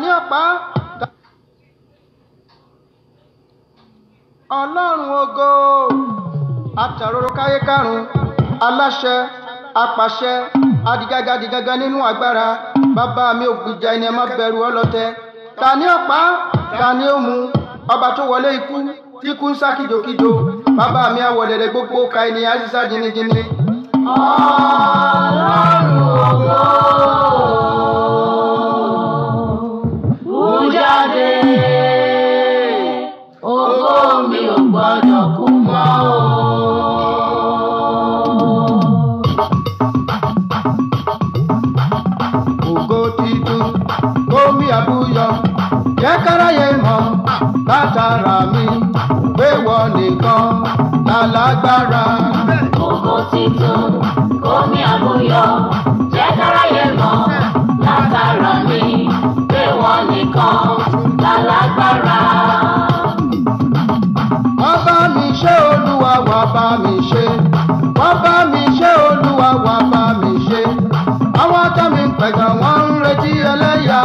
ní ọ̀pá ọlọ́run ògo àtàròrò káyé aláṣẹ apàṣẹ adigágadigága nínú agbára bàbá mi ògbìjà ẹni ẹ má bẹ̀rù ọlọ́tẹ ta ní ọ̀pá ta ní ó ọba tó wọlé ikú tí kú ń sá bàbá gbogbo jìnnìjìnnì. gbọ́dọ̀ kú mọ́ o. Ògo titun omi àbúyọ jẹ́ káráyé mọ̀ látara mi pé wọ́n nìkan lálágbára. Ògo titun omi àbúyọ jẹ́ káráyé mọ̀ látara mi pé nìkan lálágbára ṣe olúwa wá bá mi ṣe wá bá mi ṣe olúwa wá bá mi ṣe àwọn akẹ́mi ń pẹ̀gàn wọ́n ń retí ẹlẹ́yà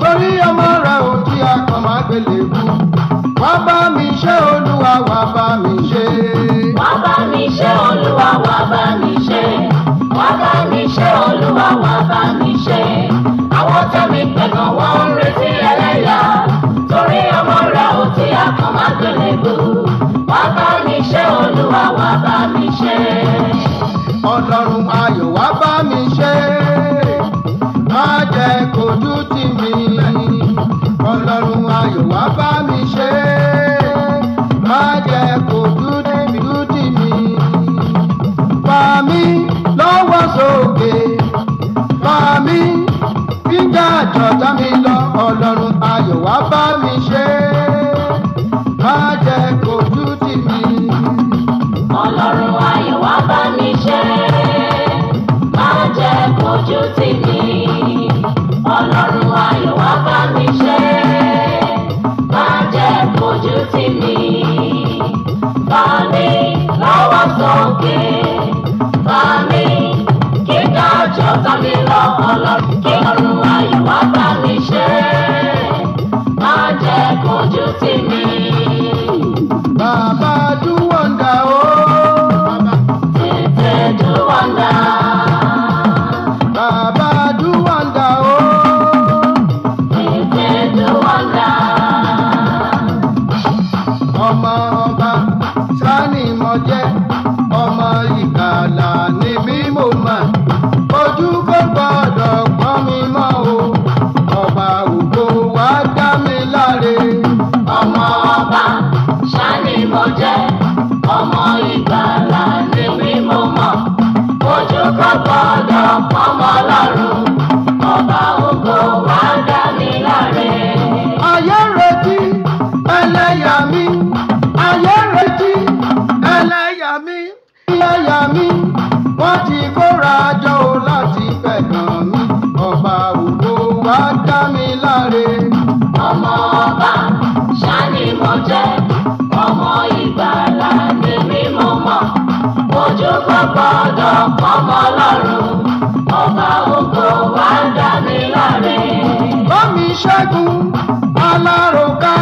torí ọmọ rẹ̀ ò tí a kàn máa gbélé kú wá bá mi ṣe olúwa wá bá mi ṣe. wá bá mi ṣe olúwa wá bá mi ṣe wá bá mi ṣe olúwa wá bá mi ṣe àwọn akẹ́mi ń pẹ̀gàn wọ́n ń retí ẹlẹ́yà torí ọmọ rẹ̀ ò tí a kàn má gbélébò wá bá mi ṣe olúwa wá bá mi ṣe. ọlọ́run ayọ̀ wá bá mi ṣe má jẹ́ kojú tì mí ọlọ́run ayọ̀ wá bá mi ṣe má jẹ́ kojú tì mí pa mí lọ́wọ́ sókè pa mí já àjọ̀tá mi lọ ọlọ́run ayọ̀ wá bá mi ṣe má jẹ́ kojú tì mí. ọlọ́run ayọ̀ wá bá mi ṣe má jẹ́ kojú tì mí. ọlọ́run ayọ̀ wá bá mi ṣe má jẹ́ kojú tì mí. bá mi lọ́wọ́ sókè bá mi kí dájọ́ mi lọ ọlọ́run. mi gbọ́dọ̀ kọ́mọ lọ́rùn ọba ògo wá dá mi láre. bọ́mi ṣẹ́gun aláròká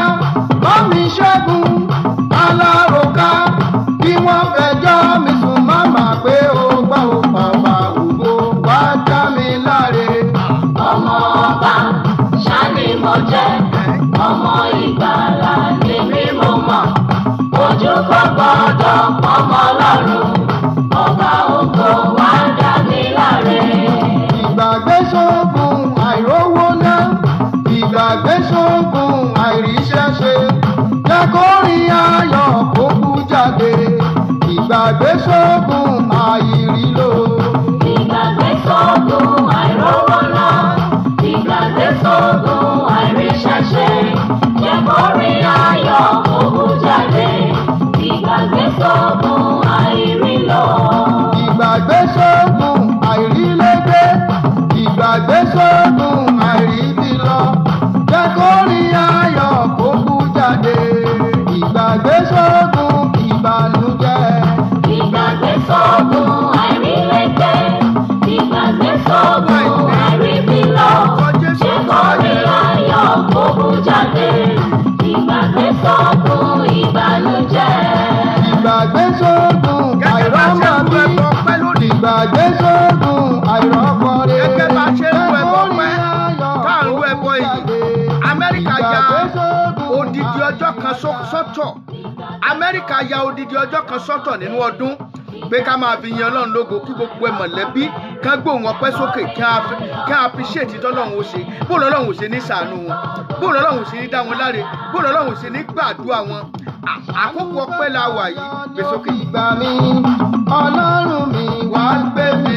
bọ́mi ṣẹ́gun aláròká bí wọ́n fẹ́. gbọ́dọ̀ pọ́mọ lọ́rùn ọba ògo wá dá mi láre. ìgbàgbé ṣóògùn àìrówó ná ìgbàgbé ṣóògùn àìríṣẹ́ ṣe jẹ́ kó rin ayọ̀ kó kú jáde ìgbàgbé ṣóògùn. Amẹ́ríkà ya odidi ọjọ́ kan sọ́tọ̀ nínú ọdún pé ká máa fi yan Ọlọ́run lógo kí gbogbo ẹ mọ̀lẹ́bí kán gbóhùn ọpẹ́ sókè kí á fi ṣètì tọ́lọ́run ó ṣe bó lọ́lọ́run ò ṣe ní ṣàánú wọn bó lọ́lọ́run ò ṣe ní dá wọn láre bó lọ́lọ́run ò ṣe ní gbàdúrà wọn àkókò ọpẹ́ la wà yìí gbèsókè. Ọlọ́run mi wàá gbé mi.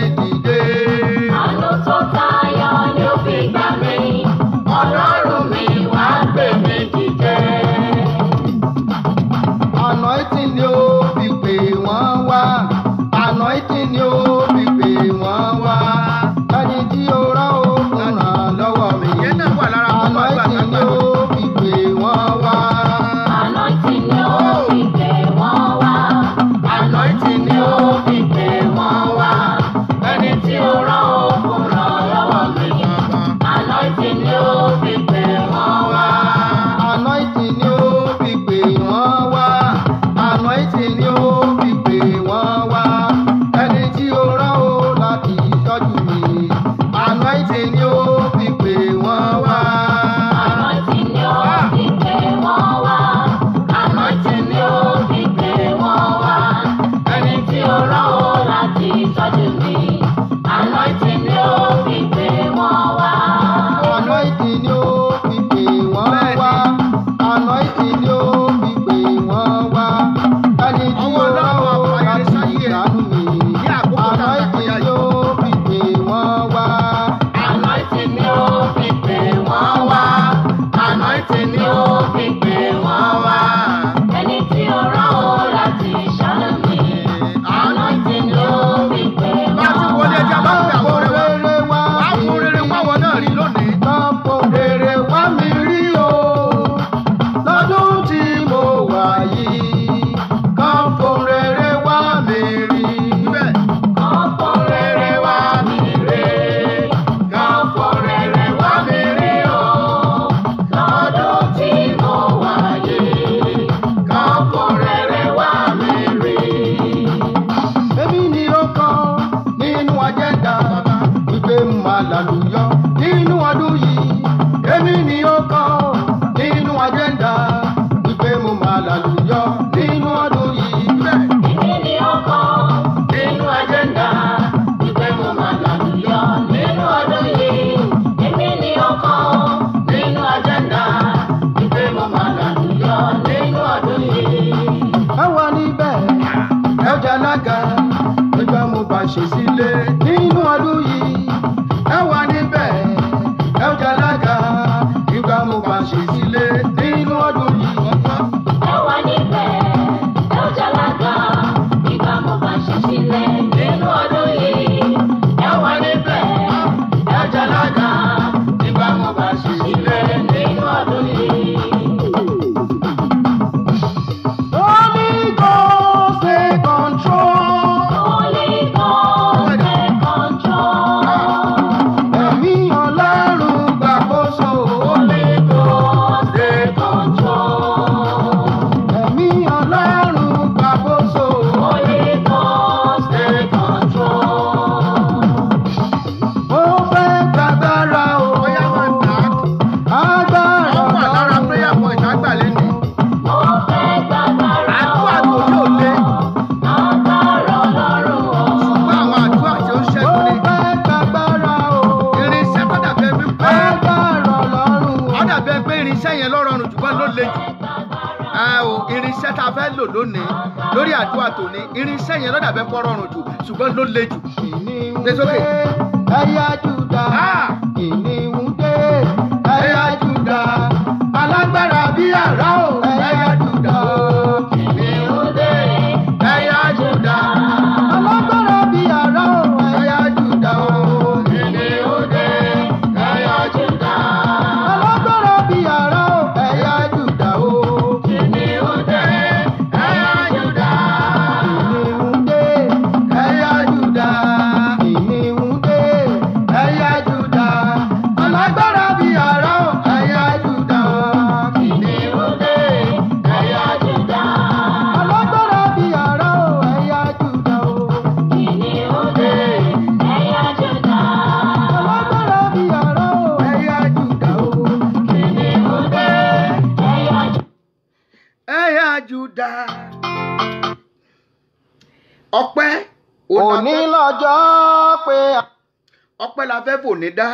ọpẹ́ la fẹ́ fi òní dá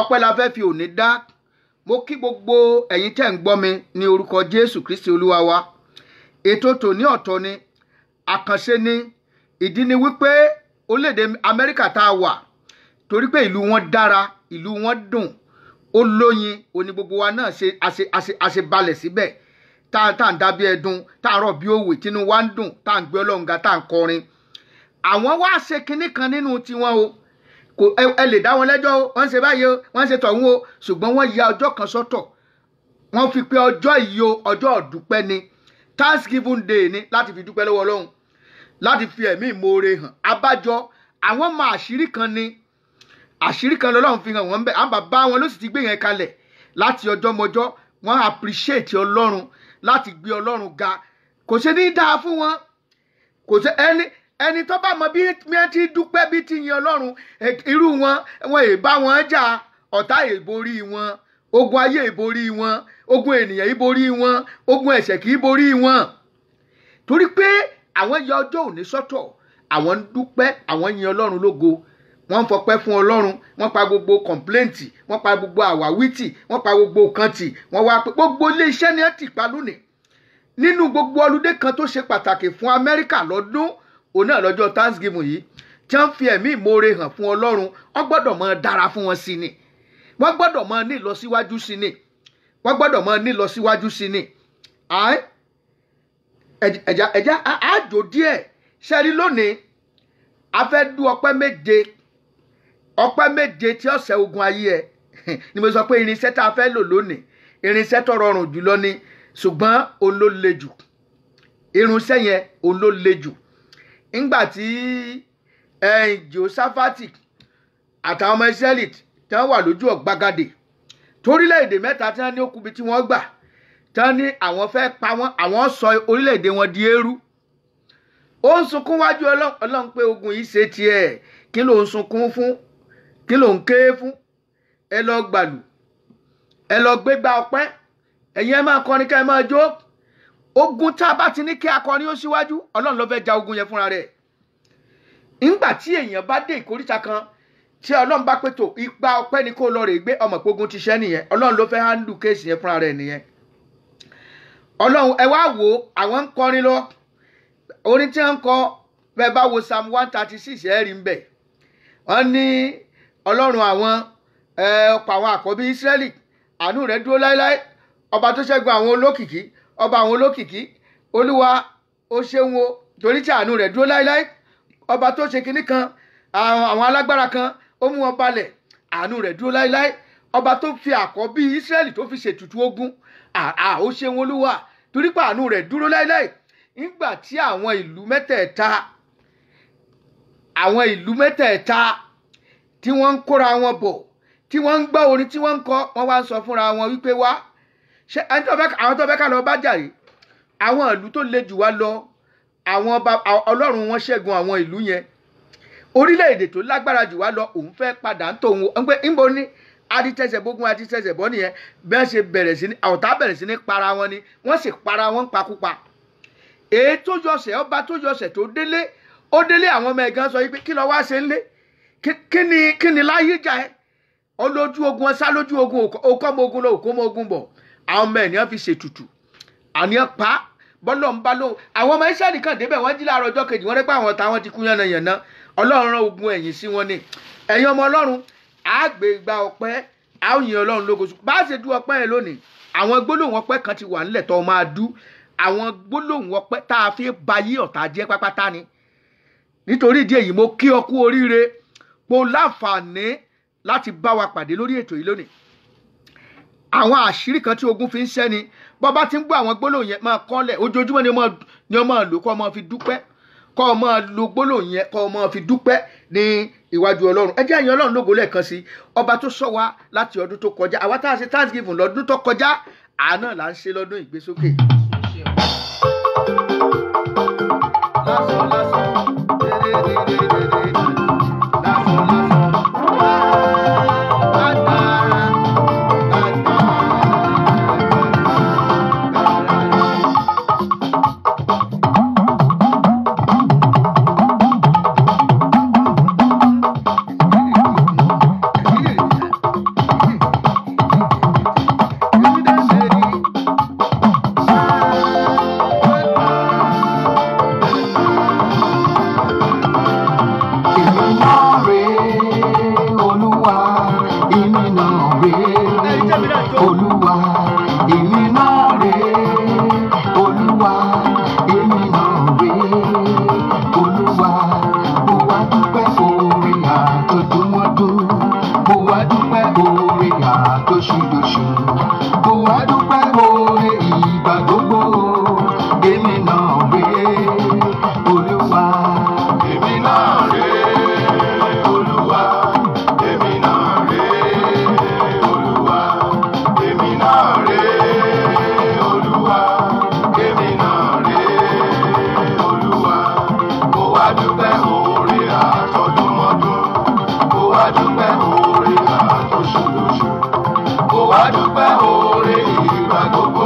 ọpẹ́ la fẹ́ fi òní dá mo kí gbogbo ẹ̀yin tẹ́ ń gbọ́ mi ní orúkọ Jésù Kristi olúwa wa ètò tòní ọ̀tọ̀ ni àkànṣe ni ìdí ni wípé orílẹ̀-èdè Amẹ́ríkà tá a wà torí pé ìlú wọn dára ìlú wọn dùn ó lóyin òní gbogbo wa náà ṣe àṣe àṣe àṣebalẹ̀ síbẹ̀ tá a tá a ń dá tá a rọ̀ bí òwe tínú wa ń dùn tá a gbé Ọlọ́run tá a kọrin àwọn wá ṣe kinní kan nínú tiwọn o kò ẹ lè dá wọn lẹ́jọ́ o wọ́n ṣe báyìí o wọ́n ṣe tọ̀hún o ṣùgbọ́n wọ́n ya ọjọ́ kan sọ́tọ̀ wọ́n fi pé ọjọ́ yìí o ọjọ́ ọ̀dúpẹ́ ni thanksgiving day ni láti fi dúpẹ́ lọ́wọ́ ọlọ́run láti fi ẹ̀mí ìmoore hàn abájọ àwọn ọmọ àṣírí kan ni àṣírí kan lọ́lọ́run fi hàn wọ́n bẹ́ẹ̀ àwọn bàbá wọn ló sì ti gbé yẹn kalẹ̀ láti ọjọ́ mọ́jọ́ wọ́n appreciate ọlọ́run láti gbé ọlọ́run ga kò ṣe ní dáa fún wọn kò ṣe ẹni ẹni tó bá mọ bí wọ́n ti dúpẹ́ bí ti yin ọlọ́run irú wọn wọn è bá wọn jà ọ̀tá è borí wọn ogun ayé è borí wọn ogun ènìyàn è borí wọn ogun ẹ̀ṣẹ̀ kì í borí wọn torí pé àwọn ya ọjọ́ òní sọ́tọ̀ àwọn ń dúpẹ́ àwọn yin ọlọ́run lógo wọ́n ń fọpẹ́ fún ọlọ́run wọ́n pa gbogbo kọ̀ǹpléǹtì wọ́n pa gbogbo àwáwítì wọ́n pa gbogbo kàntì wọ́n wá pé gbogbo iléeṣẹ́ ni wọ́n ti pa lónìí nínú gbogbo ọlúdé kan tó ṣe pàtàkì fún amẹ́ríkà lọ́dún òun náà lọ́jọ́ thanksgiving yìí tí wọ́n fi ẹ̀mí ìmoore hàn fún ọlọ́run wọ́n gbọ́dọ̀ mọ dára fún wọn sí ni wọ́n gbọ́dọ̀ mọ ní ìlọsíwájú sí ni wọ́n gbọ́dọ̀ mọ ní ìlọsíwájú sí ni ẹ̀já ẹ̀já àjò díẹ̀ ṣẹ́rí lónìí a fẹ́ du ọpẹ́ méje ọpẹ́ méje tí ọ̀sẹ̀ ogun ayé ẹ̀ ni mo sọ pé irinṣẹ́ tá a fẹ́ lò lónìí irinṣẹ́ tó rọrùn jùlọ ni ṣùgbọ́n òun ló le jù irunṣẹ́ yẹn òun ló le jù ńgbà tí Jòsáfátì àtàwọn ọmọ Ísírẹ́lì tí wọ́n wà lójú ọ̀gbagadè torílẹ̀-èdè mẹ́ta tí wọ́n ní okùnbi tí wọ́n gbà tí wọ́n ní àwọn fẹ́ pa wọ́n àwọn sọ orílẹ̀-èdè wọn di eérú ó ń sunkún wájú Ọlọ́run pé ogun yìí ṣe tiẹ̀ kí ló ń sunkún fún kí ló ń ké fún ẹ lọ gbàlù ẹ lọ gbégbá ọpẹ́ ẹ̀yin ẹ máa kọrin ká ẹ máa jó ogun tá a bá ti ní kí akọrin ó síwájú ọlọ́run ló fẹ́ ja ogun yẹn fúnra rẹ̀ ńgbà tí èèyàn bá dé ìkóríta kan tí ọlọ́run bá pètò ipa ọpẹ́ ni kó lọ rè gbé ọmọ ìpogun ti ṣẹ́ nìyẹn ọlọ́run ló fẹ́ handle kéèsì yẹn fúnra rẹ̀ nìyẹn ọlọ́run ẹ wá wò àwọn ń kọrin lọ orin tí wọ́n ń kọ bẹ́ẹ̀ bá wo psalm one thirty six ẹ̀ rí ń wọ́n ní ọlọ́run àwọn ọ̀pọ̀ àwọn àkọ́bí Ísírẹ́lì àánú rẹ̀ dúró láéláé ọba tó ṣẹ́gun àwọn olókìkí ọba àwọn olókìkí olúwa ó ṣeun o torí tí àánú rẹ̀ dúró láéláé ọba tó ṣe kinní kan àwọn alágbára kan ó mú wọn balẹ̀ àánú rẹ̀ dúró láéláé ọba tó fi àkọ́bí Ísírẹ́lì tó fi ṣètùtù ogun àà ó ṣeun olúwa torí pé àánú rẹ̀ dúró láéláé nígbà tí àwọn ìlú mẹ́tẹ̀ẹ̀ta àwọn ìlú mẹ́tẹ̀ẹ̀ta tí wọ́n ń kóra wọn bọ̀ tí wọ́n ń gbọ́ orin tí wọ́n ń kọ wọ́n wá ń sọ fúnra wọn wípé wá ṣé àwọn tó fẹ́ ká lọ bá jàre àwọn ìlú tó le jù wá lọ àwọn ọlọ́run wọn ṣẹ́gun àwọn ìlú yẹn orílẹ̀-èdè tó lágbára jù wá lọ òun fẹ́ padà ń tòun ń pé ń bo ní aditẹsẹ gbógun aditẹsẹ bọ nìyẹn bẹ́ẹ̀ ṣe bẹ̀rẹ̀ sí ní ọ̀tá bẹ̀rẹ̀ sí ní para wọn ni wọ́n sì para wọn pakúpa èyí tó yọsẹ̀ ọba tó yọsẹ̀ tó délé ó délé àwọn ọmọ ẹ̀gán sọ pé kí ló wá ṣe ń lé kí ni kí ni láyé jà ẹ́ olójú ogun ọ̀sá lójú ogun òkọ́ mọ ogun lọ òkọ́ mọ ogun bọ̀ àwọn ọmọ ẹ̀ ní wọ́n fi ṣètùtù àníyàn pa bọ́lọ̀ ń bá lóhùn àwọn ọmọ Ísírẹ́lì kan débẹ̀ wọ́n jí láàárọ̀ ọjọ́ kejì wọ́n rẹ́ pé àwọn táwọn ti kú yànnàyànnà ọlọ́run rán ogun ẹ̀yìn sí wọn ni ẹ̀yin ọmọ ọlọ́run àgbègbà e ọpẹ́ àwòyìn ọlọ́run lógo bá a ṣe dú ọpẹ́ yẹn lónìí àwọn gbólóhùn ọpẹ́ kan ti wà nílẹ̀ tó máa dú àwọn gbólóhùn ọpẹ́ tá a fi ba yí ọ̀tá jẹ́ pápátá ni nítorí ìdí èyí mo kí ọ kú oríire po láǹfààní láti bá wa pàdé lórí ètò àwọn àṣírí kan tí ogun fi ń ṣẹ́ni bọ́ bá ti ń gbọ́ àwọn gbólóhùn yẹn máa kọ́lẹ̀ ojoojúmọ́ ni ó máa lò kọ́ ọ máa fi dúpẹ́ kọ́ ọ máa lo gbólóhùn yẹn kọ́ ọ máa fi dúpẹ́ ní ìwájú ọlọ́run ẹ ẹ̀yin ọlọ́run lógo lẹ́ẹ̀kan sí ọba tó sọ wa láti ọdún tó kọjá àwa tá a ṣe thanksgiving lọ́dún tó kọjá àná là ń ṣe lọ́dún ìgbésókè. lásán lásán. bá dúpẹ́ oore ìgbà gbogbo.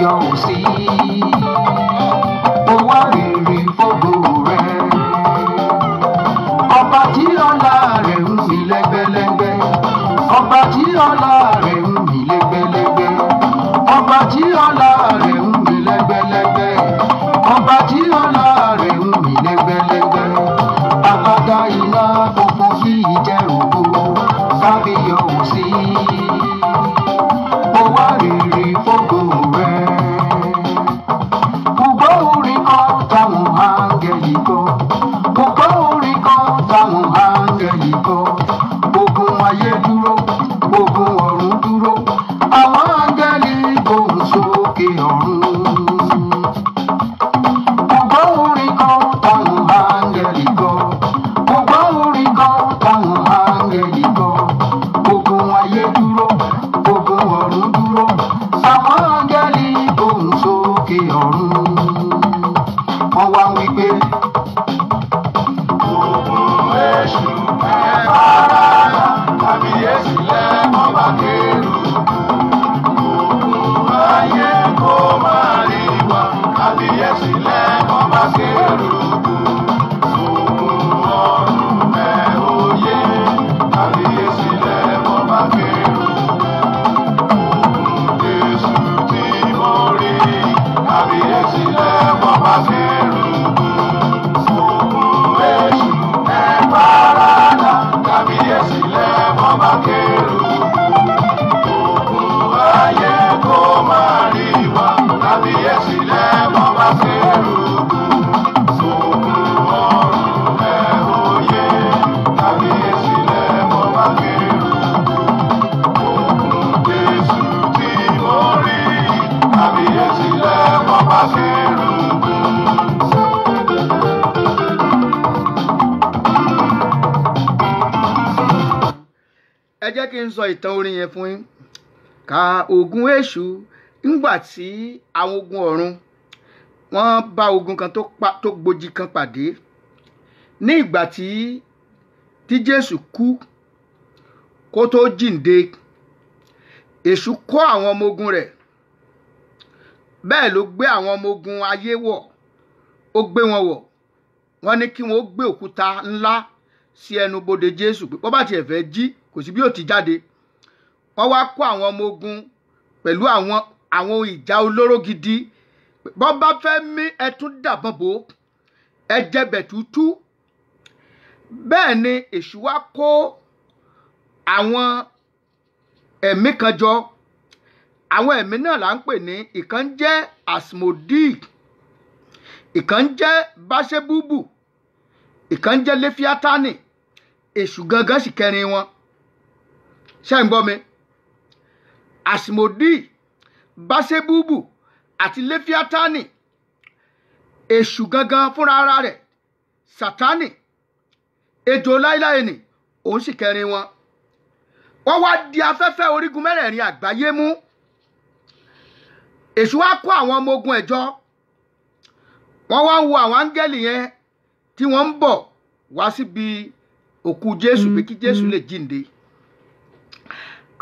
有士。kan tó gbòjì kan pàdé ní ìgbà tí tí Jésù kú kó tó jíǹde èṣù kó àwọn ọmọ ogun rẹ̀ bẹ́ẹ̀ ló gbé àwọn ọmọ ogun ayé wọ̀ ó gbé wọn wọ̀ wọ́n ní kí wọ́n ó gbé òkúta ńlá sí ẹnu bodè Jésù pé bọ́ bá tiẹ̀ fẹ́ jí kò sí bí ó ti jáde wọ́n wá kó àwọn ọmọ ogun pẹ̀lú àwọn àwọn ìjà olóró gidi bọ́ba fẹ́ mí ẹ tún dàbọ̀ bò ẹ jẹbẹ̀ tútú bẹ́ẹ̀ ni èṣù wa kó àwọn ẹ̀mí kan jọ àwọn ẹ̀mí náà là ń pè ní ìkan jẹ́ asmodi ìkan jẹ́ basebubu ìkan jẹ́ lefiatani èṣù gangan sì kẹrin wọn ṣé ń gbọ́ mi asmodi basebubu àti léfíátánì èṣù gangan fúnra ara rẹ̀ sátánì ejò láíláí ni òun sì kẹrin wọn wọ́n wá di afẹ́fẹ́ orígun mẹ́rẹ̀ẹ̀rin àgbáyé mú èṣù wá kó àwọn ọmọ ogun ẹ̀jọ wọ́n wá ń wo àwọn áńgẹ́lì yẹn tí wọ́n ń bọ̀ wá síbi òkú jésù pé kí jésù lè jíǹde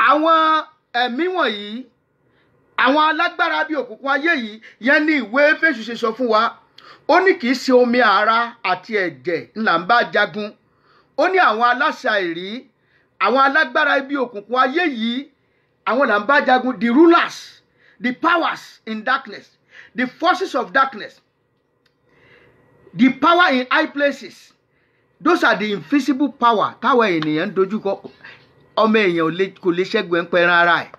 àwọn ẹ̀mí wọ̀nyí àwọn alágbára bíi òkùnkùn ayé yìí yẹn ní ìwé Éfésù ṣe sọ fún wa ó ní kì í ṣe omi ara àti ẹ̀jẹ̀ ńlá ń bá jagun ó ní àwọn aláṣà ìrí àwọn alágbára bíi òkùnkùn ayé yìí àwọn là ń bá jagun the rulers the powers in darkness the forces of darkness the power in high places those are the invisible power táwọn ènìyàn ń dojúkọ ọmọ èèyàn kò lè ṣẹ́gun ẹ̀ ń pẹ́ rárá ẹ̀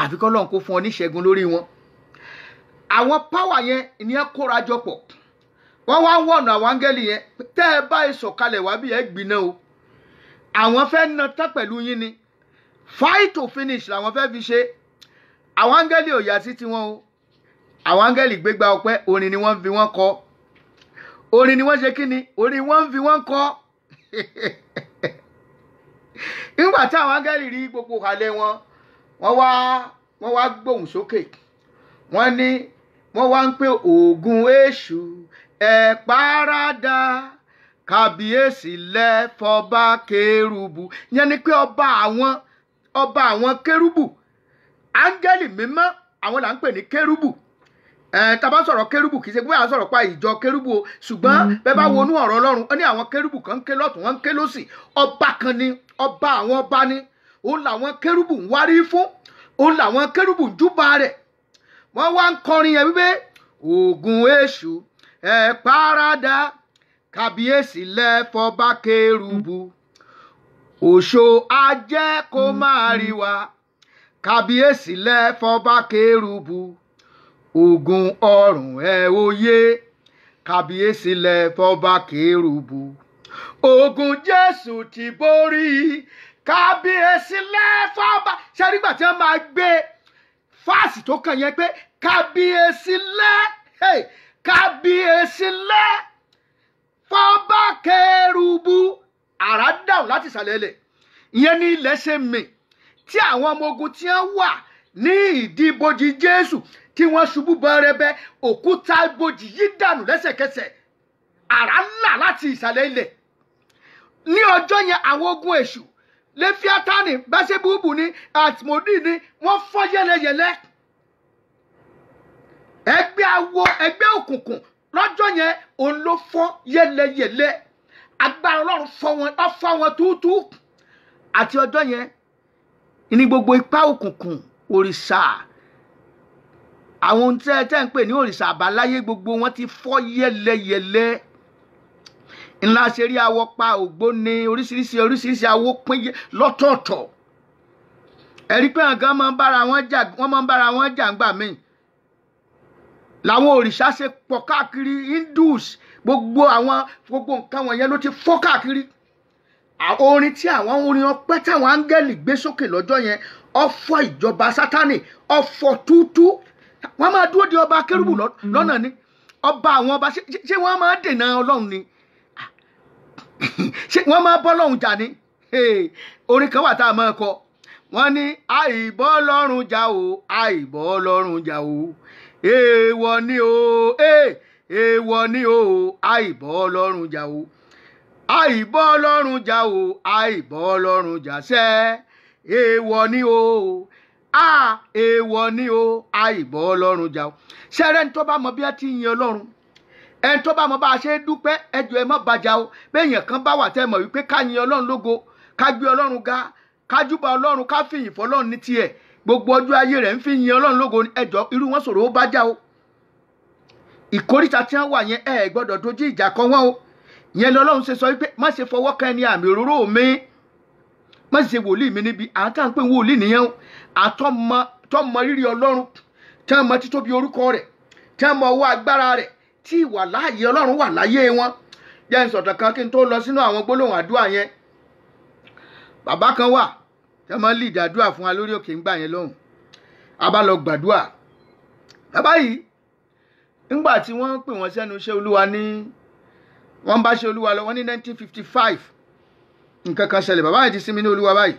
àfi kọ́ lọ́n kó fún ọ níṣẹ́gun lórí wọn àwọn páwà yẹn ni ẹ kóra jọ pọ̀ wọ́n wá ń wọ̀nà àwọn áńgẹ́lì yẹn tẹ́ ẹ bá ìsọ̀kalẹ̀ wá bí ẹ gbiná o àwọn fẹ́ na tán pẹ̀lú yín ni fight to finish làwọn fẹ́ fi ṣe àwọn áńgẹ́lì ò yà sí tiwọn o àwọn áńgẹ́lì gbégbá ọpẹ́ orin ni wọ́n fi wọ́n kọ orin ni wọ́n ṣe kí ni orin wọ́n fi wọ́n kọ nígbà táwọn áńgẹ́lì rí gbogbo kalẹ̀ wọn wọ́n wá wọ́n wá gbóhùn sókè wọ́n ní wọ́n wá ń pè oògùn èṣù ẹ̀ párádà kàbíyèsí lẹ́fọ̀ọ́bá kérúbù yẹn ni pé ọba àwọn ọba àwọn kérúbù áńgẹ́lì mímọ́ àwọn là ń pè ní kérúbù tàbá sọ̀rọ̀ kérúbù kì í ṣe pé à ń sọ̀rọ̀ pa ìjọ kérúbù o ṣùgbọ́n mm-hmm. bẹ́ẹ̀ bá mm-hmm. wọnú ọ̀rọ̀ ọlọ́run ó ní àwọn kérúbù kan ń ké lọ́tún wọ́n ń ké lọ́sì ọba kan ni ọba àwọn ọba ni òun làwọn kérúbù ń wárí fún òun làwọn kérúbù ń júbà rẹ̀ wọ́n wá ń kọrin yẹn wípé oògùn èṣù ẹ̀ párádà kàbíyèsí lẹ́fọ́ bá kérúbù òṣò ajẹ́ kó máa rí wa kàbíyèsí lẹ́fọ́ bá kérúbù ogun ọrùn ẹ òye kàbíyèsí lẹ́fọ́ bá kérúbù ogun Jésù ti borí kábíyèsí lẹ́fọ́ba ṣe nígbà tí wọ́n máa gbé fáàsì tó kàn yẹn pé kábíyèsí lẹ́ kábíyèsí lẹ́ fọ́ba kẹrùbù àràdàwọ̀ láti ìsàlẹ̀ ilẹ̀ ìyẹn ní ilẹ̀ ṣe mì tí àwọn ọmọ ogun tí wọ́n wà ní ìdíbojì Jésù tí wọ́n ṣubú bẹrẹbẹ òkúta ibojì yí dànù lẹ́sẹ̀kẹsẹ̀ àrà ńlá láti ìsàlẹ̀ ilẹ̀ ní ọjọ́ yẹn àwọn ogun èṣù lefiatani bẹsẹbúbù ni àtìmọdì ni wọ́n fọ́ yẹlẹyẹlẹ ẹgbẹ́ awo ẹgbẹ́ òkùnkùn lọ́jọ́ yẹn òun ló fọ́ yẹlẹyẹlẹ agbára Ọlọ́run fọ́ wọn ọfọ wọn túútú àti ọjọ́ yẹn ní gbogbo ipá òkùnkùn òrìṣà àwọn ohun tẹ́ ẹ tẹ́ ń pè ní òrìṣà àbáláyé gbogbo wọn ti fọ́ yẹlẹyẹlẹ ńlá ṣe rí awọ pa ògbóni oríṣiríṣi oríṣiríṣi awọ pín lọ́tọ̀ọ̀tọ̀ ẹ̀rí pé àgán máa ń bára wọn jà wọ́n máa ń bára wọn jà ńgbà míì làwọn òrìṣà ṣe pọ̀ káàkiri hindus gbogbo àwọn gbogbo nǹkan wọ̀nyẹn ló ti fọ́ káàkiri orin tí àwọn orin ọpẹ́ táwọn áńgẹ́lì gbé sókè lọ́jọ́ yẹn ọfọ ìjọba sátani ọfọ tútú wọ́n máa dúró de ọba kérúbù lọ́nà ni ọba àwọn ọba ṣé wọ́n máa dènà ọlọ́run ni ṣé wọ́n máa bọ́ lọ́hùn jà ni orin kan wà tá a máa kọ wọ́n ní àìbọ́ lọ́rùn jà o àìbọ́ lọ́rùn jà o èèwọ̀ ni o èèwọ̀ ni o àìbọ́ lọ́rùn jà o àìbọ́ lọ́rùn jà o àìbọ́ lọ́rùn jà sẹ́ èèwọ̀ ni o a èèwọ̀ ni o àìbọ́ lọ́rùn jà o ṣẹ́rẹ́ni tó bá mọ bí a ti yin Ọlọ́run ẹni tó bá mọ bá a ṣe dúpẹ́ ẹjọ́ ẹ má bàjá o béèyàn kan bá wà tẹ́ mọ̀ wípé ká ọlọ́run lógo ọlọ́run ga ká ọlọ́run ká fìyìn fọlọ́run ní tiẹ̀ gbogbo ọjọ́ ayé rẹ̀ ń fi yin ọlọ́run lógo ẹjọ́ irú wọn sọ̀rọ̀ ó bàjá o ìkórìtà tí wọ́n wà yẹn gbọ́dọ̀ dojú o yẹn ni ọlọ́run ṣe sọ wípé má ṣe fọwọ́ kan ẹni àmì òróró mi má ṣe wòlíì mi níbi àtàn pé wòlíì nìyẹn o àtọ́mọ rírì ọlọ́run tí tí ìwà láàyè ọlọ́run wà láyé wọn jẹ́ n sọ̀tàn kan kí n tó lọ sínú àwọn gbólóhùn àdúrà yẹn bàbá kan wà tẹ́ mọ́ lì dàdúrà fún wa lórí òkè ńgbà yẹn lọ́hùn a bá lọ gbàdúrà bàbá yìí ńgbà tí wọ́n pè wọ́n sẹ́nu iṣẹ́ olúwa ní wọ́n bá ṣe olúwa lọ ní 1955 nǹkan kan ṣẹlẹ̀ bàbá yìí ti sinmi ní olúwa báyìí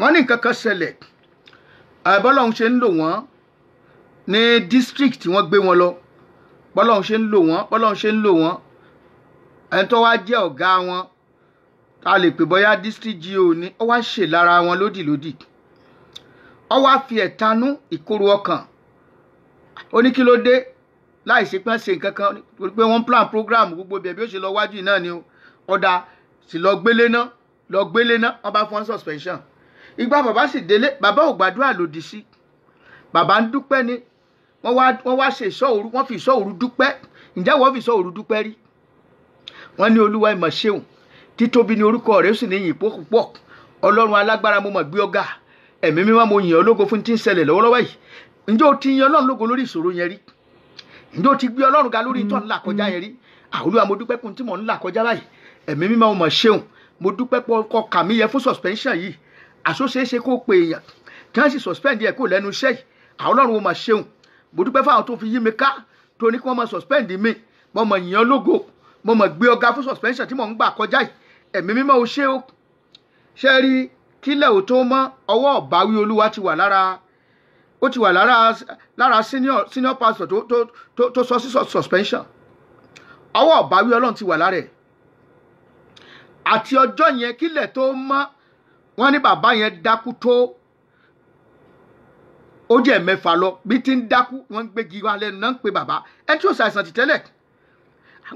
wọ́n ní nǹkan kan ṣẹlẹ̀ àìbọ́lọ́hún ṣe ń lò wọ́n ní district tí wọ́n gbé wọn lọ bọ́lọ́run ṣe ń lò wọ́n bọ́lọ́run ṣe ń lò wọ́n ẹni tó wá jẹ́ ọ̀gá wọn tá a lè pè bóyá district GO ni ó wá ṣe lára wọn lódìlódì ó wá fi ẹ̀tanú ìkorò ọkàn ó ní kí ló dé láì ṣe pé ṣe nǹkan kan torí pé wọ́n plan program gbogbo bẹ̀ bí ó ṣe lọ wájú náà ni ọ̀dà sì lọ gbélé náà lọ gbélé náà wọ́n bá fún wọn suspension ìgbà bàbá sì délé bàbá ò gbàdúrà lòdì sí bàbá ń dúpẹ́ ni wọ́n wá wọ́n wá ṣe ìṣọ́ òru wọ́n fi ìṣọ́ òru dúpẹ́ ǹjẹ́ wọ́n fi ìṣọ́ òru dúpẹ́ rí wọ́n ní olúwa ìmọ̀ ṣeun títóbi ni orúkọ rẹ̀ ó sì ní ìyìn púpọ̀ ọlọ́run alágbára mo mọ̀ gbé ọ̀gá ẹ̀mí mímọ́ mo yìn ọ́ lógo fún tí ń ṣẹlẹ̀ lọ́wọ́lọ́wọ́ yìí ǹjẹ́ o ti yìn ọlọ́run lógo lórí ìṣòro yẹn rí ǹjẹ́ o ti gbé ọlọ́run ga lórí ìtọ́ ńlá kọjá yẹn rí àolúwa mo dúpẹ́ kún tí mò ń là kọjá báyìí ẹ̀mí mímọ́ mo mọ̀ ṣeun mo dúpẹ́ kọ kà mí fún suspension yìí àsóṣeéṣe kó pe èèyàn kí wọ́n sì suspend yẹ kó lẹ́nu iṣẹ́ yìí àolọ́run mo mọ̀ ṣeun mo dúpẹ́ fáwọn tó fi yí mi ká tó ní kí wọ́n mọ suspend mi mo mọ ìyàn lógo mo mọ gbé ọ̀gá fún suspension tí mò ń gbà kọjá yìí ẹ̀mí mímọ́ o ṣé o ṣe rí kílẹ̀ ò tó mọ́ ọwọ́ ọ̀báwí olúwa ti wà lára ó ti wà lára lára senior senior pastor tó tó tó tó sọ sí suspension ọwọ́ ọ̀báwí ọlọ́run ti wà lára ẹ̀ àti ọjọ́ yẹn kílẹ̀ tó mọ́ wọ́n ní bàbá yẹn dákú tó ó jẹ́ mẹ́fà lọ bí ti ń dákú wọ́n ń gbégi wá lẹ́nu náà ń pe bàbá ẹ tí ò ṣàìsàn ti tẹ́lẹ̀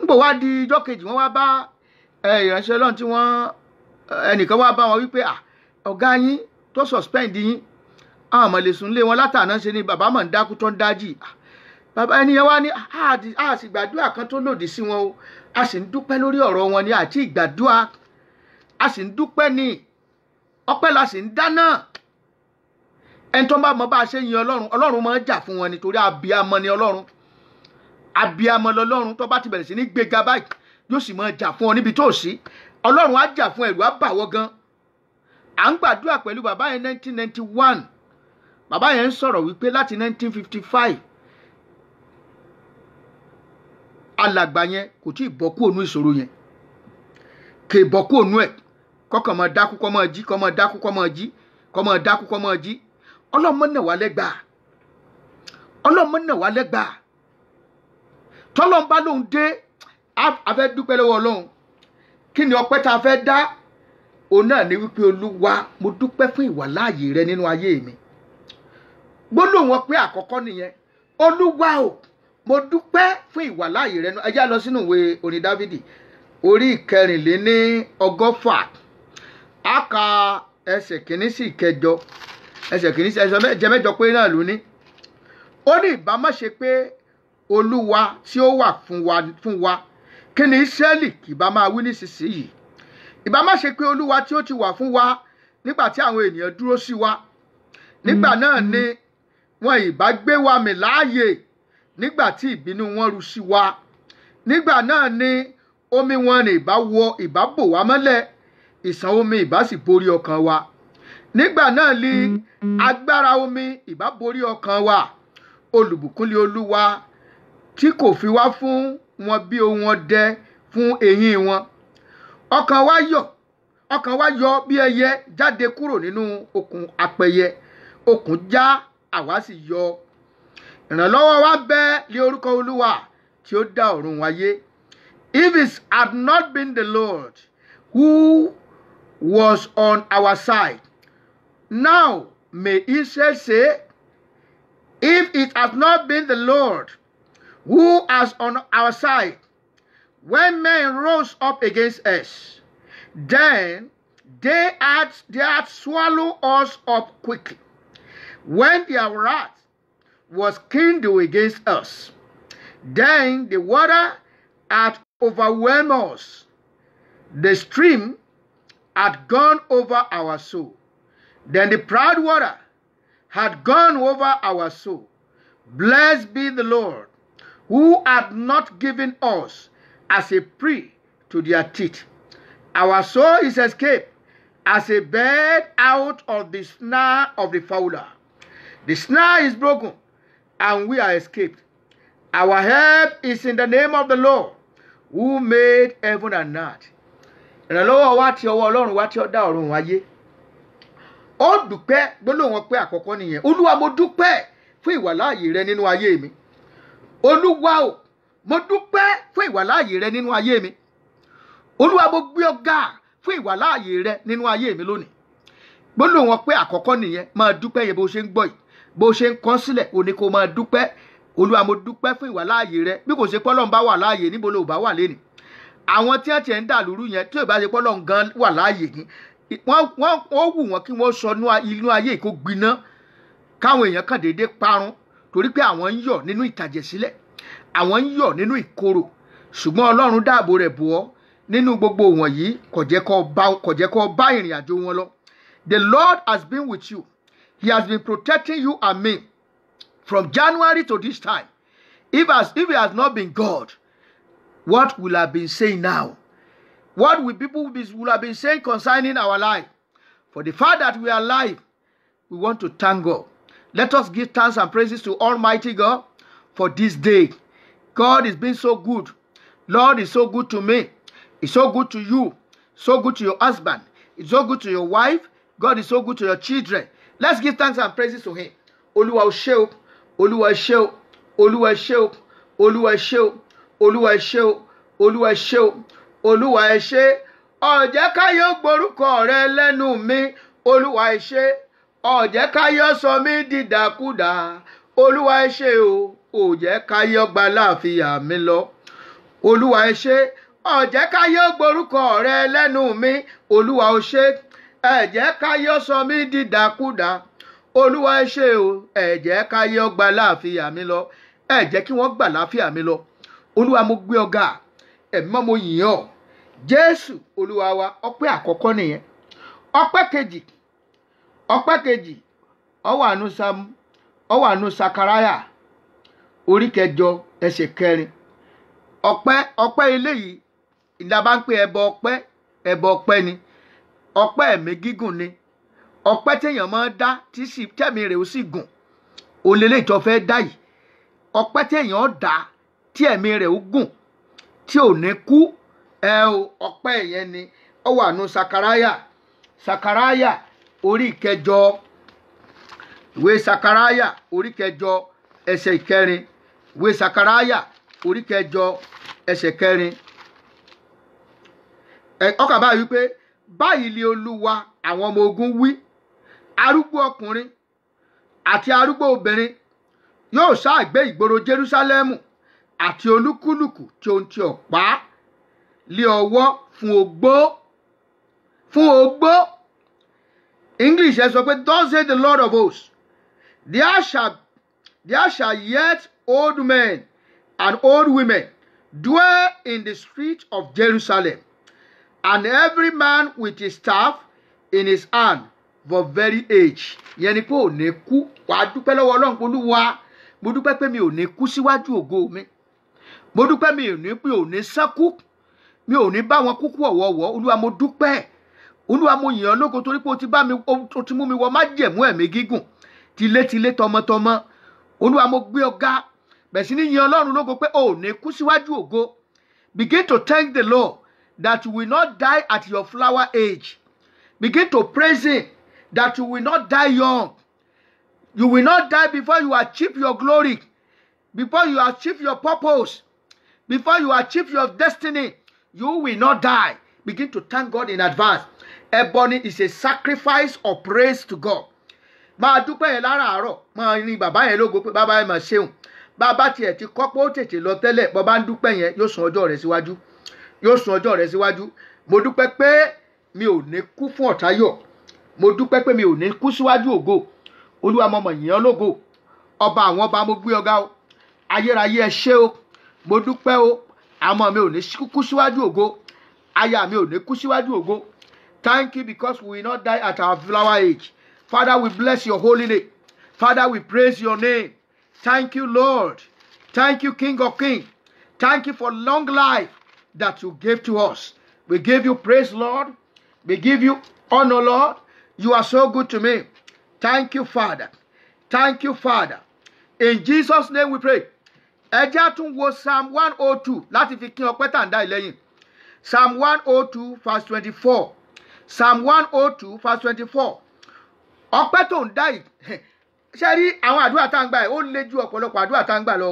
ń bò wá di ijọ́ kejì wọ́n wá bá ìránṣẹ́ ọlọ́run tí wọ́n ẹnìkan wá bá wọn wípé ọ̀gá yín tó suspend yín àwọn ọmọ lè sùn lé wọn látàná ṣe ni bàbá mọ̀ ń dákú tó ń dájì bàbá ẹnìyẹn wá ní a sì gbàdúrà kan tó lòdì sí wọn o a sì ń dúpẹ́ lórí ọ̀rọ̀ wọn ni àti ìgbàdúrà a sì ń dúpẹ́ ni ọpẹ́ la sì ń dá náà ẹni tó bá mọ bá a ṣe yin ọlọ́run ọlọ́run máa ń jà fún wọn nítorí abiyamọ ni ọlọ́run abiyamọ lọlọ́run tó bá ti bẹ̀rẹ̀ sí ní gbéga báyìí yóò sì máa jà fún ọ níbi tó o sí ọlọ́run á jà fún ẹ̀rù á bà wọ́ gan à ń gbàdúrà pẹ̀lú bàbá yẹn 1991 bàbá yẹn ń sọ̀rọ̀ wípé láti 1955 alàgbà yẹn kò tí ì bọ́ kú ònú ìṣòro yẹn kè bọ́ kú ònú ẹ̀ kọ́kọ́ máa dákú kọ́ máa jí kọ́ máa dákú kọ́ máa jí kọ́ máa dákú kọ́ máa jí ọlọ́mọ náà wà lẹ́gbàá ọlọ́mọ náà wà lẹ́gbàá tọ́lọ́mbá lòun dé a fẹ́ dúpẹ́ lọ́wọ́ ọlọ́run kí ni ọpẹ́ tá a fẹ́ dá òun náà ni wípé olúwa mo dúpẹ́ fún ìwàláàyè rẹ nínú ayé mi gbólóhùn ọpẹ́ àkọ́kọ́ nìyẹn olúwa o mo dúpẹ́ fún ìwàláàyè rẹ ẹ já lọ sínú ìwé orin dávidi orí ìkẹrìnléní ọgọ́fà a kà ẹsẹ̀ kìíní sí ìkẹjọ ẹsẹ̀ kìíní sí ẹsẹ̀ mẹ́jẹ mẹ́jọ pé náà ló ní. ó ní ìbámáṣe pé olúwa tí ó wà fún wa kí ni Ísírẹ́lì kì bá máa wí nísinsìnyí ìbámáṣe pé olúwa tí ó ti wà fún wa nígbà tí àwọn ènìyàn dúró sí wa nígbà mm-hmm. náà ni wọn ìbá gbé wa mì láàyè nígbà tí ìbínú wọn ru sí wa nígbà náà ni omi wọn ni ìbá wọ ìbá bò wá mọ́lẹ̀ ìṣàn omi ìbá sì borí ọkàn wa nígbà náà ni mm. agbára omi ìbá ọkàn wa olùbùkúnlé olúwa tí kò fi wá fún wọn bí ohun ọdẹ fún eyín wọn ọkàn wa yọ ọkàn wa yọ bí ẹyẹ jáde kúrò nínú okùn apẹyẹ okùn já àwa sì yọ ìrànlọ́wọ́ wa bẹ lé orúkọ olúwa tí ó dá ọ̀run wáyé if it had not been the Lord who was on our side Now may Israel say, If it has not been the Lord who has on our side, when men rose up against us, then they had, they had swallowed us up quickly. When their wrath was kindled against us, then the water had overwhelmed us. The stream had gone over our soul. Then the proud water had gone over our soul. Blessed be the Lord, who hath not given us as a prey to their teeth. Our soul is escaped as a bird out of the snare of the fowler. The snare is broken, and we are escaped. Our help is in the name of the Lord, who made heaven and earth. ìrànlọ́wọ́ wa ti ọwọ́ alone. What ti ọ̀dá ọ̀run wáyé. ó dúpẹ́ gbólóhùn pé àkọ́kọ́ nìyẹn olúwa mo dúpẹ́ fún ìwàláàyè rẹ nínú ayé mi olúwa o mo dúpẹ́ fún ìwàláàyè rẹ nínú ayé mi olúwa mo gbé ọ̀gá fún ìwàláàyè rẹ nínú ayé mi lónìí gbólóhùn pé àkọ́kọ́ nìyẹn máa dúpẹ́ yẹn bó ṣe ń gbọ́ yìí bó ṣe ń kọ́ sílẹ̀ òní kò máa dúpẹ́ olúwa mo dúpẹ́ fún ìwàláàyè rẹ bí kò ṣe pọ́lọ́n bá wà láàyè níbo ló bá wà lénìí àwọn tí wọ́n ti ń dà lúrú yẹn tí ò bá ṣe pọ́lọ́n gan wà láàyè yín wọ́n ó wù wọ́n kí wọ́n sọ inú ayé kó gbiná káwọn èèyàn kàn déédéé parun torí pé àwọn ń yọ̀ nínú ìtàjẹ̀sílẹ̀ àwọn ń yọ̀ nínú ìkorò ṣùgbọ́n ọlọ́run dáàbò rẹ̀ bò ọ́ nínú gbogbo wọ̀nyí kò jẹ́ kó bá ìrìn àjò wọn lọ. The Lord has been with you. He has been protecting you and me from January to this time. If, as, if it has not been God, what will I be saying now? what we people will have been saying concerning our life. For the fact that we are alive, we want to thank God. Let us give thanks and praises to Almighty God for this day. God has been so good. Lord is so good to me. It's so good to you. So good to your husband. It's so good to your wife. God is so good to your children. Let's give thanks and praises to Him. Olúwa o ṣé o, Olúwa ẹ ṣé o, Olúwa ẹ ṣé o, olúwa ẹ ṣé ó jẹ́ káyé ó gborúkọ rẹ lẹ́nu mi olúwa ẹ ṣé ó jẹ́ sọ mí dìdàkudà olúwa ẹ ṣé o ó jẹ́ káyé ó gba láàfíà mi lọ olúwa ẹ ṣé ó jẹ́ káyé gborúkọ rẹ lẹ́nu mi olúwa ẹ jẹ́ káyé ó sọ mí dìdàkudà olúwa ẹ ṣé o ẹ jẹ́ káyé ó gba láàfíà mi lọ ẹ jẹ́ kí wọ́n gbà láàfíà mi lọ olúwa mo gbé ọ̀gá ẹ̀mí mọ́ mo yìn ọ́ jésù olúwa ọpẹ ọpẹ́ àkọ́kọ́ nìyẹn ọpẹ kejì ọpẹ kejì ó wà nínú sam ó wà nínú sakaraya orí kẹjọ ẹsẹ̀ kẹrin ọpẹ́ ọpẹ́ eléyìí ìdábà ń pè ẹbọ ọpẹ ẹbọ ọpẹ ni ọpẹ ẹ̀mí gígùn ni Ọpẹ téèyàn máa ń dá tí sì tẹ̀mí rẹ̀ ó sì gùn òlélẹ ìtọ fẹẹ dá yìí ọpẹ téèyàn dá tí ẹ̀mí rẹ̀ ó gùn tí ò ní kú ẹ o ọpẹ́ ìyẹn ni ó wà nù sakaraya sakaraya orí kẹjọ ìwé sakaraya orí kẹjọ ẹsẹ̀ ìkẹrin ìwé sakaraya orí kẹjọ ẹsẹ̀ kẹrin ọkà báyìí wípé báyìí lè olúwa àwọn ọmọ ogun wí arúgbó ọkùnrin àti arúgbó obìnrin yóò ṣáà gbé ìgboro Jerúsálẹ́mù àti olúkúlùkù tí ohun tí ọ̀pá lé ọwọ́ fún ogbó fún ogbó English ẹ sọ pé thus the Lord of hosts there shall there shall yet old men and old women dwell in the street of Jerusalem and every man with his staff in his hand for very age yẹn ni pé ò ní kú wàá dúpẹ́ lọ́wọ́ ọlọ́run olúwa mo dúpẹ́ pé mi ò ní kú síwájú ògo mi mo dúpẹ́ mi ò ní pé ò ní sẹ́kù mi ò ní bá wọn kúkú ọ̀wọ̀ọ̀wọ́ olúwa mo dúpẹ́ olúwa mo yìn ọ́ lógo torí pé o ti bá mi o ti mú mi wọ májẹ̀mú ẹ̀mí gígùn tilétilé tọmọtọmọ olúwa mo gbé ọ bẹ̀sí ní yìn ọlọ́run lógo pé o ò ní kú síwájú ògo begin to thank the lord that you will not die at your flower age begin to praise him that you will not die young you will not die before you achieve your glory before you achieve your purpose before you achieve your destiny you will not die. Begin to thank God in advance. Ebony is a sacrifice of praise to God. Máa dúpẹ́ yẹn láràárọ̀, máa yin bàbá yẹn lógo pé bàbá yẹn máa ṣeun. Bàbá tiẹ̀ ti kọ́ pé ó tètè lọ tẹ́lẹ̀, bàbá ń dúpẹ́ yẹn yóò sún ọjọ́ rẹ̀ síwájú. Yóò sún ọjọ́ rẹ̀ síwájú. Mo dúpẹ́ pé mi ò ní kú fún ọ̀táyọ̀. Mo dúpẹ́ pé mi ò ní kú síwájú ògo. Olúwa mọ̀mọ̀ yìí ọ́ lógo. Ọba àwọn ọba mo gbé ọgá o. Ayérayé ẹ ṣé o. Mo dúpẹ́ o àmọ́ mi ò ní kú síwájú ògo aya mi ò ní kú ògo thank you because we will not die at our flower age father we bless your holy name father we praise your name thank you lord thank you king of kings thank you for long life that you gave to us we give you praise lord we give you honor lord you are so good to me thank you father thank you father in jesus name we pray ẹjẹ́ àtún wo psalm one oh two láti fi kín ọpẹ́ tàǹdà ìlẹ́yìn psalm one oh two verse twenty-four psalm one oh two verse twenty-four ọpẹ́ tó ń dá yìí ṣe rí àwọn àdúrà tá ń gbà yìí ó lé ju ọ̀pọ̀lọpọ̀ àdúrà tá ń gbà lọ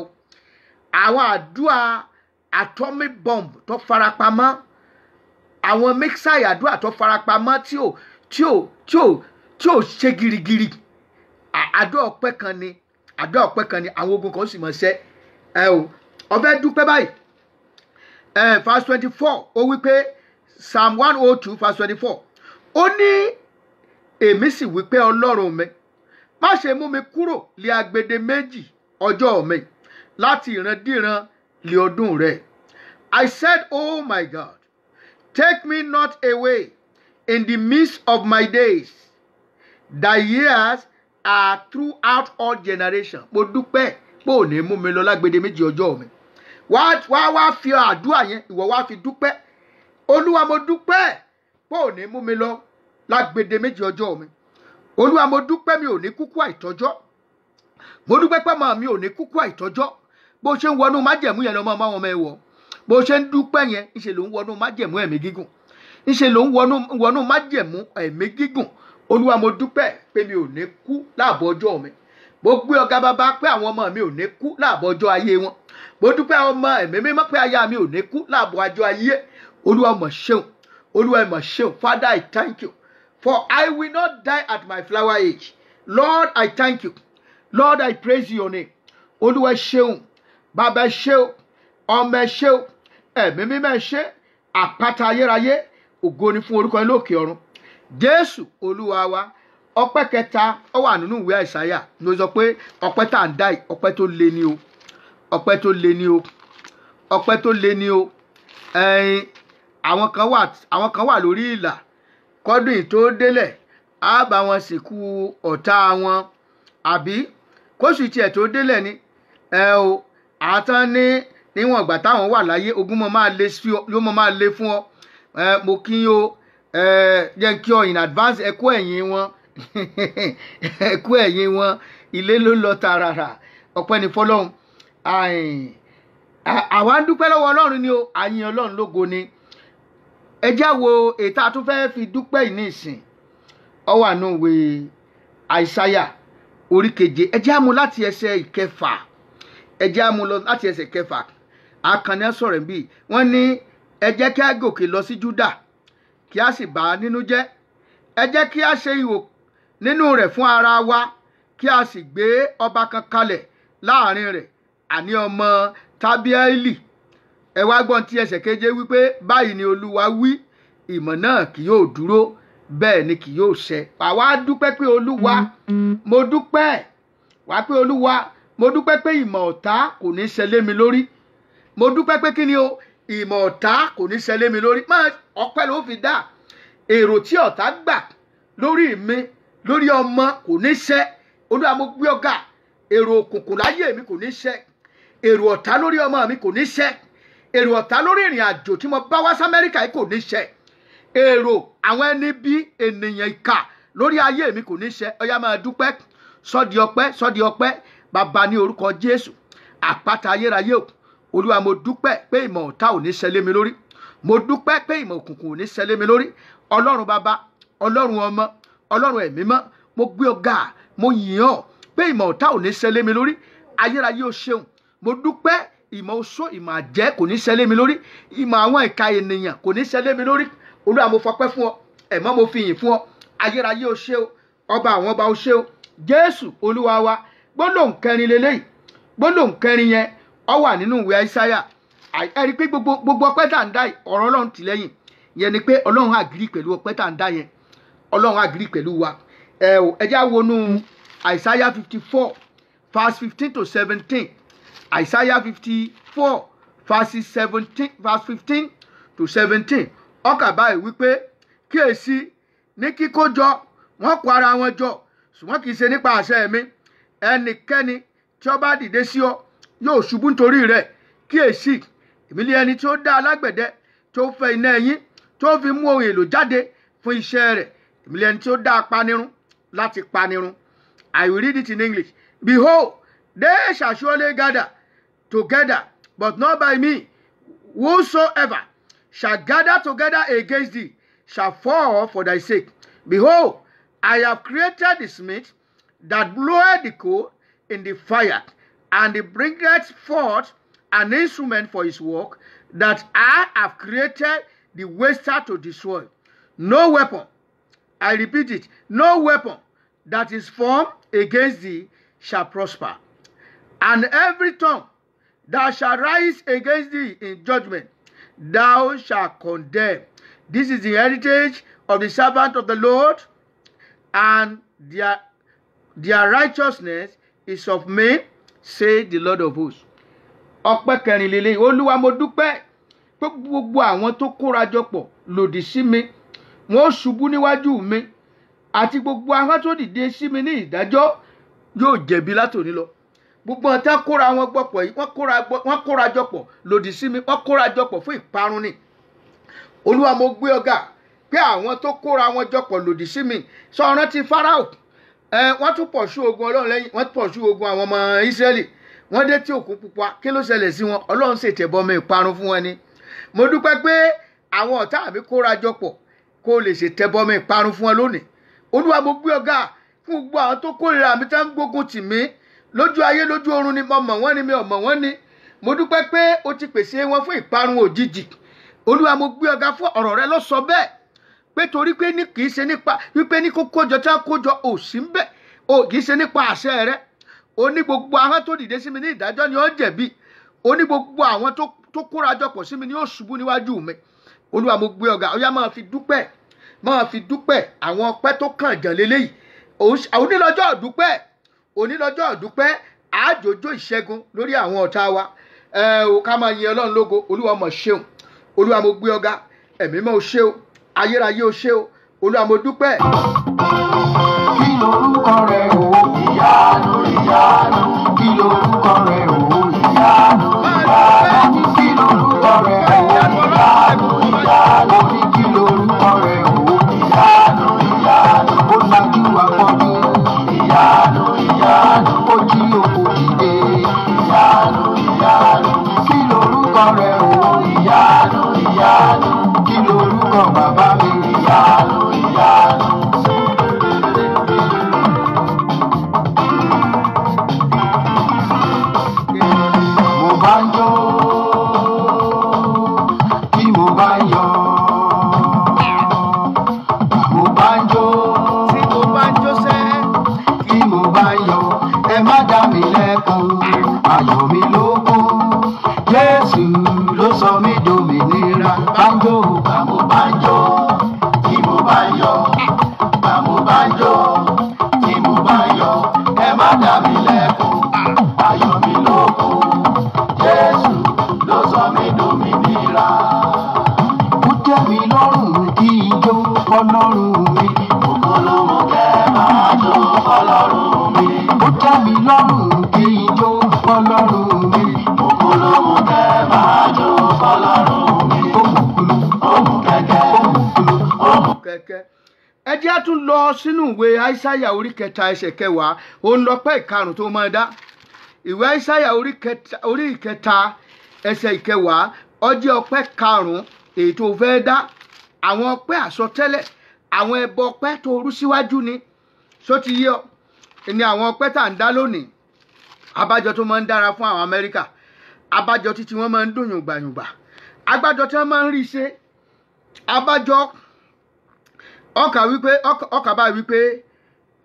àwọn àdúrà atomic bomb tó farapamọ́ àwọn mixer àdúrà tó farapamọ́ tí ò tí ò tí ò tí ò ṣe girigiri àdúrà ọpẹ́ kan ni àdúrà ọpẹ́ kan ni àwọn ogun kan sì mọ̀ ṣẹ́ ẹ o ó fẹ́ dúpẹ́ báyìí ẹ verse twenty four ó wí pé psalm one oh two verse twenty four ó ní èmi sì wí pé ọlọ́run mi má ṣe mú mi kúrò lé agbede méjì ọjọ́ mi láti ìrandíran lé ọdún rẹ I said oh my God take me not away in the midst of my days thy years are throughout all generations mo dúpẹ́ pé ò ní mú mi lọ lágbede méjì ọjọ́ mi wá wá fi àdúrà yẹn ìwọ wá fi dúpẹ́ olúwa mo dúpẹ́ pé ò ní mú mi lọ lágbede méjì ọjọ́ mi olúwa mo dúpẹ́ mi ò ní kúkú àìtọ́jọ́ mo dúpẹ́ pé màá mi ò ní kúkú àìtọ́jọ́ bó ṣe ń wọnú májẹ̀mú yẹn lọ́mọ ọmọ ọmọ ẹ wọ̀ bó ṣe ń dúpẹ́ yẹn ńṣe ló ń wọnú májẹ̀mú ẹ̀mí gígùn ńṣe ló ń wọnú májẹ̀mú ẹ̀mí gígùn olúwa mo dúpẹ́ pé mi ò ní kú láàbọ̀ ọjọ́ mi mo gbé ọ̀gá bàbá pé àwọn ọmọ mi ò ní kú láàbọ̀ ọjọ́ ayé wọn mo dúpẹ́ ọmọ ẹ̀mí mímọ́ pé aya mi ò ní kú láàbọ̀ ọjọ́ ayé olúwa mọ̀ ṣeun olúwa mọ̀ ṣeun father i thank you for i will not die at my flower age lord i thank you lord i praise your name olúwa ṣeun bàbá ṣeun ọmọ ṣeun ẹ̀mí mímọ́ ṣe àpáta ayérayé ògo ni fún orúkọ yín lókè ọ̀run jésù olúwa wa ọpẹ́ kẹta ó wà nínú ìwé àìsáyà ló sọ pé ọpẹ́ tá à ń dá yìí ọpẹ́ tó le ni o ọpẹ́ tó le ni o ọpẹ́ tó le ni o ẹyin àwọn kan wà àwọn kan wà lórí ìlà kọ́dún tó délẹ̀ á bá wọn sìnkú ọ̀tá wọn àbí kóṣù tiẹ̀ tó délẹ̀ ni ẹ o àtàn ní níwọ̀n ìgbà táwọn wà láyé ogún mọ́ máa le sí ọ yóò mọ́ máa le fún ọ mo kí yín o jẹ́ kí ọ in advance ẹ kú ẹ̀yìn wọn ẹkú ẹ̀yìn wọn ilé ló lọ tààràrà ọpẹ́ ní fọ́lọ́run àwa ń dúpẹ́ lọ́wọ́ ọlọ́run ni o àyìn ọlọ́run lógo ni ẹ já wo ètò àtúnfẹ́ fi dúpẹ́ yìí ní ìsìn ọwọ́ àánú ìwé àìsáyà orí keje ẹ já mu láti ẹsẹ̀ ìkẹfà ẹ já mu láti ẹsẹ̀ ìkẹfà akànnì sọ̀rọ̀ bíi wọ́n ní ẹ jẹ́ kí a gòkè lọ sí Júdà kí a sì bà á nínú jẹ́ ẹ jẹ́ kí a ṣe ìwò nínú rẹ̀ fún ara wa kí a sì gbé ọba kan kalẹ̀ láàrin rẹ̀ àní ọmọ tábíẹ́lì ẹ wá gbọ́n tí ẹsẹ̀ keje wípé báyìí ni olúwa wí ìmọ̀ náà kì yóò dúró bẹ́ẹ̀ ni kì yóò ṣẹ. àwa dúpẹ́ pé olúwa mo dúpẹ́ wá pé olúwa mo dúpẹ́ pé ìmọ̀ ọ̀tá kò ní ṣẹ lé mi lórí mo dúpẹ́ pé kí ni o ìmọ̀ ọ̀tá kò ní ṣẹ lé mi lórí ọpẹ́ ló fi dá èrò tí ọ̀tá gbà lórí mi lórí ọmọ kò ní ṣẹ olúwa mo gbé ọ̀gá èrò òkùnkùn láyé mi kò ní ṣẹ èrò ọ̀tá lórí ọmọ mi kò ní ṣẹ èrò ọ̀tá lórí ìrìn àjò tí mo bá wá sí amẹ́ríkà yìí kò ní ṣẹ èrò àwọn ẹni bí ènìyàn ìkà lórí ayé mi kò ní ṣẹ ọyá máa dúpẹ́ sọ́di ọpẹ́ sọ́di ọpẹ́ bàbá ní orúkọ jésù àpáta ayérayé o olúwa mo dúpẹ́ pé ìmọ̀ ọ̀tá ò ní ṣẹ lé mi lórí mo dúpẹ́ pé ìmọ̀ òkùnkùn ò ní ṣẹ lé mi lórí ọlọ́run bàbá ọlọ́run ọmọ ọlọ́run ẹ̀mí mọ́ mo gbé ọ̀gá mo yìn ọ́ pé ìmọ̀ ọ̀tá ò ní ṣẹlẹ̀ mi lórí ayérayé o ṣeun mo dúpẹ́ ìmọ̀ oṣó ìmọ̀ àjẹ́ kò ní ṣẹlẹ̀ mi lórí ìmọ̀ àwọn ìka ènìyàn kò ní ṣẹlẹ̀ mi lórí olúwa mo fọpẹ́ fún ọ ẹ̀mọ́ mo fi yìn fún ọ ayérayé o ṣe o ọba àwọn ọba o ṣe o jésù olúwa wa gbólóhùn kẹrin lélẹ́yìí gbólóhùn kẹrin yẹn ó wà nínú ìwé àìsáyà ẹ̀rí pé gbogbo ọpẹ́ tá à ń dá ọ̀rọ̀ ọlọ́run tì lẹ́yìn yẹn ni pé ọlọ́run àgírí pẹ̀lú ọpẹ́ tá ń dá yẹn ọlọ́run àgírí pẹ̀lú wa ẹ ò ẹjẹ́ àwọnú àìsáyà fifty four verse fifteen to seventeen Isaiah fifty four verse seventeen verse fifteen to seventeen ọkà báyìí wípé kíyèsí ní kíkójọ wọ́n kó ara wọn jọ ṣùgbọ́n kì í ṣe nípa àṣẹ mi ẹnikẹ́ni tí ó bá dìde sí ọ yóò ṣubú nítorí rẹ̀ kíyèsí èmi ẹni tí ó dá alágbẹ̀dẹ tó fẹ́ iná ẹ̀yìn tó fi mú ohun èlò jáde fún iṣẹ́ rẹ̀ èmi lẹni tí ó dá apanirun láti panirun I will read it in English behold they shall surely gather together but not by me whosoever shall gather together against thee shall fall for thy sake behold I have created the smith that bloweth the coal in the fire and he bringeth forth an instrument for his work that I have created the waster to destroy. No weapon I repeat it, no weapon that is formed against thee shall prosper. And every tongue that shall rise against thee in judgment, thou shalt condemn. This is the heritage of the servant of the Lord, and their, their righteousness is of me, say the Lord of hosts. ọpẹ́ kẹrin lélẹ́yìn olúwa mo dúpẹ́ pé gbogbo àwọn tó kórajọpọ̀ lòdì sí mi wọn ó ṣubú níwájú mi àti gbogbo ahọ́n tó dìde sí mi ní ìdájọ́ yóò jẹ̀bi látòní lọ gbogbo ọ̀tá kóra wọn gbọ́pọ̀ yìí wọ́n kóra jọpọ̀ lòdì sí mi wọ́n kóra jọpọ̀ fún ìparun ni olúwa mo gbé ọ̀gá pé àwọn tó kóra wọn jọpọ̀ lòdì sí mi sọ rántí Fáráò ẹ wọ́n tún pọ̀ sí ogun ọlọ́run lẹ́yìn wọ́n pọ̀ sí ogun àwọn ọmọ Ísírẹ́lì wọ́n dé tí òkun pupa kí ló ṣẹlẹ̀ sí wọn ọlọ́run ṣètẹ̀bọmi ìparun fún wọn ni mo dúpẹ́ pé àwọn ọ̀tá mi kóra jọpọ̀ kó o lè ṣe tẹ́bọ́ mi parun fún ẹ lónìí olúwa mo gbé ọ̀gá fún gbogbo àwọn tó kórìíra mi tá ń gbógun tì mí lójú ayé lójú ọ̀run ni mo mọ̀ wọ́n ni mi ò mọ̀ wọ́n ni mo dúpẹ́ pé o ti pèsè wọn fún ìparun òjijì olúwa mo gbé ọ̀gá fún ọ̀rọ̀ rẹ ló bẹ́ẹ̀ pé torí pé ní kìí ṣe nípa wípé ní kókójọ tí wọ́n kójọ ò sí ń bẹ ò kìí ṣe nípa àṣẹ rẹ o ní gbogbo àwọn tó dìde sí mi ní ìdájọ́ ni ó jẹ̀bi o ní gbogbo àwọn tó kórajọpọ̀ sí mi ni ó ṣubú níwájú mi olúwa mo gbé ọ̀gá ọ̀yá máa fi dúpẹ́ máa fi dúpẹ́ àwọn ọpẹ́ tó kàn jàn lélẹ́yìí onílọ́jọ́ ọ̀dúpẹ́ onílọ́jọ́ ọ̀dúpẹ́ àjòjò ìṣẹ́gun lórí àwọn ọ̀tá wa ò ká máa yin ọlọ́run lógo olúwa mo ṣeun olúwa mo gbé ọ̀gá ẹ̀mí mọ́ o o ayérayé o ṣé o olúwa mo dúpẹ́. kí lorúkọ rẹ o ìyanu ìyanu kí lorúkọ rẹ o ìyanu bàbá kí lorúkọ rẹ o ìyanu. que, que sínú ìwé aísáyà orí kẹta ẹsẹ̀ kẹwàá òun lọ́pẹ́ ìkarùn tó máa dá ìwé aísáyà orí ìkẹta ẹsẹ̀ ìkẹwàá ọjẹ́ ọpẹ́ karùn èyí tó fẹ́ dá àwọn ọpẹ́ àsọtẹ́lẹ̀ àwọn ẹbọ ọpẹ́ tó rú síwájú ni só ti yé ọ ni àwọn ọpẹ́ tá à ń dá lónìí abájọ tó máa ń dára fún àwọn Amẹ́ríkà abájọ títí wọ́n máa ń dùn yùngbàyùngbà agbájọ tí wọ́n máa ń rí ṣe abájọ ọkà wípé ọkà bá wípé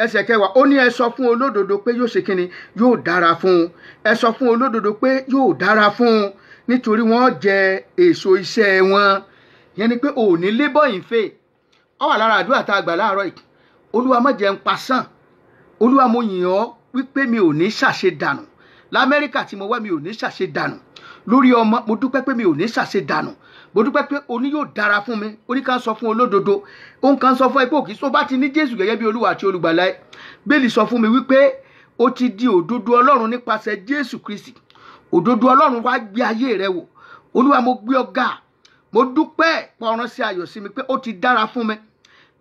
ẹsẹ̀ kẹwàá ó ní ẹ sọ fún olódodo pé yóò ṣe kínni yóò dára fún un ẹ sọ fún olódodo pé yóò dára fún un nítorí wọ́n jẹ èso iṣẹ́ wọn yẹn ni pé òní labour in faith ó wà lára àdúrà tá a gbà láàárọ̀ yìí olúwa má jẹ́ n pasán olúwa wípé mi ò ní ṣàṣe dànù lamẹ́ríkà tí mo wá mi ò ní ṣàṣe dànù lórí ọmọ mo dúpẹ́ pé mi ò ní ṣàṣe dànù mo dúpẹ́ pé oní yóò dára fún mi oní kan sọ fún olódodo òun kan sọ fún ẹ pé òkè so bá ti ní jésù gẹ́gẹ́ bí olúwa àti olùgbàlà ẹ bẹ́ẹ̀lì sọ fún mi wípé o ti di òdodo ọlọ́run nípasẹ̀ jésù kristi òdodo ọlọ́run wá gbé ayé rẹ wò olúwa mo gbé ọgá mo dúpẹ́ pọ̀ran sí ayọ̀ sí mi pé ó ti dára fún mi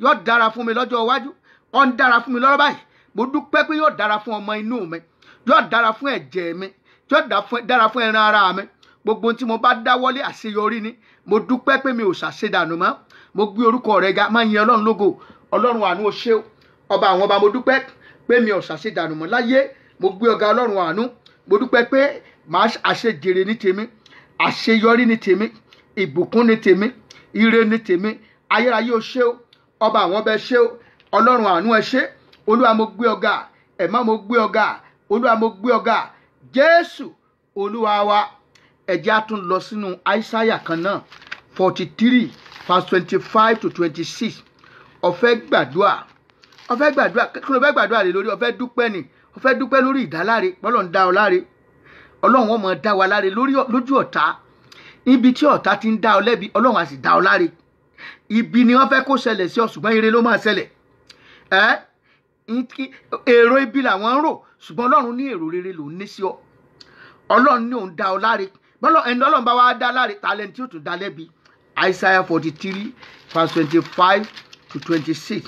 yóò dára fún mi lọ́jọ́ iwájú ó ń dára fún mi lọ́rọ̀ báyìí mo dúpẹ́ pé yóò dára fún ọmọ inú mi yóò dára fún ẹ̀jẹ̀ mi yóò dára fún ẹran ara mi gbogbo tí mo bá dáwọ́lé àṣeyọrí ni mo dúpẹ́ pé mi ò ṣàṣedànù mọ́ mo gbé orúkọ rẹ ga máa yin ọlọ́run lógo ọlọ́run àánú o ṣé ọba àwọn ọba mo dúpẹ́ pé mi ò ṣàṣedànù mọ́ láyé mo gbé ọ̀gá ọlọ́run àánú mo dúpẹ́ pé màá àṣejèrè ní tèmi àṣeyọrí ní tèmi ìbùkún ní tèmi ire ní tèmi ayérayé o ṣé ọba àwọn ọba ẹ ṣé ọlọ́run àánú ẹ ṣé olúwa mo gbé ọ̀gá ẹ̀má mo gbé ọ̀gá olúwa mo gbé ọ̀gá jésù olúwa wa ẹ jẹ́ á tún lọ sínú aísáyà kan náà forty three verse twenty five to twenty six ó fẹ́ gbàdúrà ó fẹ́ gbàdúrà kí ló fẹ́ gbàdúrà lé lórí ó fẹ́ ni ó fẹ́ dúpẹ́ lórí ìdáláre bọ́lọ̀ ń dá ọ láre ọlọ́run ọmọ dá wa láre lójú ọ̀tá ibi tí ọ̀tá ti ń dá ọ lẹ́bi ọlọ́run á sì dá ọ láre ibi ni wọ́n fẹ́ kó ṣẹlẹ̀ sí ọ ṣùgbọ́n ire ló máa ṣẹlẹ̀ ẹ́ èrò ibi làwọn ń rò ṣùgbọ́n ọlọ́run ní èrò rere lòún ní sí ọ ọlọ́run ní òun dá ọ láre bọ́lọ̀ ẹni ọlọ́run bá wá dá láre talent yóò tún dá lẹ́bi isaiah forty three verse twenty five to twenty six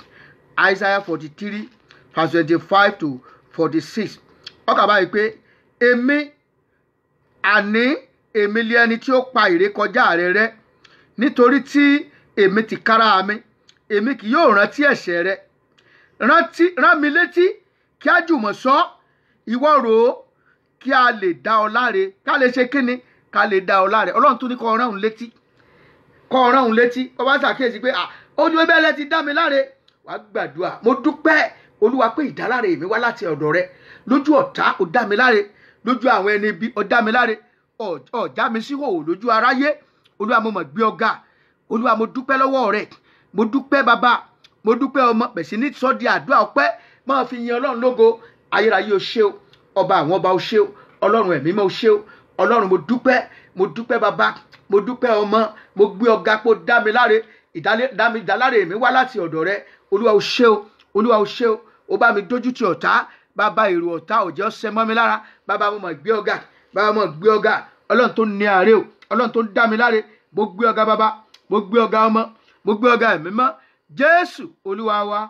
isaiah forty three verse twenty five to forty six ó kà báyìí pé èmi àní èmi lé ẹni tí ó pa ìrékọjá rẹ rẹ́ nítorí tí èmi ti kára mi èmi kì yóò rántí ẹ̀ṣẹ̀ rẹ rántí rán mi létí kí a jùmọ̀ sọ ìwọ rò ó kí a lè dá ọ láre ká lè ṣe kíni ká lè dá ọlá rẹ̀ ọlọ́run tún ní kọ́ ọ̀rán òun létí kọ́ ọ̀rán òun létí ọba ṣàkíyèsí pé ojú ẹgbẹ́ rẹ ti dá mi láre wàá gbàdúrà mo dúpẹ́ olúwa pé ìdáláre mi wá láti ọ̀dọ̀ rẹ lójú ọ̀tá ó dá mi láre lójú àwọn ẹni ibi ó dá mi láre ọ̀já mi sí hòhò lójú aráyé olúwa mo mọ̀ gbé ọ̀gá olúwa mo dúpẹ́ lọ́wọ́ rẹ mo dúpẹ́ bàbá mo dúpẹ́ ọmọ pẹ̀sì ní sọ́ọ́dì àdúrà ọpẹ́ máa fi yin ọlọ́run lógo ayérayé o ṣé o ọba àwọn ọba o ṣé o ọlọ́run ẹ̀mí mọ́ o ṣé o ọlọ́run mo dúpẹ́ mo dúpẹ́ bàbá mo dúpẹ́ ọmọ mo gbé ọ̀gá pò dá mi láre ìdáláre mi wá láti ọ̀dọ̀ rẹ olúwa ò ṣe o olúwa ò ṣe o ó bá mi dójú ti ọ̀tá bàbá èrò ọ̀tá òjò ṣe mọ́ mi lára bàbá mo mọ̀ gbé ọ̀gá bàbá mo gbé ọ̀gá ọlọ́run tó ní àárẹ̀ o ọlọ́run tó ń dá mi láre mo gbé ọ̀gá bàbá mo gbé ọ̀gá ọmọ mo gbé ọ̀gá ẹ̀mí mọ́ jésù olúwa wa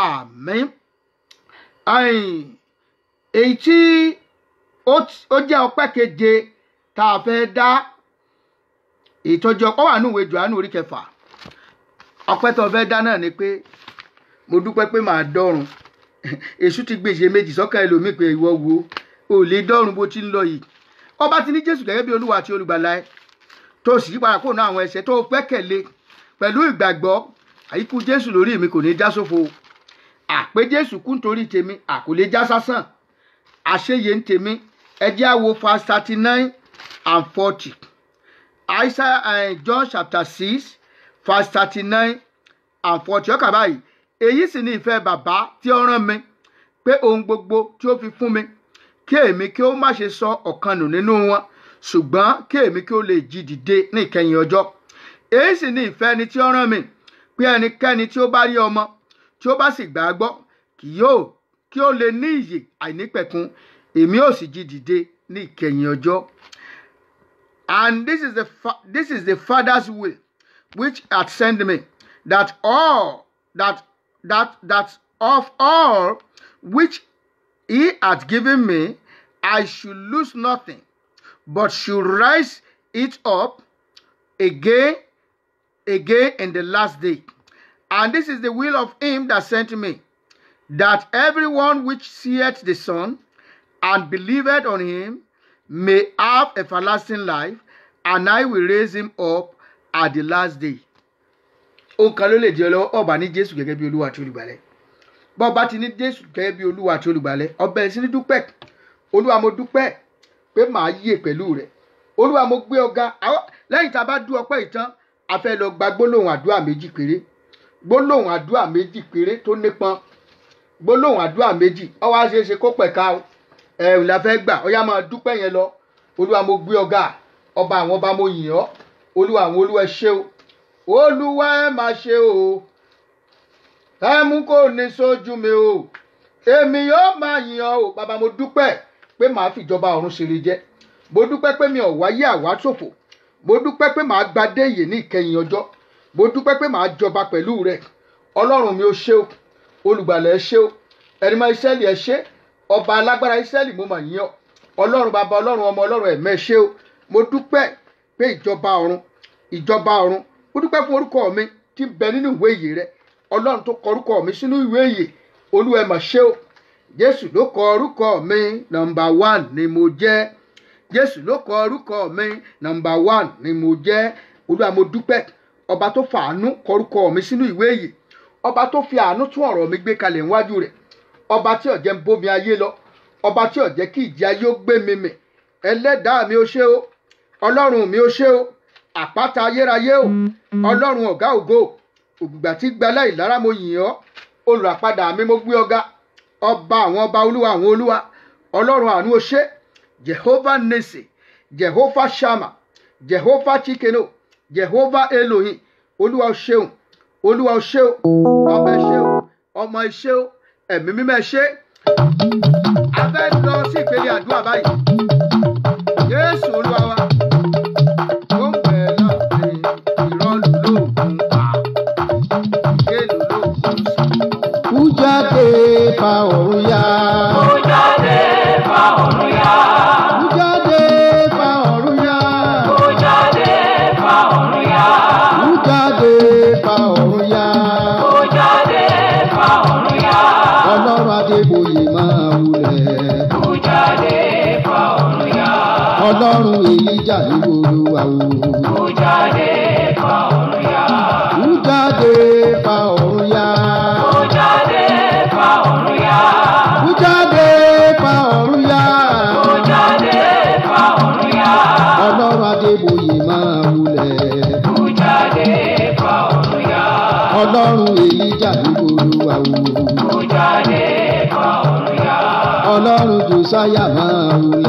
àmín èyí tí ó jẹ́ ọpẹ́ keje tá a fẹ́ dá ìtọ́jú ọpọ́ wà núwèé Jòhánù orí kẹfà ọpẹ́ tó fẹ́ dá náà ni pé mo dúpẹ́ pé màá dọ́run èṣù ti gbèsè méjì sọ́kàn ẹlòmíì pé ìwọ wo ò lè dọ́run bó ti ń lọ yìí ọba ti ní Jésù gẹ́gẹ́ bí olúwa àti olùgbàlà ẹ tó sì yípadà kúrò náà àwọn ẹ̀ṣẹ̀ tó gbẹ́kẹ̀lé pẹ̀lú ìgbàgbọ́ àyíkú Jésù lórí mi kò ní já sófo àpé Jésù kú nítorí tèmi àkò já sásán àṣeyẹ ń tèmi ẹ jẹ́ fa thirty nine and forty Isaiah eh, and John chapter six verse thirty-nine and forty ọkà báyìí èyí sì ni ìfẹ́ bàbá tí ó rán mi pé ohun gbogbo tí ó fi fún mi kí èmi kí ó má ṣe sọ ọ̀kan nù nínú wọn ṣùgbọ́n kí èmi kí ó lè jí dìde ní ìkẹyìn ọjọ́ èyí sì ni ìfẹ́ ẹni tí ó rán mi pé ẹnikẹ́ni tí ó bá rí ọmọ tí ó bá sì gbà á gbọ́ kì yóò kí ó lè ní ìyè àìnípẹ̀kun èmi ó sì jí dìde ní ìkẹyìn ọjọ́ And this is the this is the Father's will, which hath sent me, that all that that that of all which he hath given me, I should lose nothing, but should raise it up again, again in the last day. And this is the will of him that sent me, that everyone which seeth the Son and believeth on him may have everlasting life and I will raise him up at the last day. Òun kan ló lè di ọlọ́wọ́ ọba ní Jésù gẹ́gẹ́ bí olúwa àti olùgbàlẹ̀. Bọ́ọ̀bá ti ní Jésù gẹ́gẹ́ bí olúwa àti olùgbàlẹ̀. Ọbẹ̀ sí ní dúpẹ́. Olúwa mo dúpẹ́ pé màá yè pẹ̀lú rẹ̀. Olúwa mo gbé ọ̀gá. Lẹ́yìn tá a bá dú ọpẹ́ ìtàn, a fẹ́ lọ gba gbólóhùn àdúrà méjì péré. Gbólóhùn àdúrà méjì péré tó nípọn. Gbólóhùn àdúrà méjì. Ó wá ṣeé ṣe kó pẹ̀ka o ẹrù la fẹ́ gbà ọyá máa dúpẹ́ yẹn lọ olúwa mo gbé ọgá ọba àwọn ọba mo yìn ọ́ olúwa àwọn olúwa ṣe o olúwa ẹ máa ṣe o ẹ mú kó ní sójú mi o èmi yóò máa yìn ọ́ o bàbá mo dúpẹ́ pé màá fìjọba ọ̀run ṣeré jẹ́ mo dúpẹ́ pé mi ò wáyé àwátòfò mo dúpẹ́ pé màá gbadé ìyè ní ìkẹyìn ọjọ́ mo dúpẹ́ pé màá jọba pẹ̀lú rẹ ọlọ́run mi ò ṣe o olùgbàlà ẹ ṣe o ẹ̀rìmọ̀ iṣẹ́ lè ẹ ṣe ọba alágbára Ísírẹ́lì mo mà yìn ọ́ ọlọ́run bàbá ọmọ ọlọ́run ẹ̀mẹ́ ṣe o mo dúpẹ́ pé ìjọba ọ̀run ìjọba ọ̀run mo dúpẹ́ fún orúkọ mi tí ń bẹ nínú ìwé ìyè rẹ ọlọ́run tó kọ orúkọ mi sínú ìwé ìyè olúwa ẹ mà ṣe o jésù ló kọ orúkọ mi nọmba one ni mo jẹ́ jésù ló kọ orúkọ mi nọmba one ni mo jẹ́ olúwa mo dúpẹ́ ọba tó fàánú kọ orúkọ mi sínú ìwé ìyè ọba tó fi àánú tún ọ̀rọ̀ mi gbé kalẹ̀ níwájú rẹ̀ ọba tí ọ̀jẹ̀ ń bómi ayé lọ ọba tí ọ̀jẹ̀ kí ìjì ayé ó gbé mi mì ẹlẹ́dàá mi ó ṣe o ọlọ́run mi ó ṣe o àpáta ayérayé o ọlọ́run ọ̀gá ògo ògbìgbà tí gbalẹ̀ ìlara mo yìn ọ́ olùràpadà mi mo gbé ọ̀gá ọba àwọn ọba olúwa àwọn olúwa ọlọ́run àánú ó jehova nisi jehova shama jehova chikeno jehova elohim olúwa ó ṣeun olúwa ó ṣeun ọba ẹ ṣeun ọmọ ẹ ẹ̀mí mímọ́ ṣe a fẹ́ lọ sí ìpele àdúrà báyìí Jésù Olúwa wa. jáde fa ọ̀run yá. ó jáde kọrùn ìlíjà ní olúwa o. ó jáde fa ọ̀run yá. ó jáde fa ọ̀run yá. ó jáde fa ọ̀run yá. ó jáde fa ọ̀run yá. ó jáde fa ọ̀run yá. ọlọ́run adébóyè máa wulẹ̀. ó jáde fa ọ̀run yá. ọlọ́run ìlíjà ní olúwa o. ó fa ọ̀run yá. ọlọ́run josiah máa wulẹ̀.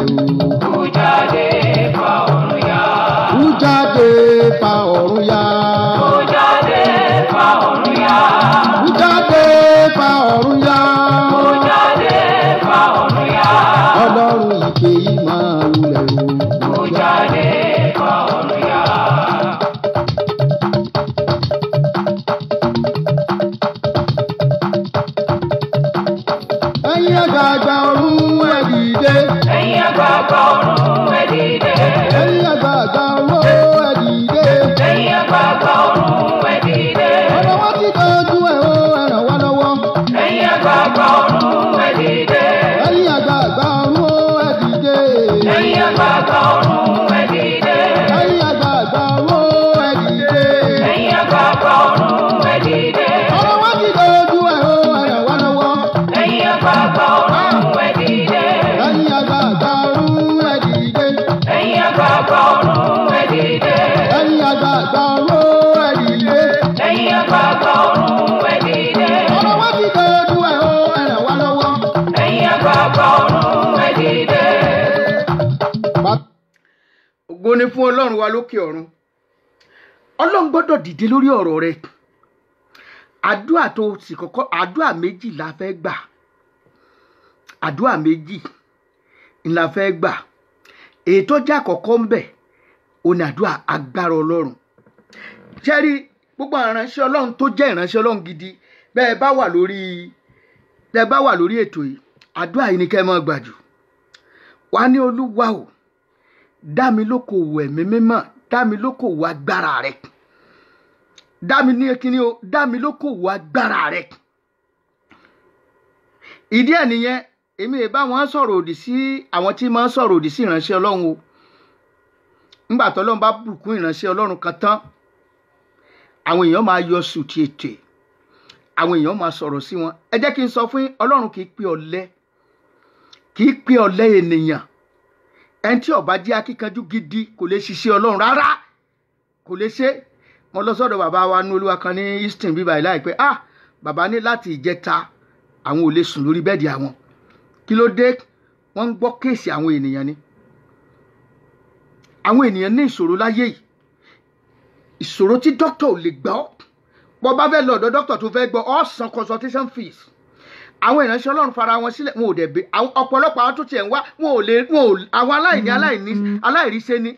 àgbà ọ̀run ẹ̀ dìde. ẹ̀yin àgbà àgbà ọ̀run ẹ̀ dìde. ọlọ́wọ́ ti tẹ olúwa o ẹ̀rẹ̀ wá lọ́wọ́. ẹ̀yin àgbà àgbà ọ̀run ẹ̀ dìde. ni fún ọlọ́run wa lókè ọ̀run ọlọ́run gbọ́dọ̀ dìde lórí ọ̀rọ̀ rẹ̀ àdúà tó sì kọ́kọ́ àdúà méjì la fẹ́ gbà àdúà méjì la fẹ́ gbà èyí tó jẹ́ àkọ́kọ́ ń bẹ̀ òun àdúà agbára ọlọ́run ṣẹ́rí gbogbo ìránṣẹ́ ọlọ́run tó jẹ́ ìránṣẹ́ ọlọ́run gidi bẹ́ẹ̀ bá wà lórí bẹ́ẹ̀ bá wà lórí ètò yìí àdúrà yìí ni kẹ́ ẹ máa gbà jù wá ní olúwa o dá mi lókòwò ẹ̀mí mímọ́ dá mi lókòwò agbára rẹ dá mi ní kíní o dá mi lókòwò agbára rẹ ìdí ẹ̀ nìyẹn èmi ì bá wọn sọ̀rọ̀ òdì sí àwọn tí máa sọ̀rọ̀ òdì sí ìránṣẹ́ ọlọ́run o ńgbà tọ́lọ́run bá bùkún ìránṣẹ́ ọlọ́run kan tán àwọn èèyàn máa yọ sùtì ètè àwọn èèyàn máa sọ̀rọ̀ sí wọn ẹ jẹ́ kí n sọ fún ọlọ́run kì í pé ọ̀lẹ kì í pé ọ̀lẹ ènìyàn ẹni tí ọba jẹ́ akíkanjú gidi kò lè ṣiṣẹ́ ọlọ́run rárá kò lè ṣe mo lọ sọ́dọ̀ bàbá wa nu olúwa kan ní easton bíbá yìí láìpẹ́ ah bàbá ní láti ìjẹta àwọn ò lè sùn lórí bẹ́ẹ̀dì àwọn kí ló dé wọ́n ń gbọ́ kéèsì àwọn ènìyàn ni àwọn ènìyàn ní ìṣòro láyé yìí ìṣòro tí dókítà ò lè gbọ́ bọ́ bá fẹ́ lọ ọ̀dọ̀ dókítà tó fẹ́ gbọ́ ọ́ san consultation fees àwọn ìránṣẹ́ ọlọ́run fara wọn sílẹ̀ wọn ò dẹ̀ bẹ ọ̀pọ̀lọpọ̀ àwọn tó tiẹ̀ ń wá wọn ò lè wọn ò àwọn aláìní mm-hmm. aláìní mm-hmm. aláìríṣẹ́ ni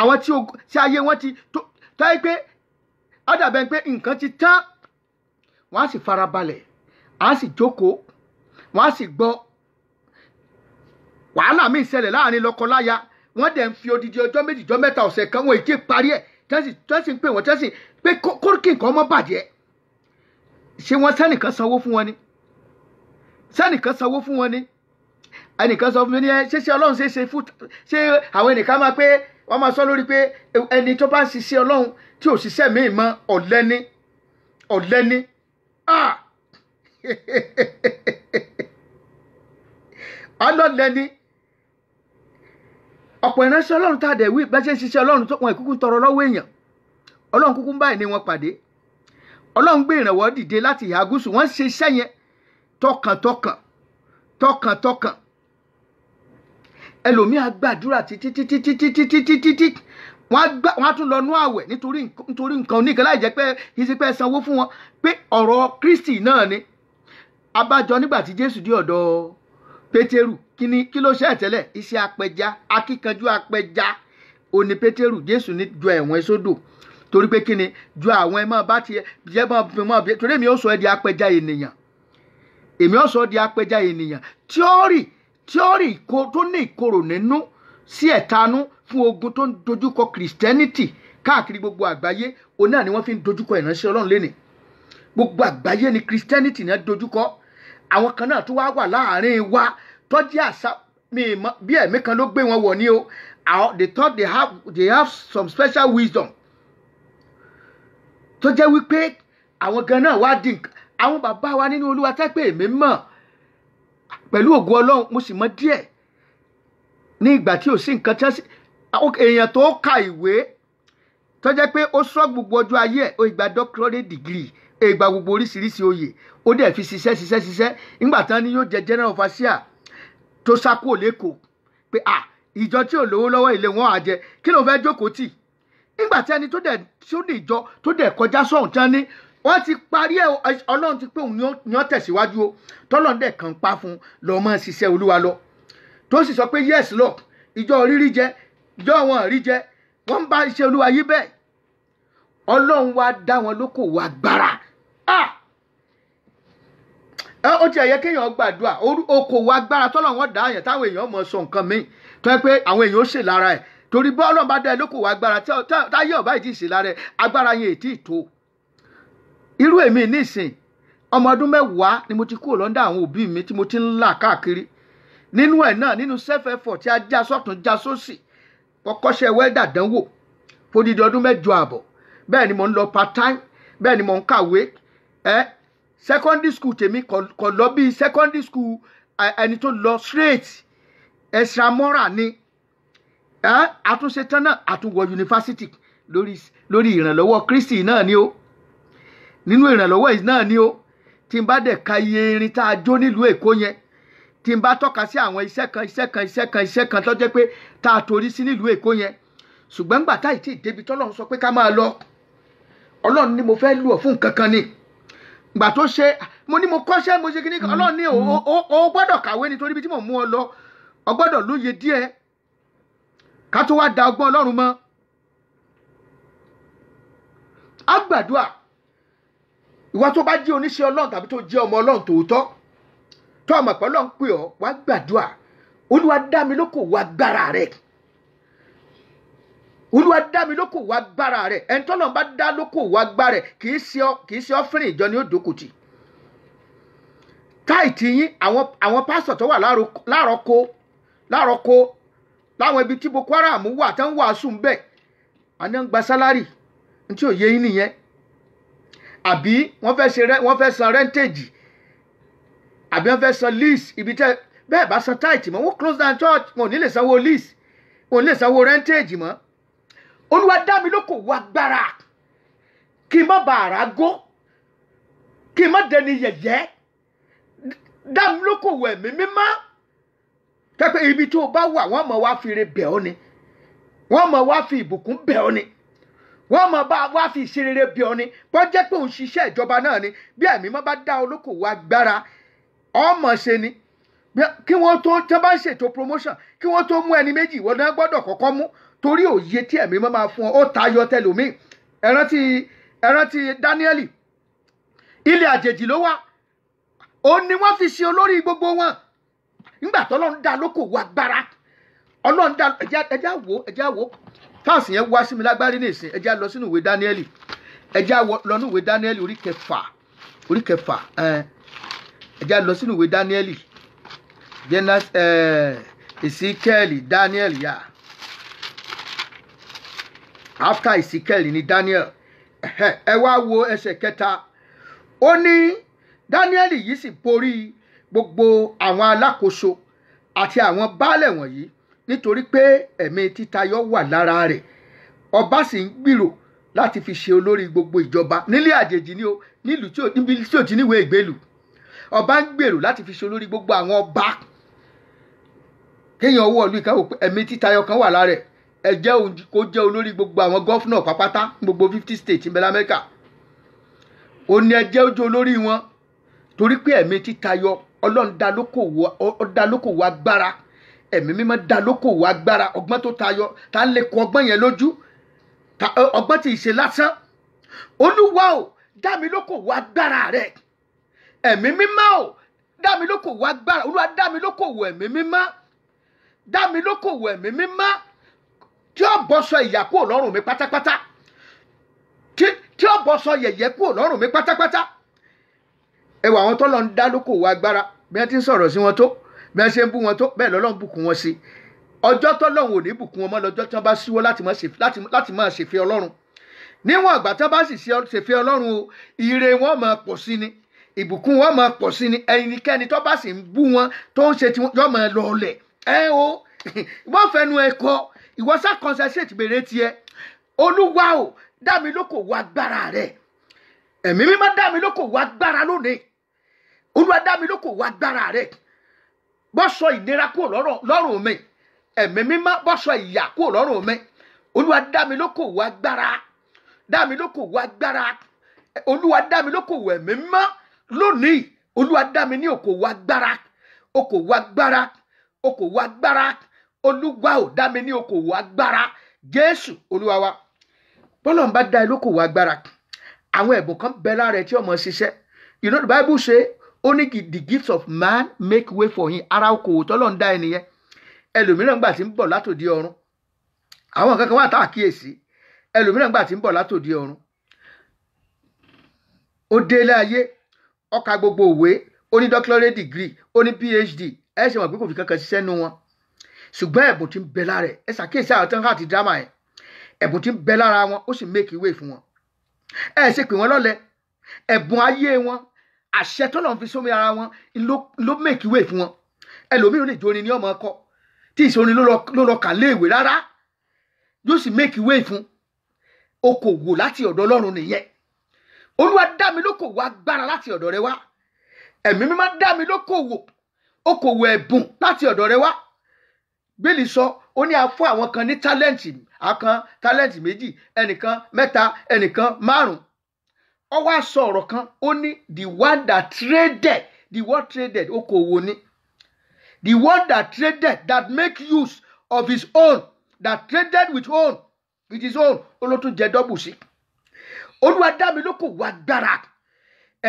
àwọn tí ayé wọn ti tó táyé pé ádàbẹ̀ pé nǹkan ti tán wọ́n á sì farabalẹ̀ á sì jókòó wọ́n á sì gbọ́ wàhálà míì ṣẹlẹ̀ láàrin lọ́kọ láya wọ́n dẹ̀ ń fi odidi ọjọ́ méjì ọjọ́ mẹ́ta ọ̀sẹ̀ kan wọn ì tẹ́sí ń pè wọ́n tẹ́sí pé kórìkì nǹkan ọmọ bàjẹ́ ṣé wọ́n sẹ́nìkan sanwó fún wọn ni sẹ́nìkan sanwó fún wọn ni ẹnìkan sọ fún mi ní ẹ ṣé ṣe ọlọ́run ṣe ṣe fún ṣé àwọn ẹnìkan máa pé wọ́n máa sọ lórí pé ẹni tó bá ń ṣiṣẹ́ ọlọ́run tí ò ṣiṣẹ́ míì mọ́ ọ̀lẹ́ni ọ̀lẹ́ni ọlọ́lẹ́ni ọ̀pọ̀ ìránṣẹ́ ọlọ́run tá a dẹ̀ wí bẹ́ẹ̀ ṣe ń ṣiṣẹ́ ọlọ́run tó wọn ìkúkú tọrọ lọ́wọ́ èèyàn ọlọ́run kúkú ń báyìí ní wọn pàdé ọlọ́run gbé ìrànwọ́ dìde láti ìhà gúúsù wọ́n ṣe iṣẹ́ yẹn tọkàntọkàn tọkàntọkàn ẹlòmíì á gbàdúrà títí títí títí títí títí títí wọ́n á tún lọ nú àwẹ̀ nítorí nǹkan oníkan láì jẹ́ pé ìsìn pé sanwó fún wọn pé ọ̀rọ̀ Kristi pétérù kíni kí ló ṣe tẹ́lẹ̀ iṣẹ́ apẹja akíkanjú apẹja òní pétérù jésù ní ju ẹ̀wọ̀n sódò torí pé kíni ju àwọn ẹ̀ máa bá tiẹ̀ jẹ́ máa fi máa bí torí èmi ó sọ ẹ́ di apẹja ènìyàn èmi ó sọ ẹ́ di apẹja ènìyàn tíọ́rì tíọ́rì tó ní ìkorò nínú sí ẹ̀tanú fún ogun tó ń dojúkọ kìrìsìtẹ́nìtì káàkiri gbogbo àgbáyé òun náà ni wọ́n fi ń dojúkọ ìránṣẹ́ ọlọ́run lénìí gbogbo àgbáyé ni kìrìsìtẹ́nìtì náà dojúkọ àwọn kan náà tún wá wà láàrin wa tọ́jú àṣà bí ẹ̀mí kan ló gbé wọn wọ̀ ni o they thought they have they have some special wisdom tó jẹ́ wípé àwọn gan náà wá dín àwọn bàbá wa nínú olúwa tẹ́ pé èmi mọ̀ pẹ̀lú ògo ọlọ́run mo sì mọ díẹ̀ ní ìgbà tí ò sí nǹkan tí èèyàn tó ka ìwé tó jẹ́ pé ó sọ gbogbo ọjọ́ ayé ẹ̀ ó ìgbà doctorate degree ègbà gbogbo oríṣiríṣi oyè ó dẹ̀ fi ṣiṣẹ́ ṣiṣẹ́ ṣiṣẹ́ nígbà tán ni yóò jẹ general overseer tó sákò lẹ́kọ̀ọ́ pé à ìjọ tí ò lówó lọ́wọ́ ilé wọn á jẹ kí ló fẹ́ jókòó tì nígbà tí ẹni tó dẹ̀ tó dẹ̀ ìjọ tó dẹ̀ kọjá sọ̀hún tán ni wọ́n ti parí ẹ̀ ọlọ́run ti pé òun ni wọ́n tẹ̀síwájú o tọ́lọ́n dẹ̀ kàn pa fún lọ́ọ́ máa ṣiṣẹ́ olúwa lọ tó sì sọ pé yes lord ìjọ rírí jẹ ìjọ wọn rí jẹ wọ́n ń bá iṣẹ́ olúwa yí bẹ́ẹ̀ ọlọ́run wá dá wọn lókòwò agbára Ah! ó ti ẹ̀yẹ kéèyàn gbàdúrà okòwò agbára tọ́lọ̀ wọn dá àyàn táwọn èèyàn mọ̀ sọ nǹkan míì tó yẹ pé àwọn èèyàn ó ṣe lára ẹ̀ torí bọ́ọ̀lù bá dá ẹ lókòwò agbára táyé ọ̀bá ìdí ìsìn lára ẹ̀ agbára yẹn ètí ìtò irú èmi nísìn ọmọ ọdún mẹ́wàá ni mo ti kúrò lọ́ndà àwọn òbí mi tí mo ti ń là káàkiri nínú ẹ̀ náà nínú self effort tí a já sọ́tún já sósì kọ́kọ́ṣẹ́ wẹ́dà dánwò fódìdí ọdún mẹ́jọ àbọ̀ bẹ́ẹ̀ ni mo ń lọ part time bẹ́ẹ̀ ni mo ń kàwé ẹ eh, secondary school tèmi kò lọ bíi secondary school ẹni tó lọ straight extramural ni àtúnṣe eh, tán náà àtúnwọ yunifásitì lórí lórí ìrànlọ́wọ́ Kristi náà ni ó nínú ìrànlọ́wọ́ yìí náà ni ó tí n bá dẹ̀ ka iye irin tá a jó nílùú Èkó yẹn tí n bá tọ́ka sí àwọn iṣẹ́ kan iṣẹ́ kan iṣẹ́ kan iṣẹ́ kan tó jẹ́ pé tá a torí sí nílùú Èkó yẹn ṣùgbọ́n gbà tá débi tọ́lọ́run sọ pé ká máa lọ Ọlọ́run ni mo fẹ́ lù ọ́ fún nǹkan kan ni gbà tó ṣe mo ní mo kọ́ṣẹ́ mo ṣe kíní mm-hmm. ọlọ́run ní o o gbọ́dọ̀ kàwé nítorí bí tí mò ń mú ọ lọ ọ gbọ́dọ̀ lóye díẹ̀ ká tó wá da ọgbọ́n ọlọ́run mọ́ á gbàdúrà ìwà tó bá jẹ́ oníṣẹ́ ọlọ́run tàbí tó jẹ́ ọmọ ọlọ́run tòótọ́ tó àmọ̀ pé ọlọ́run pè ọ́ wá gbàdúrà olúwa dá mi lóko wá gbára rẹ̀ kì olúwa dá mi lókò wá gbára rẹ̀ ẹni tọ́lọ̀ bá dá lókò wá gbára rẹ̀ kì í ṣe ọ́fìnrin ìjọ ni ó dókòtì táìtì yín àwọn pásítọ̀ tó wà lárọ́kó lárọ́kó láwọn ibi tí Boko Haram wà tán wàásù ń bẹ̀ àná ń gba sálárì ní tí ò yé yín nìyẹn àbí wọ́n fẹ́ ṣe wọ́n fẹ́ san rẹ́ńtèjì àbí wọ́n fẹ́ san lease ibi tẹ́ bẹ́ẹ̀ bá san táìtì mọ́ wọ́n close down church wọn ò ní lè sanwó lease wọn ò ní lè sanwó rẹ́ńtèjì mọ́ olúwa dá mi lóko wá gbára kí n má ba àrá gó kí n má dẹni yẹ̀yẹ́ dá mi lóko wọ ẹ̀mí mímọ́ pẹ́pẹ́ ibi tó o bá wà wọ́n mọ̀ wá fi ire bẹ̀ ọ́ ni wọ́n mọ̀ wá fi ìbùkún bẹ̀ ọ́ ni wọ́n mọ̀ bá wá fi ìṣerere bẹ̀ ọ́ ni bọ́ jẹ́ pé òun ṣiṣẹ́ ìjọba náà ni bí ẹ̀mí má bá dá olókòwò agbára ọmọ ṣe ni kí wọ́n tó tán bá ń ṣètò promotion kí wọ́n tó mú ẹni méjì ìwọ náà gbọ́dọ̀ kọ́kọ́ mú torí òye tí ẹ̀mí mọ́ máa fún ọ ó tayọ tẹlòmíì ẹ rántí ẹ rántí Dáníẹ́lì ilé àjèjì ló wà ó ní wọ́n fi ṣe olórí gbogbo wọn nígbà tọ́lọ́run dá lókòwò agbára ọlọ́run dá ẹjá wò ẹjá wò táàsì yẹn wá sí mi lágbárí ní ìsìn ẹjá lọ sínú ìwé Dáníẹ́lì ẹjá lọ nínú ìwé Dáníẹ́lì orí kẹfà orí kẹfà ẹjá lọ sínú ìwé Dáníẹ́lì jẹ́nà ẹ̀ẹ́sìkẹ́ẹ̀lì Dáníẹ́lì yá. Yeah after ezekiel ni daniel ẹ wá wo ẹsẹ̀ kẹta ó ní daniel yìí sì borí gbogbo àwọn alákòóso àti àwọn baálẹ̀ wọ̀nyí nítorí pé ẹ̀mí títayọ wà lára rẹ̀ ọba sì ń gbìrò láti fi ṣe olórí gbogbo ìjọba nílé àjèjì ni o nílùú tí ò níbi tí ò ti níwèé ìgbélù ọba ń gbèrò láti fi ṣe olórí gbogbo àwọn ọba kéèyàn owó ọlú ìkàwé ẹ̀mí títayọ kan wà lára rẹ̀ ẹ jẹ́ kó jẹ́ olórí gbogbo àwọn gọ́fúnà pápátá gbogbo fifty states ìbẹ̀lẹ̀ amẹ́ríkà ó ní ẹ jẹ́ ojú olórí wọn torí pé ẹ̀mí títayọ ọlọ́run dá lókòwò agbára ẹ̀mí mímọ́ dá lókòwò agbára ọgbọ́n tó tayọ tá a lè kọ ọgbọ́n yẹn lójú ọgbọ́n tí ì ṣe lásán olúwa o dá mi lókòwò agbára rẹ ẹ̀mí mímọ́ o dá mi lókòwò agbára olúwa dá mi lókòwò ẹ̀mí mímọ́ dá mi lókòwò ẹ̀mí mímọ́ tí ó bọ́sọ ìyà kúrò lọ́rùn mi pátápátá tí ó bọ́sọ yẹ̀yẹ́ kúrò lọ́rùn mi pátápátá ẹ wà àwọn tó lọ ń dá lókòwò agbára bí wọ́n ti ń sọ̀rọ̀ sí wọn tó bí wọ́n ṣe ń bú wọn tó bẹ́ẹ̀ lọ́lọ́run bùkún wọn sí ọjọ́ tó lọ́run ò ní bùkún wọn mọ́ lọ́jọ́ tí wọ́n bá síwọ́ láti máa ṣèfẹ́ ọlọ́run níwọ̀n àgbà tí wọ́n bá sì ṣèfẹ́ ọlọ́run o ire wọn máa pọ̀ sí ni ìbùkún wọn máa pọ̀ sí ni ẹnikẹ́ni tó bá sì ń bú wọn tó ń ṣe tí wọ́n máa lọ ọlẹ̀ ẹ o wọ́n fẹnu ẹ kọ́ ìwọ sá concentrate bèrè tiẹ̀ olúwa o dá mi lóko wọ agbára rẹ ẹ̀mí mímọ́ dá mi lóko wọ agbára lónìí olúwa dá mi lóko wọ agbára rẹ bọ́ sọ ìnira kúrò lọ́rùn mi ẹ̀mí mímọ́ bọ́ sọ ìyà kúrò lọ́rùn mi olúwa dá mi lóko wọ agbára dá mi lóko wọ agbára olúwa dá mi lóko wọ ẹ̀mí mímọ́ lónìí olúwa dá mi ní òkòwò agbára òkòwò agbára òkòwò agbára olúwa ò dá mi ní okòwò agbára jésù olúwa wa bọ́lọ̀ ń bá dá ilókòwò agbára àwọn ẹ̀bùn kan bẹ lára ẹ̀ tí ọmọ ṣiṣẹ́ you know the bible say only the gifts of man make way for him ara okòwò tọ́lọ̀ ń dá ẹ nìyẹn ẹlòmíràn gbà tí ń bọ̀ látòdì ọ̀run àwọn kankan wà tá a kíyèsí ẹlòmíràn gbà tí ń bọ̀ látòdì ọ̀run ó dé láyé ó gbogbo òwe ó ní doctorate degree ó ní phd ẹ ṣe wọn pé kò fi kankan ṣiṣẹ́ nu wọn ṣùgbọ́n ẹ̀bùn ti ń bẹ lára ẹ̀ ẹ ṣàkíyèsí àwọn tó ń hàtì dírámà yẹn ẹ̀bùn ti ń bẹ lára wọn ó sì make way fún wọn ẹ ṣe pè wọ́n lọ́lẹ̀ ẹ̀bùn ayé wọn àṣẹ tó lọ́n fi sómi ara wọn ló make way fún wọn ẹlòmíràn lè jorin ní ọmọ ọkọ tí ìsorin ló lọ kà léèwé rárá yóò sì make way fún okòwò láti ọ̀dọ̀ ọlọ́run nìyẹn olúwa dá mi lókòwò agbára láti ọ̀dọ̀ rẹ wá ẹ̀mí mímọ́ dá mi lókòwò okòwò ẹ̀bùn láti ọ̀dọ̀ rẹ wá bíìlì sọ ó ní a fún àwọn kan ní tálẹ́ǹtì àkan tálẹ́ǹtì méjì ẹnìkan mẹ́ta ẹnìkan márùn-ún ó wá sọ ọ̀rọ̀ kan ó ní the one that traded the one traded okòwò ni the one that traded that make use of his own that traded with own with his own olótún jẹ dọ́bù sí olúwa dá mi lókòwò agbára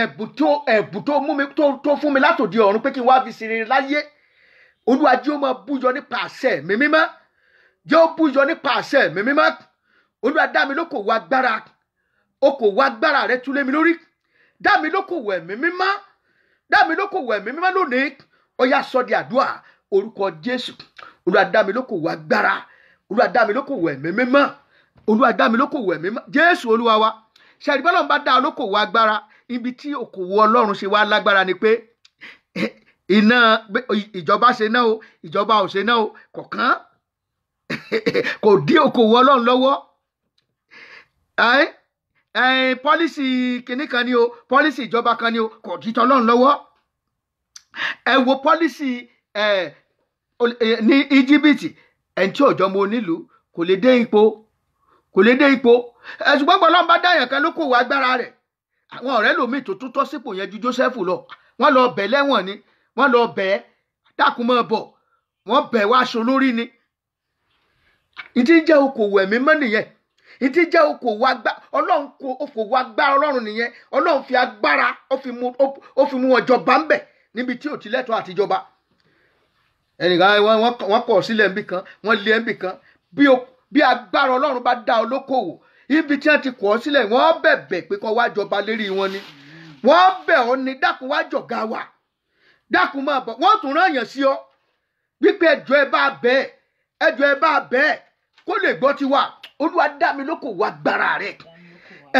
ẹ̀bùn tó ẹ̀bùn tó mú mi tó fún mi látòdì ọ̀run pé kí n wá fi ṣe láyé olúwa jẹ́ ó máa búyọ nípa àṣẹ mi mímọ́ jẹ́ ó búyọ nípa àṣẹ mi mímọ́ olúwa dá mi lókòwò agbára okòwò agbára rẹ tú lé mi lórí dá mi lókòwò ẹ̀mí mímọ́ dá mi lókòwò ẹ̀mí mímọ́ lónìí ó yá sọ di àdúrà orúkọ jésù olúwa dá mi lókòwò agbára olúwa dá mi lókòwò ẹ̀mí mímọ́ olúwa dá mi lókòwò ẹ̀mí mímọ́ jésù olúwa wa ṣàdìbọ́lọ́n dá olókòwò agbára ibi tí okòwò ọlọ́run ṣe wá lágbára ni pé iná ìjọba ṣe náà o ìjọba ò ṣe náà o kọ̀ọ̀kan kò dí okòwò ọlọ́run lọ́wọ́ pọ́lísì kìnnì kan ni o pọ́lísì ìjọba kan ni o kò dí tọ́lọ́run lọ́wọ́ ẹ wo pọ́lísì ní íjíbítì ẹni tí òjọ́ mo nílùú kò lè dé ipò kò lè dé ipò ẹ̀sùn gbọ́ngbọ́n lọ́n bá dáyàn kan lókòwò agbára rẹ̀ àwọn ọ̀rẹ́ lòmíì tó tún tọ́ sípò yẹn ju Jósẹ́fù lọ wọ́n lọ bẹ̀ lẹ́wọ̀n ni wọ́n lọ bẹ́ẹ̀ dákun mọ́ bọ̀ wọ́n bẹ̀ wá aṣọ lórí ni ìdí jẹ́ okòwò ẹ̀mí mọ́ nìyẹn ìdí jẹ́ okòwò agbá ọlọ́run kò okòwò agbára ọlọ́run nìyẹn ọlọ́run fi agbára ó fi mú wọn jọba ń bẹ̀ níbi tí ò ti lẹ́tọ̀ọ́ àtijọba ẹnìkan wọ́n kọ̀ sílẹ̀ níbì kan wọ́n lé níbì kan bí agbára ọlọ́run bá dá olókòwò ibi tí wọ́n ti kọ̀ sílẹ̀ wọ́n bẹ̀bẹ̀ pé kó wá lérí wọn ni wọ́n bẹ̀ ọ́ ni dákun wá jọ̀gá wa dákun máa bọ̀ wọ́n tún rán èèyàn sí ọ wípé ẹjọ́ ẹ bá bẹ́ẹ̀ ẹjọ́ ẹ bá bẹ́ẹ̀ kó lè gbọ́ tiwa olúwa dá mi lóko wá gbára rẹ̀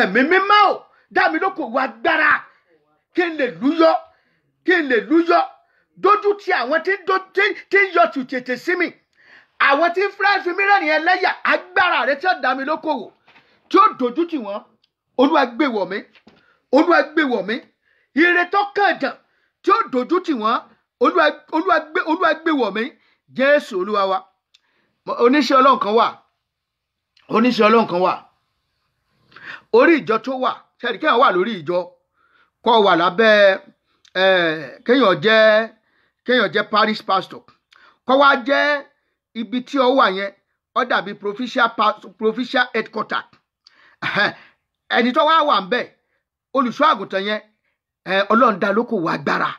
ẹ̀mí mímọ́ ò dá mi lóko wá gbára kí n lè lúyọ́ kí n lè lúyọ́ dójú ti àwọn tí ń yọ tùtètè sí mi àwọn tí ń fúláì fi mí rẹ́rìn ẹlẹ́yà agbára rẹ̀ tí ó dá mi lóko wò tí ó dojú tì wọ́n olúwa gbé wọ̀ mí olúwa gbé wọ̀ mí ire kàn dàn tí ó dojú tì wọ́n olúwa gbé wọ̀ mí jésù olúwa wa oníṣẹ́ ọlọ́run kan wà oníṣẹ́ ọlọ́run kan wà orí ìjọ tó wà sẹ́ni kéèyàn wà lórí ìjọ kó wà lábẹ́ kéèyàn jẹ́ kéèyàn jẹ́ parish pastor kó wá jẹ́ ibi tí ó wà yẹn ó dàbí provincial provincial headquarter ẹni tó wá wà ń bẹ̀ olùṣọ́ àgùntàn yẹn ọlọ́run dá lókòwò agbára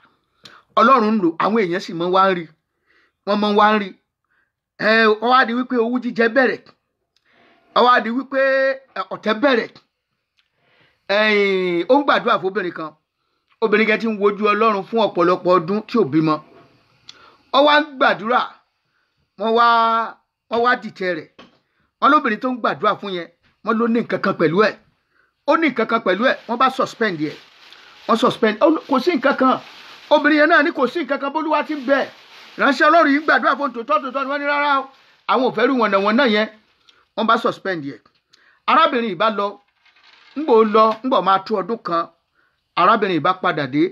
ọlọ́run ń lò àwọn èèyàn sì mọ́ wá ń rí wọ́n mọ́ wá ń rí ó wá di wípé owú jíjẹ bẹ̀rẹ̀ ó wá di wípé ọ̀tẹ̀ bẹ̀rẹ̀ ó ń gbàdúrà fóbìnrin kan obìnrin kan ti ń wojú ọlọ́run fún ọ̀pọ̀lọpọ̀ ọdún tí ò bímọ ó wá ń gbàdúrà wọ́n wá wọ́n wá dìtẹ̀ rẹ̀ wọ́n lóbìnrin tó ń gbàdúrà fún yẹn wọ́n ló ní nǹkan kan pẹ̀lú ẹ̀ ó ní nǹkan kan pẹ̀lú ẹ̀ wọ́n bá suspend yẹn wọ́n suspend kò sí nǹkan kan obìnrin yẹn náà ní kò sí nǹkan kan bólúwa ti ń bẹ̀ ránṣẹ́ ọlọ́run yìí ń gbàdúrà fún tòótọ́ tòótọ́ ni wọ́n ní rárá àwọn òfẹ́rù wọ̀nà wọ̀nà yẹn wọ́n bá suspend yẹ arábìnrin yìí bá lọ ńgbò lọ ńgbò máa tó ọdún kan arábìnrin yìí bá padà dé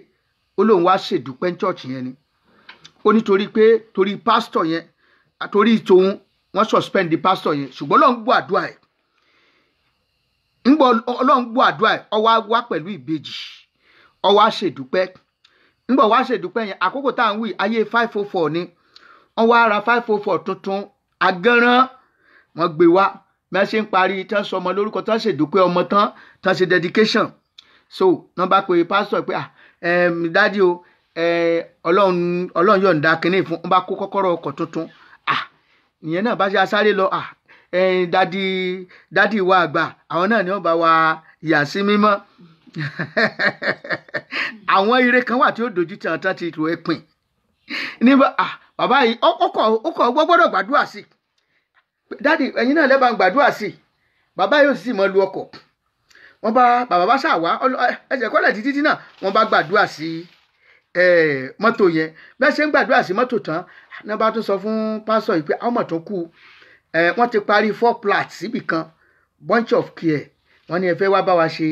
ó lóun wá ṣèdúpẹ́ ní chọ́ọ̀chì yẹn ni ó nítorí pé torí pásítọ̀ yẹn torí tòun wọ́n suspend di pásítọ̀ yẹn ṣùgbọ́n lọ́n gbọ́ àdúrà ẹ̀ ńgbọ́ ọlọ́run gbọ́ àdúrà ẹ̀ ó wá wá pẹ̀lú ìbejì ó wá ṣèdúpẹ́ ńgbọ̀ wá ṣèdúpẹ́ yẹn àkókò tá à ń wí ayé five oh four ni wọ́n wá ra five oh four tuntun agánran wọ́n gbé wá bí wọ́n ṣe ń parí tán sọ ọmọ lórúkọ tán ṣèdúpẹ́ ọmọ tán tán ṣe dedication so wọ́n bá pe pásítọ̀ pé ah dádì o ọlọ́run ọlọ́run yọ̀ǹda kínní fún wọ́n bá kó kọ́kọ́rọ́ ọkọ̀ tuntun ah ìyẹn náà bá ṣe asáré lọ ah dádì dádì wa àgbà àwọn náà ni wọ́n bá wa yà sí mímọ́. Mm -hmm. àwọn ire kan wà tí ó dojú tí ọ̀tá ti rò é pin nígbà bàbá yìí ó kọ̀ gbọ́dọ̀ gbàdúrà sí i dáàdi ẹ̀yin náà lẹ́bàá gbàdúrà sí i bàbá yóò sì mọ lu ọkọ̀ wọ́n bá bàbá bá ṣàwá ẹsẹ̀ kọ́lẹ̀ títí náà wọ́n bá gbàdúrà sí mọ́tò yẹn bẹ́ẹ̀ ṣe ń gbàdúrà sí mọ́tò tán náà bá tún sọ fún pásọ̀ yìí pé àwọn mọ̀tò kú wọ́n ti parí four plats síbì kan bunch of care wọ́n ní ẹ fẹ́ wá bá wa ṣe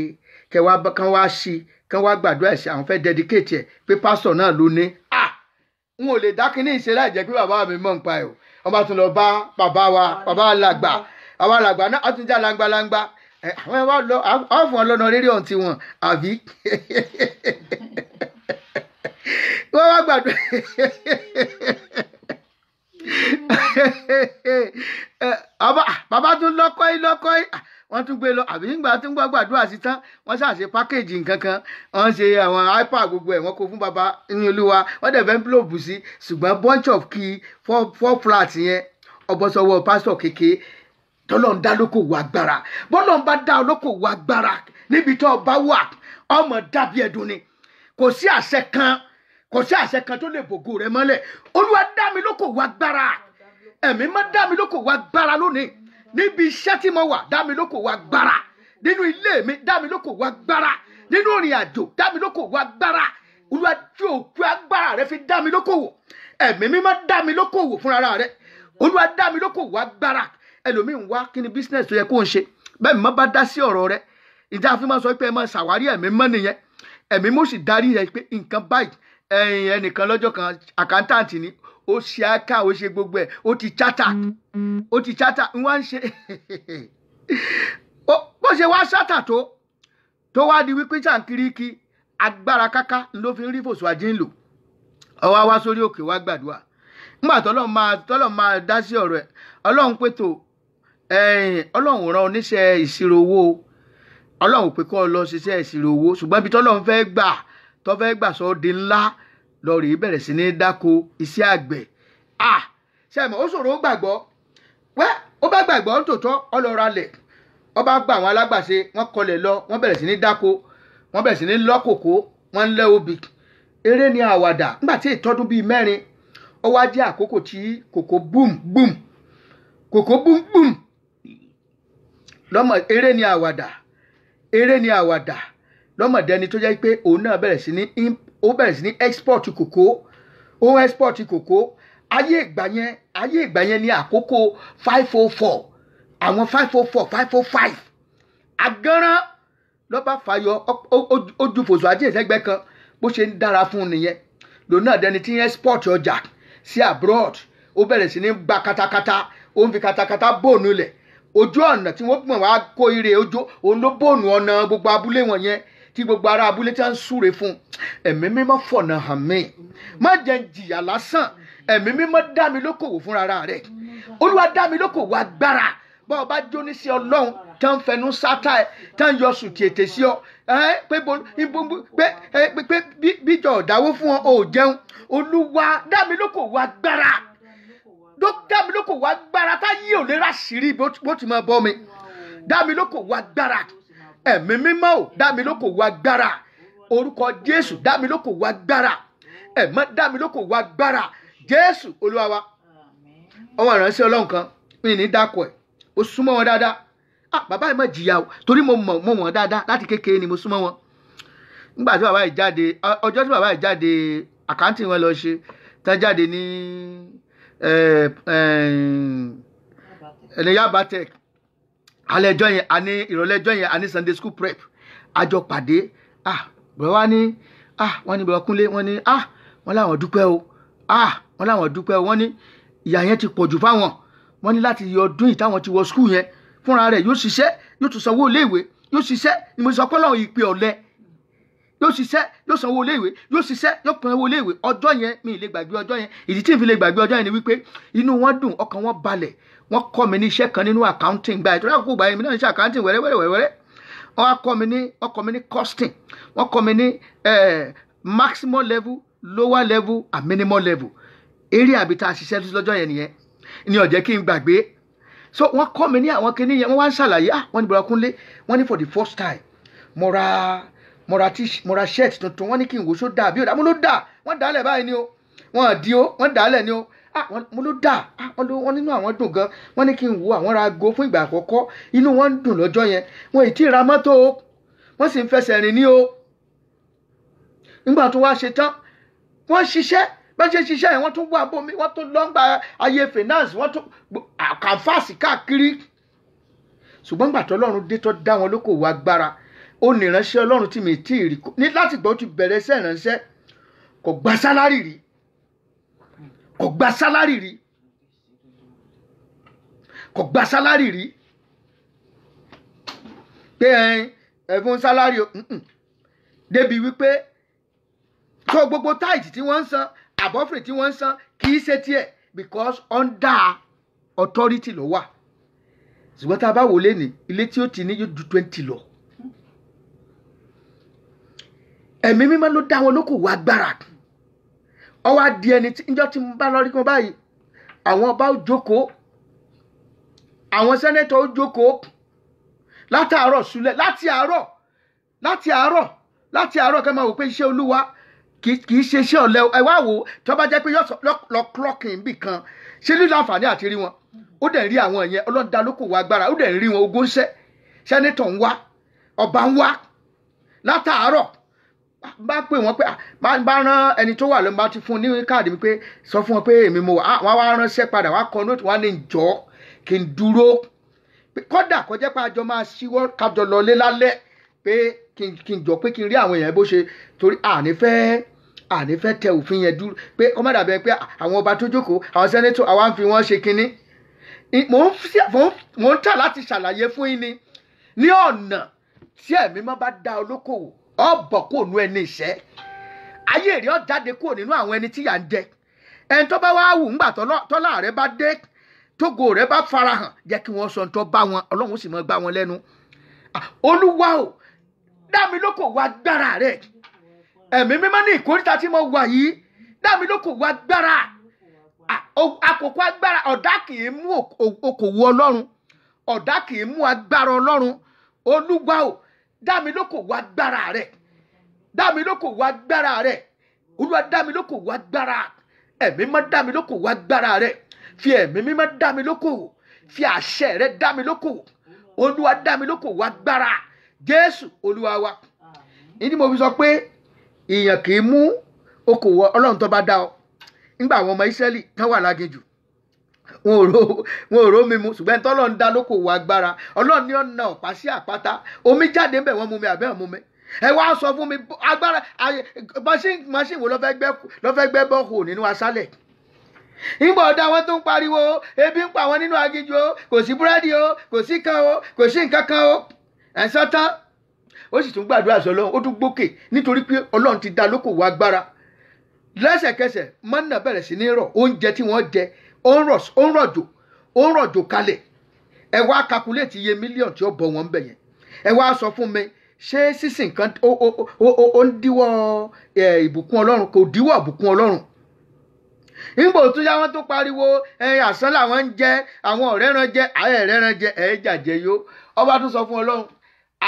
kẹwàá kán wá sí kán wá gbàdúrà ẹ̀sìn àwọn fẹ́ dedicate ẹ̀ pé pásítọ̀ náà ló ní à n ò lè dá kínní ìṣe láì jẹ́ pé bàbá mi mọ̀ nípa ẹ̀ o wọ́n bá tún lọ bá bàbá wa bàbá alàgbà bàbá alàgbà náà ọtún já langbalangba àwọn ẹ̀ wá lọ àwọn fún wọn lọ́nà rírì ọ̀hún ti wọn àbí wọ́n wá gbàdúrà bàbá tún lọ́kọ́ yìí lọ́kọ́ yìí wọ́n tún gbé lọ àbí nígbà tí ń gbọ́ gbàdúrà sí tán wọ́n ṣàṣe pákéjì nǹkan kan wọ́n ṣe àwọn ipa gbogbo ẹ̀ wọ́n kó fún baba ní olúwa wọ́n dẹ̀ fẹ́ envelope sí ṣùgbọ́n bunch of key four four flat yẹn ọbọ̀sọwọ́ pásítọ̀ kéke tọ́lọ́n dá lókòwò agbára bọ́lọ́n bá dá lókòwò agbára níbi tó bá wà ọmọ dàbí ẹ̀dùn ni kò sí àṣẹ kan kò sí àṣẹ kan tó lè bògo rẹ mọ́lẹ̀ olúwa dá mi lókòwò agbára ẹ̀mí má dá mi lókòwò agbára lónìí níbi iṣẹ́ tí mo wà dá mi lóko wá gbára nínú ilé mi dá mi lóko wá gbára nínú ìrìn àjò dá mi lóko wá gbára olúwa tí òkú agbára rẹ fi dá mi lóko wò ẹ̀mí mímọ́ dá mi lóko wò fúnra rẹ olúwa dá mi lóko wá gbára ẹlòmíì ń wá kí ni business tó yẹ kó ń ṣe bẹ́ẹ̀ mọ́ bá dá sí ọ̀rọ̀ rẹ ìdá àfi máa sọ pé ẹ máa ṣàwárí ẹ̀mí mọ́ nìyẹn ẹ̀mí mo sì darí rẹ pé nǹkan báyìí ẹnìkan lọ́jọ́ kan àkántàǹtì ni ó ṣe áká ó ṣe gbogbo ẹ̀ ó ti chata ó ti chata wọ́n ń ṣe bó ṣe wá chata tó tó wá di wípé jàǹkìrìkì agbára káká ló fi ń rí Fòṣùàdé ń ọwọ́ wá sórí òkè wá gbàdúrà nígbà tọ́lọ́ máa tọ́lọ́ máa dá sí ọ̀rọ̀ ẹ̀ ọlọ́run pé tó ọlọ́run rán oníṣẹ́ ìṣirò owó ọlọ́run pé kó lọ ṣiṣẹ́ ìṣirò owó ṣùgbọ́n ibi tọ́lọ́run fẹ́ gbà tọ́ fẹ́ gbà sọ ọ́ di ńlá lọ rèé bẹ̀rẹ̀ sí ní dáko iṣẹ́ àgbẹ̀ à ṣàmì ó ṣòro ó gbàgbọ́ wẹ́ ó bá gbàgbọ́ tòótọ́ ọlọ́ra lẹ̀ wọ́n bá gba àwọn alágbàṣe wọ́n kọlẹ̀ lọ wọ́n bẹ̀rẹ̀ sí ní dáko wọ́n bẹ̀rẹ̀ sí ní lọ́kòkó wọ́n ń lẹ́ obì eré ni àwàdà nígbà tí ìtọ́dún bíi mẹ́rin ó wá jẹ́ àkókò tí kòkó búm búm kòkó búm búm lọ́mọ eré ni àwàdà eré ni àwàdà lọ́mọdé ẹni tó jẹ́ pé òun náà bẹ̀rẹ̀ sí ní ó bẹ̀rẹ̀ sí ní export kòkó ó export kòkó ayé ìgbà yẹn ayé ìgbà yẹn ní àkókò five four oh four àwọn five oh four five oh five agánrán lọ́ba fàyọ ojú fòsò ajé ìsẹ́gbẹ́ kan bó ṣe ń dára fún un nìyẹn lòun náà dẹni tí ń export ọjà sí abroad ó bẹ̀rẹ̀ sí ní gba katakata ó ń fi katakata bóònù lẹ̀ ojú ọ̀nà tí wọ́n gbọ̀n wá kó ire ojú òun ló bóònù ọ̀nà gbogbo abúlé wọn yẹn tí gbogbo ará abúlé tí wọ́n ń súre fún ẹ̀mí mímọ́ fọ̀nà hàn mí má jẹ́ jìyà lásán ẹ̀mí mímọ́ dá mi lókòwò fúnra rẹ̀ olúwa dá mi lókòwò agbára bá ọba jóní sí ọlọ́run tí wọ́n ń fẹnu sátá ẹ̀ tí wọ́n ń yọ sùtì ètè sí ọ pé bíjọ ọ̀dáwó fún ọ ò jẹun olúwa dá mi lókòwò agbára dókítà mi lókòwò agbára táyé ò lè rà sírí bó ti máa bọ́ mi dá mi lókòwò agbára ẹ̀mí mímọ́ ò dá mi lóko wá gbára orúkọ jésù dá mi lóko wá gbára ẹ̀mọ́ dá mi lóko wá gbára jésù wa ọmọ ìránṣẹ́ ọlọ́run kan mi ní wọn dáadáa ah bàbá yìí má o torí mo mọ̀ mọ̀ wọ́n dáadáa láti kékeré ni mo súnmọ́ wọn nígbà tí bàbá yìí jáde ọjọ́ tí bàbá yìí jáde àkáǹtì wọn lọ ṣe alẹ́ ẹjọ́ yẹn àní ìrọ̀lẹ́ ẹjọ́ yẹn àní sunday school prep àjọ pàdé ah bẹ̀rẹ̀ wá ní ah wọ́n ní bẹ̀rẹ̀ kúnlé wọ́n ní ah wọ́n láwọn dúpẹ́ o ah wọ́n láwọn dúpẹ́ o wọ́n ní ìyà yẹn ti pọ̀jù fáwọn wọ́n ní láti yọ ọdún yìí táwọn ti wọ skul yẹn fúnra rẹ̀ yóò ṣiṣẹ́ yóò tún sanwó iléèwé yóò ṣiṣẹ́ ni mo sọ pé lọ́wọ́ ìpè ọ̀lẹ yóò ṣiṣẹ́ yóò sanwó iléèwé yóò ṣiṣẹ́ yóò mi ì lè gbàgbé ọjọ́ yẹn ìdí tí n fi lè gbàgbé ọjọ́ yẹn ni wípé inú wọn dùn wọ́n kọ́ mi ní iṣẹ́ kan nínú accounting gba ìtura àkókò gba èmi náà ń ṣe accounting wẹ́rẹ́wẹ́rẹ́ wẹ́rẹ́wẹ́rẹ́ wọ́n kọ́ mi ní wọ́n kọ́ mi ní costing wọ́n kọ́ mi ní maximum level lower level and minimum level eré àbí tá a ṣiṣẹ́ lọ́jọ́ yẹn nìyẹn ni ó jẹ́ kí n gbàgbé so wọ́n kọ́ mi ní àwọn kinní yẹn wọ́n wá ń ṣàlàyé ah wọ́n ní bọ̀dọ̀ kúnlé wọ́n ní for the first time mo ra mo ra t mo ra shirt tuntun wọ́n ní kí n wò ó ṣó dáa bí ó dáa mo ló dáa wọ́n dáa lẹ̀ báyìí ni o wọ́n dì ó wọ́n dáa lẹ̀ ni o Ah, mo ló dà ah, wọ́n nínú àwọn dùn gan wọ́n ní kí n wo àwọn ra go fún ìgbà àkọ́kọ́ inú wọn ń dùn lọ́jọ́ yẹn wọn ì tí ì ra mọ́tò o wọ́n sì ń fẹsẹ̀ rìn ní o nígbà tó wá ṣe tán wọ́n ṣiṣẹ́ bá ṣe ṣiṣẹ́ yẹn wọ́n tún wá bomi wọ́n tún lọ́ngbà ayé finance wọ́n tún àkànfàsì káàkiri ṣùgbọ́n gbà tó ọlọ́run dé tó dá wọn lókòwò agbára ó nìránṣẹ́ ọlọ́run tí mi tí ì rí ní láti gbọ́ ti bẹ̀rẹ̀ iṣẹ́ ìránṣẹ́ kò gba sálárì rí kò gba sálárì rí kò gba sálárì rí pé ẹ̀fún sálárì débi wípé tó gbogbo táìtì tí wọ́n ń san àbọ́fìrì tí wọ́n ń san kì í ṣe tiẹ̀ because under authority ló wà ṣùgbọ́n tá a bá wò lé ní ilé tí ó ti ní yóò ju twenty lọ ẹ̀mí mímọ́ ló dá wọn lókòwò agbára kan ọwọ́ adi ẹni tí njọ́ tí mo bá lọ rí kan báyìí àwọn ọba ó jókòó àwọn sẹ́nẹ́tọ̀ ó jókòó látàárọ̀ súlẹ̀ láti àárọ̀ láti àárọ̀ láti àárọ̀ kẹ́ máa wò pé iṣẹ́ olúwa kì í ṣe iṣẹ́ ọ̀lẹ ẹ wá wò tó bá jẹ́ pé yọ lọ clock in kan ṣé lílo àǹfààní àti rí wọn ó dẹ̀ rí àwọn yẹn ọlọ́dà lókòwò agbára ó dẹ̀ rí wọn ogún ṣẹ́ sẹ́nẹ́tọ̀ ń wá ọba ń wá látàárọ̀ bá pè wọ́n pé ah, bá rán ẹni tó wà ló bá ti fún ní káàdì mi pé sọ fún wọn pé èmi mo wà ah, wọ́n wá ránṣẹ́ padà wọ́n kọ nóòtù wọ́n á ní jọ́ kí n dúró kódà kọjá pé àjọ máa ṣíwọ́ kájọ lọlé lálẹ́ pé kí n jọ pé kí n rí àwọn èèyàn bó ṣe torí àní fẹ́ àní fẹ́ tẹ òfin yẹn dúró pé ọmọ dàbẹ̀ pé ah, àwọn ọba tó jókòó àwọn sẹ́nẹ́tọ̀ àwa ń fi wọ́n ṣe kinní mò ń tà láti ṣàlàyé fún yín ni ní ọ̀nà tí ẹ̀mí mọ́ bá dá olókòwò ọ bọ̀ kó nu ẹni ìṣẹ́ ayé èrè ọ jáde kúrò nínú àwọn ẹni tí yà ń jẹ ẹni tó bá wá wù ńgbà tọ́lá rẹ bá dé tógo rẹ bá farahàn jẹ́ kí wọ́n sọ ntọ́ bá wọn ọlọ́run sì máa gbá wọn lẹ́nu olúwa o dámi ló kò wá gbára rẹ ẹ̀mí mímọ́ ní ìkórìtà tí mo wà yìí dámi ló kò wá gbára àkókò agbára ọ̀dá kì í mú okòwò ọlọ́run ọ̀dá kì í mú agbára ọlọ́run olúwa o dá mi lóko wá gbára rẹ dá mi lóko wá gbára rẹ olúwa dá mi lóko wá gbára ẹ̀mí mímọ́ dá mi lóko wá gbára rẹ fi ẹ̀mí mímọ́ dá mi lóko fi àṣẹ rẹ dá mi lóko olúwa dá mi lóko wá gbára jésù olúwa wa ìdí mo fi sọ pé èèyàn kì í mú okòwò ọlọ́run tó bá dá ọ nígbà àwọn ọmọ ìsírẹ́lì tán wà lágejù wọn ò ro wọn ò ro mi mu ṣùgbọ́n tọ́lọ́ ń dá lóko wọ agbára ọlọ́run ni ọ̀nà ọ̀pá sí àpáta omi jáde ń bẹ̀ wọ́n mu mi àbẹ́ ọ̀mu mi ẹ wá sọ fún mi agbára machine wo ló fẹ́ gbẹ́ bọ́ọ̀kù nínú aṣálẹ̀ nígbà ọ̀dà wọn tó ń pariwo ebi ń pa wọn nínú aginjù o kò sí búrẹ́dì o kò sí kan o kò sí nǹkan kan o ẹ̀ ń sọ tán ó sì tún gbàdúrà sọ lọ́wọ́ ó tún gbókè nítorí pé ọlọ́run ti dá lóko wọ agbára lẹ́sẹ̀kẹsẹ̀ mọ́nà bẹ̀rẹ̀ sí ní rọ̀ oúnjẹ tí wọ́n jẹ ó ń rọ̀jò ó ń rọ̀jò kalẹ̀ ẹ wá kakuléètì iye mílíọ̀nù tí ó bọ̀ wọ́n ń ẹ wá sọ fún mi ṣé sísìn kan ó ń díwọ́ ìbùkún ọlọ́run kò díwọ́ ìbùkún ọlọ́run nígbà tó yá wọn tó pariwo ẹyin àsán làwọn ń jẹ àwọn ọ̀rẹ́ ran jẹ àyẹ̀ ran jẹ ẹyẹ jàjẹ yó ọba tó sọ fún ọlọ́run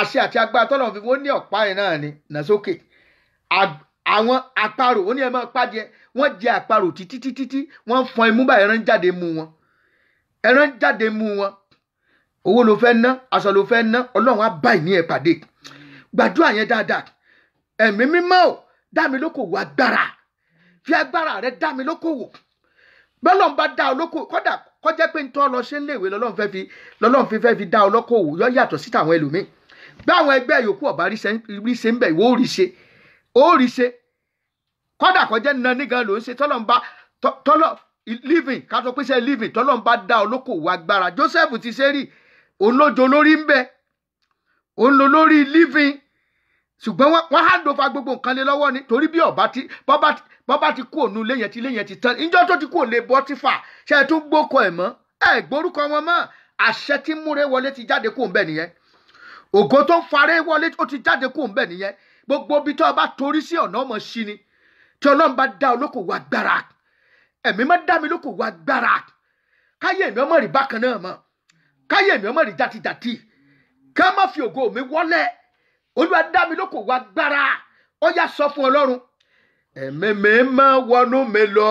àṣẹ àti agbára wọ́n jẹ àparò títí títí tí wọ́n fọn imú bá ẹran jáde mú wọn ẹran jáde mú wọn owó ló fẹ́ ná aṣọ ló fẹ́ ná ọlọ́run á bá ìní ẹ̀ pàdé gbàdúrà yẹn dáadáa ẹ̀mí mímọ́ ò dá mi lókòwò agbára fi agbára rẹ dá mi lókòwò bọ́lọ̀ ń bá dá olókòwò kọ́dà kọjá pé ntọ́ lọ ṣe ń léèwé lọ́lọ́run fẹ́ fi lọ́lọ́run fi fẹ́ fi dá olókòwò yọ yàtọ̀ síta àwọn ẹlòmíì bá àwọn ẹgbẹ́ yòókù ọ̀bá rí ṣe ń bẹ̀ ìwọ ò rí kọ́dà kọjá nani gan ló ń ṣe tọ́lọ̀ ń living ká sọ living tọ́lọ̀ ń bá dá olókòwò agbára Joseph ti ṣe rí òun lórí ń bẹ òun lo lórí living ṣùgbọ́n wọ́n á dòfa gbogbo nǹkan lé lọ́wọ́ ni torí bí ọba ti bọ́ba ti kú òun lé yẹn ti lé yẹn ti tán ìjọ tó ti kú òun lè bọ́ ti fà ṣe é tún gbókọ ẹ̀ mọ́ ẹ̀ gbórúkọ wọn mọ́ àṣẹ tí múre wọlé ti jáde kó ń bẹ nìyẹn ògo tó ń faré wọlé ó ti jáde kó ń bẹ nìyẹn gbogbo ibi tó o torí sí ọ̀nà ọmọ sí ni tí ọlọ́run bá dá olókòwò agbára ẹ̀mí má dá mi lókòwò agbára káyé mi ọmọ rí bákan náà mọ́ káyé mi ọmọ rí jàtijàti ká má fi ògo mi wọlé olúwa dá mi lókòwò agbára ó yá sọ fún ọlọ́run ẹ̀mí mi má wọnú mi lọ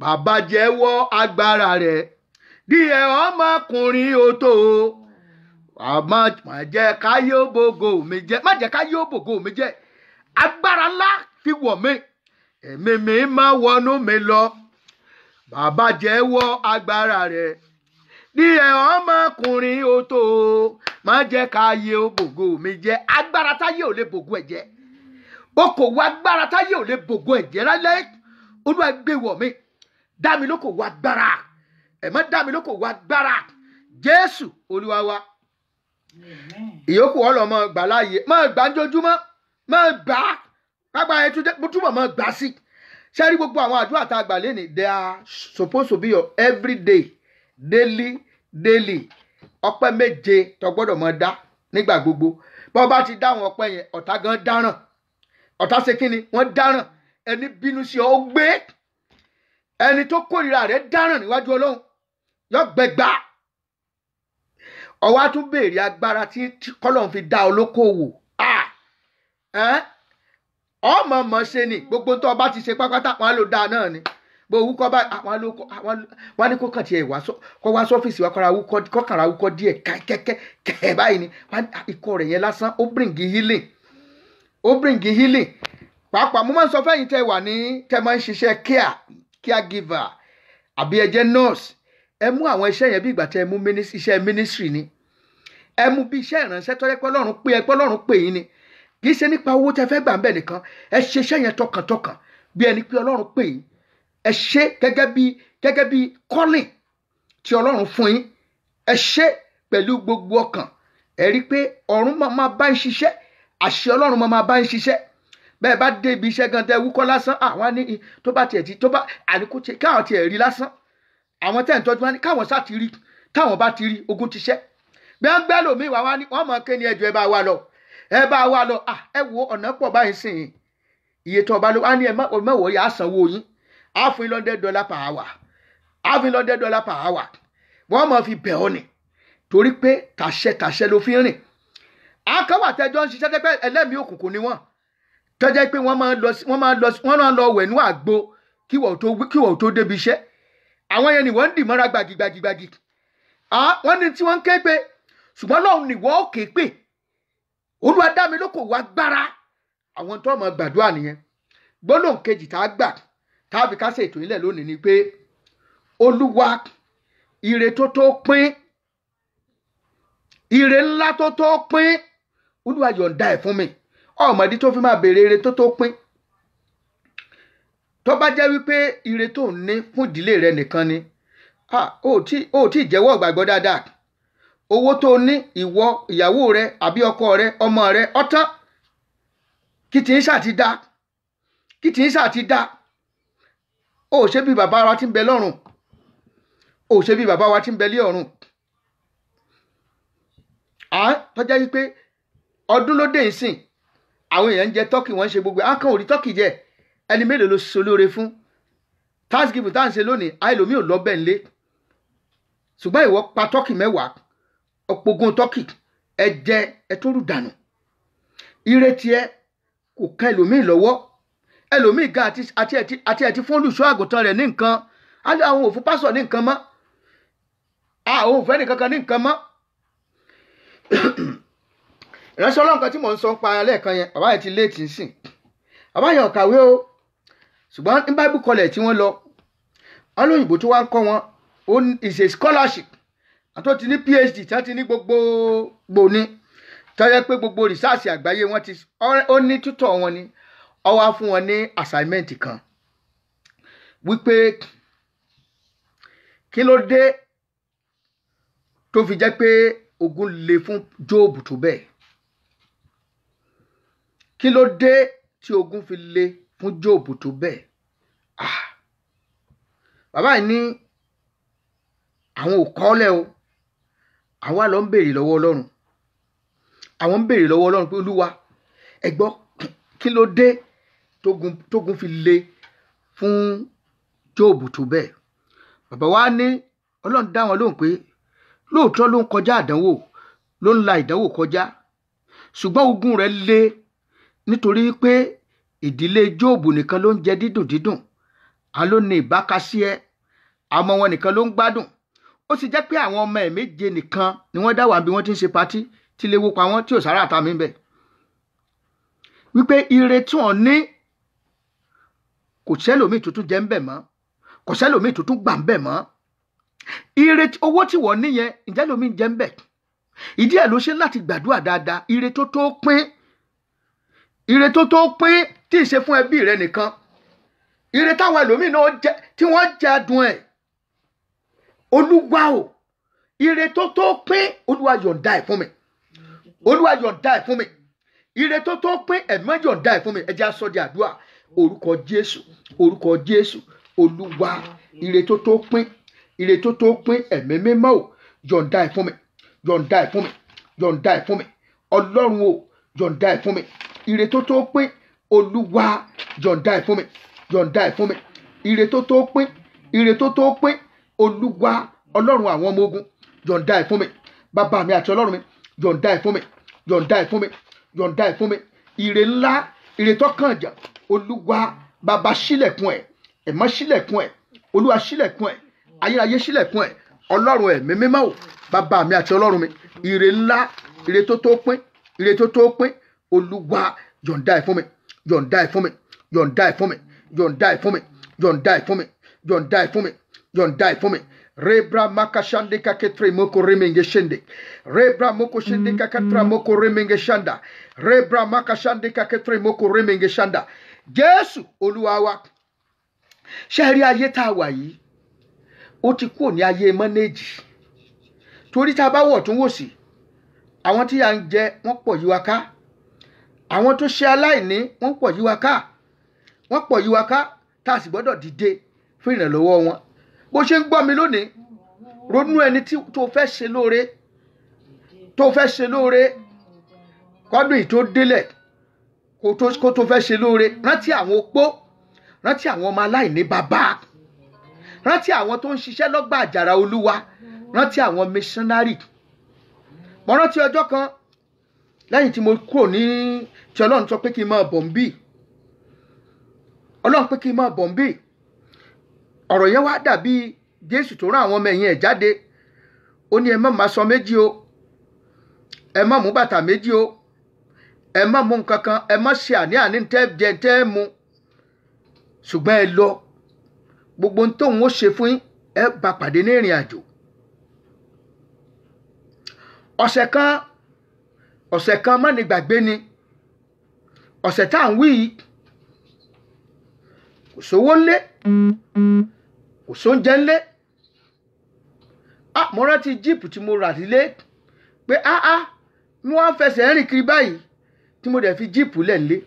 bàbá jẹ́wọ́ agbára rẹ̀ díẹ̀ ọmọkùnrin òtò àmọ́ má jẹ́ káyé òbògo mi jẹ́ má jẹ́ káyé òbògo mi jẹ́ agbára ńlá fi wọ̀ mí ẹ̀mí mi máa wọnú mi lọ bàbá jẹ́wọ́ agbára rẹ̀ ní ẹ ọmọkùnrin o tó o máa jẹ́ ká ayé o bògo mi jẹ́ agbára táyé ò lè bògo ẹ̀ jẹ́ okòwò agbára táyé ò lè bògo ẹ̀ jẹ́ lálẹ́ olúwa gbé wọ̀ mi dá mi lókòwò agbára ẹ̀ má dá mi lókòwò agbára jésù olúwa wa ìyókù ọlọmọ gbà láàyè máa gbà ń agbára yẹn túbọ̀ mọ́ gbà sí ṣẹ́rí gbogbo àwọn àdúrà tá a gbà lé ní they are supposed to be your everyday daily daily ọpẹ́ méje tó gbọ́dọ̀ mọ́ dá nígbà gbogbo bó bá ti dá àwọn ọpẹ́ yẹn ọ̀tá gan dáràn ọ̀tá ṣe kí ni wọ́n dáràn ẹni bínú sí ọ ó gbé ẹni tó kórìíra rẹ̀ dáràn níwájú ọlọ́run yọ gbẹgbà ọwọ́ á tún béèrè agbára tí kọ́lọ́n fi dá olókoòwò ah Eh? ọmọ mọ̀ ṣe ni gbogbo tó ọba ti ṣe pápátá wọn ló dáa náà ni bó wú kọ́ báyìí àwọn ló wọn ní kó kàn tiẹ̀ wá kọ́ wá sọ́fíìsì wa kọ́ra wúkọ́ kọ́kànra wúkọ́ díẹ̀ kẹ́kẹ́ kẹ́ báyìí ni ikọ̀ rẹ̀ yẹn lásán ó bring healing ó bring healing pàápàá mo máa ń sọ fẹ́yìn tẹ́ wà ní tẹ́ máa ń ṣiṣẹ́ care caregiver àbí ẹ jẹ́ nurse ẹ mú àwọn iṣẹ́ yẹn bí ìgbà tẹ́ mú iṣẹ́ ministry ni ẹ mú bí iṣẹ́ ìrànṣẹ́ tọ́jẹ́ pé Ọlọ́run pé ẹ pé Ọlọ́run pè yín ni kì í ṣe nípa owó tẹ fẹ́ gbà ń bẹ̀ nìkan ẹ ṣe iṣẹ́ yẹn tọkàntọkàn bí ẹni pé ọlọ́run pè yín ẹ ṣe gẹ́gẹ́ bí gẹ́gẹ́ bí calling tí ọlọ́run fún yín ẹ ṣe pẹ̀lú gbogbo ọkàn ẹ rí i pé ọ̀run máa bá ń ṣiṣẹ́ àṣẹ ọlọ́run máa bá ń ṣiṣẹ́ bẹ́ẹ̀ bá dé ibi iṣẹ́ gan tẹ wúkọ́ lásán àwọn ní tó bá tiẹ̀ ti tó bá àníkó tiẹ̀ káwọn tiẹ̀ rí lásán àwọn tẹ̀ ń tọ́jú wá ní káwọn sá ti rí táwọn bá ti rí ogun ti ṣẹ́ gbẹ́ngbẹ́ lòmíì wá wá ní wọ́n mọ̀ kéde ẹjọ́ ẹ bá wa lọ ẹ bá wa lọ ẹ wo ọ̀nà pọ̀ báyìí sìn iye tó ọba ló wá ní ẹ mọ̀wọ́ yà á sanwó yín á fún yín lọ́dẹ̀ dọ́là per hour á fún yín lọ́dẹ̀ dọ́là per hour wọ́n mọ̀ fi bẹ̀ ọ́ ni torí pé tàṣẹ tàṣẹ ló fi ń rìn akọ́wà tẹjọ́ ń ṣiṣẹ́ tẹ́pẹ́ ẹlẹ́mìí òkùnkùn ni wọ́n tọ́jẹ́ pé wọ́n máa lọ wọ́n máa lọ wọ́n máa lọ wẹ̀nú àgbo kí wọ́n tó kí wọ́n tó débi iṣẹ́ àwọn yẹn ni wọ́n ń dì mọ́ra gbagigbagi wọ́n ní tí wọ́n ń ké pé ṣùgbọ́n lọ́hùn ni wọ́n ó ké pé olúwa dá mi lóko wá gbára àwọn tó mọ gbàdúrà nìyẹn gbólóhùn kejì tá a gbà tá a fi kásẹ̀ ètò ilẹ̀ lónìí ni pé olúwa ire tó tó pín ire ńlá tó tó pín olúwa yọ̀ǹda ẹ̀ fún mi ọmọdé tó fi máa béèrè ire tó tó pín tó bá jẹ́ wípé ire tó ń ní fún ìdílé rẹ nìkan ni ó tí jẹ́wọ́ ìgbàgbọ́ dáadáa owó tó ní ìwọ ìyàwó rẹ àbí ọkọ rẹ ọmọ rẹ ọtán kí tí ń ṣàti dá kí tí ń ṣàti dá ó ṣe bí bàbá wa ti ń bẹ lọ́run ó ṣe bí bàbá wa ti ń bẹ lé ọ̀run à ń tọ́já yí pé ọdún ló dé ìsìn àwọn èèyàn ń jẹ tọ́kì wọ́n ń ṣe gbogbo àkàn òrí tọ́kì jẹ ẹni mélòó ló ṣolóore fún thanksgiving tá à ń ṣe lónìí àìlómi ò lọ́bẹ̀ ńlé ṣùgbọ́n ìwọ pa tọ́kì mẹ́wàá ọ̀pọ̀gun tọ́kì ẹ jẹ ẹ tó rù dànù ìrètí ẹ kò kan ẹlòmíì lọ́wọ́ ẹlòmíì ga àti ẹ̀tí fún olùṣọ́ àgùntàn rẹ̀ ní nǹkan àwọn òfin pásọ̀ ní nǹkan mọ́ àwọn òfin ẹnìkankan ní nǹkan mọ́ ìránṣẹ́ ọlọ́run kan tí mò ń sọ ń pa lẹ́ẹ̀kan yẹn bàbá yẹn ti léètì ń sìn bàbá yẹn ò kàwé o ṣùgbọ́n ní bible college tí wọ́n lọ wọn lóyìnbó tó wá ń kọ́ wọn is a scholarship àtọ́ ti ní phd tí wọ́n ti ní gbogbo gbòní tọ́jọ́ pé gbogbo rìsáàsì àgbáyé wọ́n ti ó ní tútọ̀ wọn ni ó wá fún wọn ní assignment kan wípé kí ló dé tó fi jẹ́ pé ogun le fún jóòbù tó bẹ́ẹ̀ kí ló dé tí ogun fi le fún jóòbù tó bẹ́ẹ̀ ah bàbá yìí ní àwọn ò kọ́lẹ̀ o àwa lọ ń béèrè lọ́wọ́ ọlọ́run àwọn ń béèrè lọ́wọ́ ọlọ́run pé olúwa ẹ gbọ́ kí ló dé tógun tógun fi le fún jóòbù tó bẹ́ẹ̀ bàbá wa ní ọlọ́run dá wọn lóhùn pé lóòótọ́ ló ń kọjá àdánwò ló ń la ìdánwò kọjá ṣùgbọ́n ogun rẹ̀ le nítorí pé ìdílé jóòbù nìkan ló ń jẹ dídùn dídùn a ló ìbákasí ẹ àmọ́ wọn nìkan ló ń gbádùn ó sì jẹ́ pé àwọn ọmọ ẹ̀ méje nìkan ni wọ́n dá wà bí wọ́n ti ń ṣe patí tí lè wópa wọn tí ò sára àtàmì ń bẹ̀. wípé ire tí wọ́n ní kò sẹ́lòmíì tuntun jẹ́ ń bẹ̀ mọ́ kò sẹ́lòmíì tuntun gbà ń bẹ̀ mọ́ ire owó tí wọ́n ní yẹn ǹjẹ́ lómi jẹ́ ń bẹ̀ ìdí ẹ̀ ló ṣe láti gbàdúrà dáadáa ire tó tó pín ire tó tó pín tí ì ṣe fún ẹbí rẹ nìkan ire táwọn ẹlòmíì náà jẹ tí wọ́n jẹ adùn ẹ̀ olúwa o ire tó tó pé olúwa yọ̀ǹda ẹ̀ fún mi olúwa yọ̀ǹda ẹ̀ fún mi ire tó tó pé ẹ̀mí yọ̀ǹda ẹ̀ fún mi ẹ̀jẹ̀ aṣọ di àdúrà orúkọ jésù orúkọ jésù olúwa ire tó tó pín ire tó tó pín ẹ̀mí mímọ́ o yọ̀ǹda ẹ̀ fún mi yọ̀ǹda ẹ̀ fún mi yọ̀ǹda ẹ̀ fún mi ọlọ́run o yọ̀ǹda ẹ̀ fún mi ire tó tó pín olúwa yọ̀ǹda ẹ̀ fún mi yọ̀ǹda ẹ̀ fún mi ire tó tó pín ire tó tó pín olúwa ọlọ́run àwọn ọmọ ogun yọ̀ǹda ẹ̀ fún mi bàbá mi àti ọlọ́run mi yọ̀ǹda ẹ̀ fún mi yọ̀ǹda ẹ̀ fún mi yọ̀ǹda ẹ̀ fún mi ire ńlá ire tọ́kànjà olúwa bàbá sílẹ̀kùn ẹ̀ ẹ̀mọ́ sílẹ̀kùn ẹ̀ olúwa sílẹ̀kùn ẹ̀ ayérayé sílẹ̀kùn ẹ̀ ọlọ́run ẹ̀mí mímọ́ o bàbá mi àti ọlọ́run mi ire ńlá ire tó tó pín ire tó tó pín olúwa yọ̀ǹda ẹ̀ fún mi yọ̀ǹda ẹ̀ fún mi yọ̀ǹda ẹ̀ fún mi yọ̀ǹda ẹ̀ fún mi yọ̀ǹda ẹ̀ fún mi yọ̀ǹda ẹ̀ fún mi John died for me. rebra makashande kaketre moko remenge shende rebra moko shende kakatra mm-hmm. moko remenge shanda rebra makashande kaketre moko remenge shanda jésù olúwa wa ṣe rí ayé tá a wà yìí ó ti kúrò ní ayé mọ́nẹ́jì torí tá a bá wọ̀ tún wò sí àwọn tí à ń jẹ Fina lowo yí bó ṣe ń gbọ́ mi lónìí ronú ẹni tó fẹ́ ṣe lóore tó fẹ́ ṣe lóore kọ́dún yìí tó délẹ̀ kó tó fẹ́ ṣe lóore rántí àwọn opó rántí àwọn ọmọ aláìní bàbá rántí àwọn tó ń ṣiṣẹ́ lọ́gbà àjàrà olúwa rántí àwọn missionary mo rántí ọjọ́ kan lẹ́yìn tí mo kúrò ní tí ọlọ́run sọ pé kí n máa bọ̀ ń bì ọlọ́run pé kí n máa bọ̀ ń bì ọ̀rọ̀ yẹn wá dàbí jésù tó rán àwọn ọmọ ẹ̀yìn ẹ̀ jáde ó ní ẹ má sọ méjì o ẹ má mú bàtà méjì o ẹ má mú nǹkan kan ẹ má ṣe àní àní tẹ́ jẹ tẹ́ mu ṣùgbọ́n ẹ lọ gbogbo ohun tóun ó ṣe fún ẹ bá pàdé ní ìrìn àjò ọ̀sẹ̀ kan ọ̀sẹ̀ kan má ní gbàgbé ni ọ̀sẹ̀ tá à ń wí yìí kò sówó Mm-hmm. kò sóúnjẹ ńlẹ̀ ah mo rántí jíìpù tí mo rà sílé pé ah ah mo wá ń fẹsẹ̀ rìn kiri báyìí tí mo dẹ̀ fi jíìpù lẹ̀ ńlẹ̀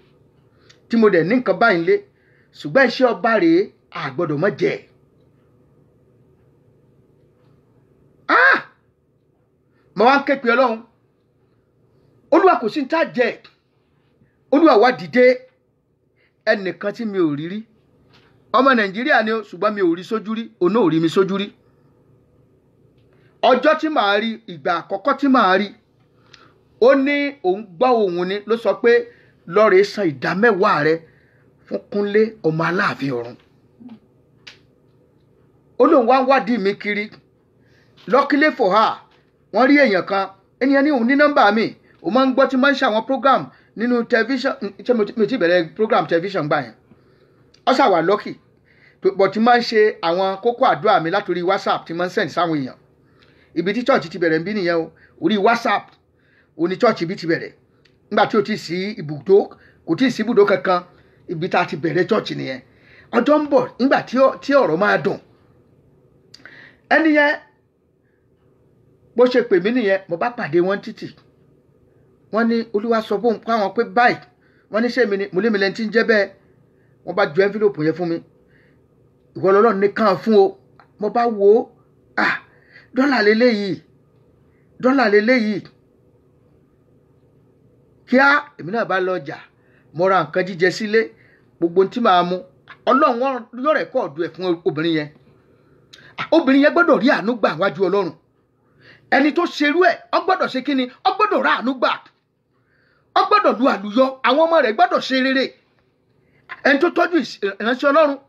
tí mo dẹ̀ ní nǹkan báyìí ńlẹ̀ ṣùgbọ́n iṣẹ́ ọba rèé àgbọ́dọ̀ mọ́ jẹ́ ah mo wá ń ké pe ọlọ́run olúwa kò sí ní tá jẹ́ olúwa wá dìde ẹnìkan tí mi ò rí rí ọmọ nàìjíríà ni ṣùgbọ́n mi ò rí sójú rí òun náà ò rí mi sójú rí ọjọ́ tí màá rí ìgbà àkọ́kọ́ tí màá rí ó ní òun gbọ́ òun ni ló sọ pé lọ́ọ̀rẹ́ san ìdá mẹ́wàá rẹ fún kúnlé ọmọ aláàfin ọ̀run ó lóun wá ń wádìí mi kiri lọ́kílé fòhà wọ́n rí èèyàn kan ènìyàn ní òun ní nọ́mbà mi òun máa ń gbọ́ tí máa ń ṣe program nínú tẹlifíṣàn tí mo ti bẹ̀rẹ̀ program tẹlifíṣàn gbà yẹn ó ṣàwà lọ́kì bọ̀ tí máa ń ṣe àwọn kókó àdúrà mi látòrí whatsapp tí máa ń send sáwọn èèyàn ibi tí church ti bẹ̀rẹ̀ ń bí nìyẹn o orí whatsapp òní church ibi ti bẹ̀rẹ̀ nígbà tí o ti sí ibùdó kò tí ì sí ibùdó kankan ibi tá a ti bẹ̀rẹ̀ church nìyẹn ọjọ́ ń bọ̀ nígbà tí ọ̀rọ̀ máa dùn ẹni yẹn bó ṣe pè mí nìyẹn mo bá pàdé wọn títì wọ́n ní olúwa sọ fóun pa wọn pé báyìí wọ́n ní sèmi ni mo lé mi lẹ́ni tí ń jẹ́ bẹ́ẹ̀ wọ́n bá ju envelope yẹn fún mi ìwọ lọ́lọ́run nìkan fún o mo bá wo ah dọ́là lélẹ́yìí dọ́là lélẹ́yìí kíá èmi náà bá lọ ọjà mo ra nǹkan jíjẹ sílé gbogbo tí màá mu ọlọ́run yóò rẹ́kọ̀ọ̀dù ẹ̀ fún obìnrin yẹn obìnrin yẹn gbọ́dọ̀ rí àánú gbà wájú ọlọ́run ẹni tó ṣerú ẹ̀ ó gbọ́dọ̀ ṣe kí ni ó gbọ́dọ̀ rá àánú gbà ó gbọ́dọ̀ lu àlùyọ àwọn ọmọ rẹ̀ gbọ́dọ̀ ṣe rere ẹni tó tọ́jú ìránṣẹ́ ọlọ́run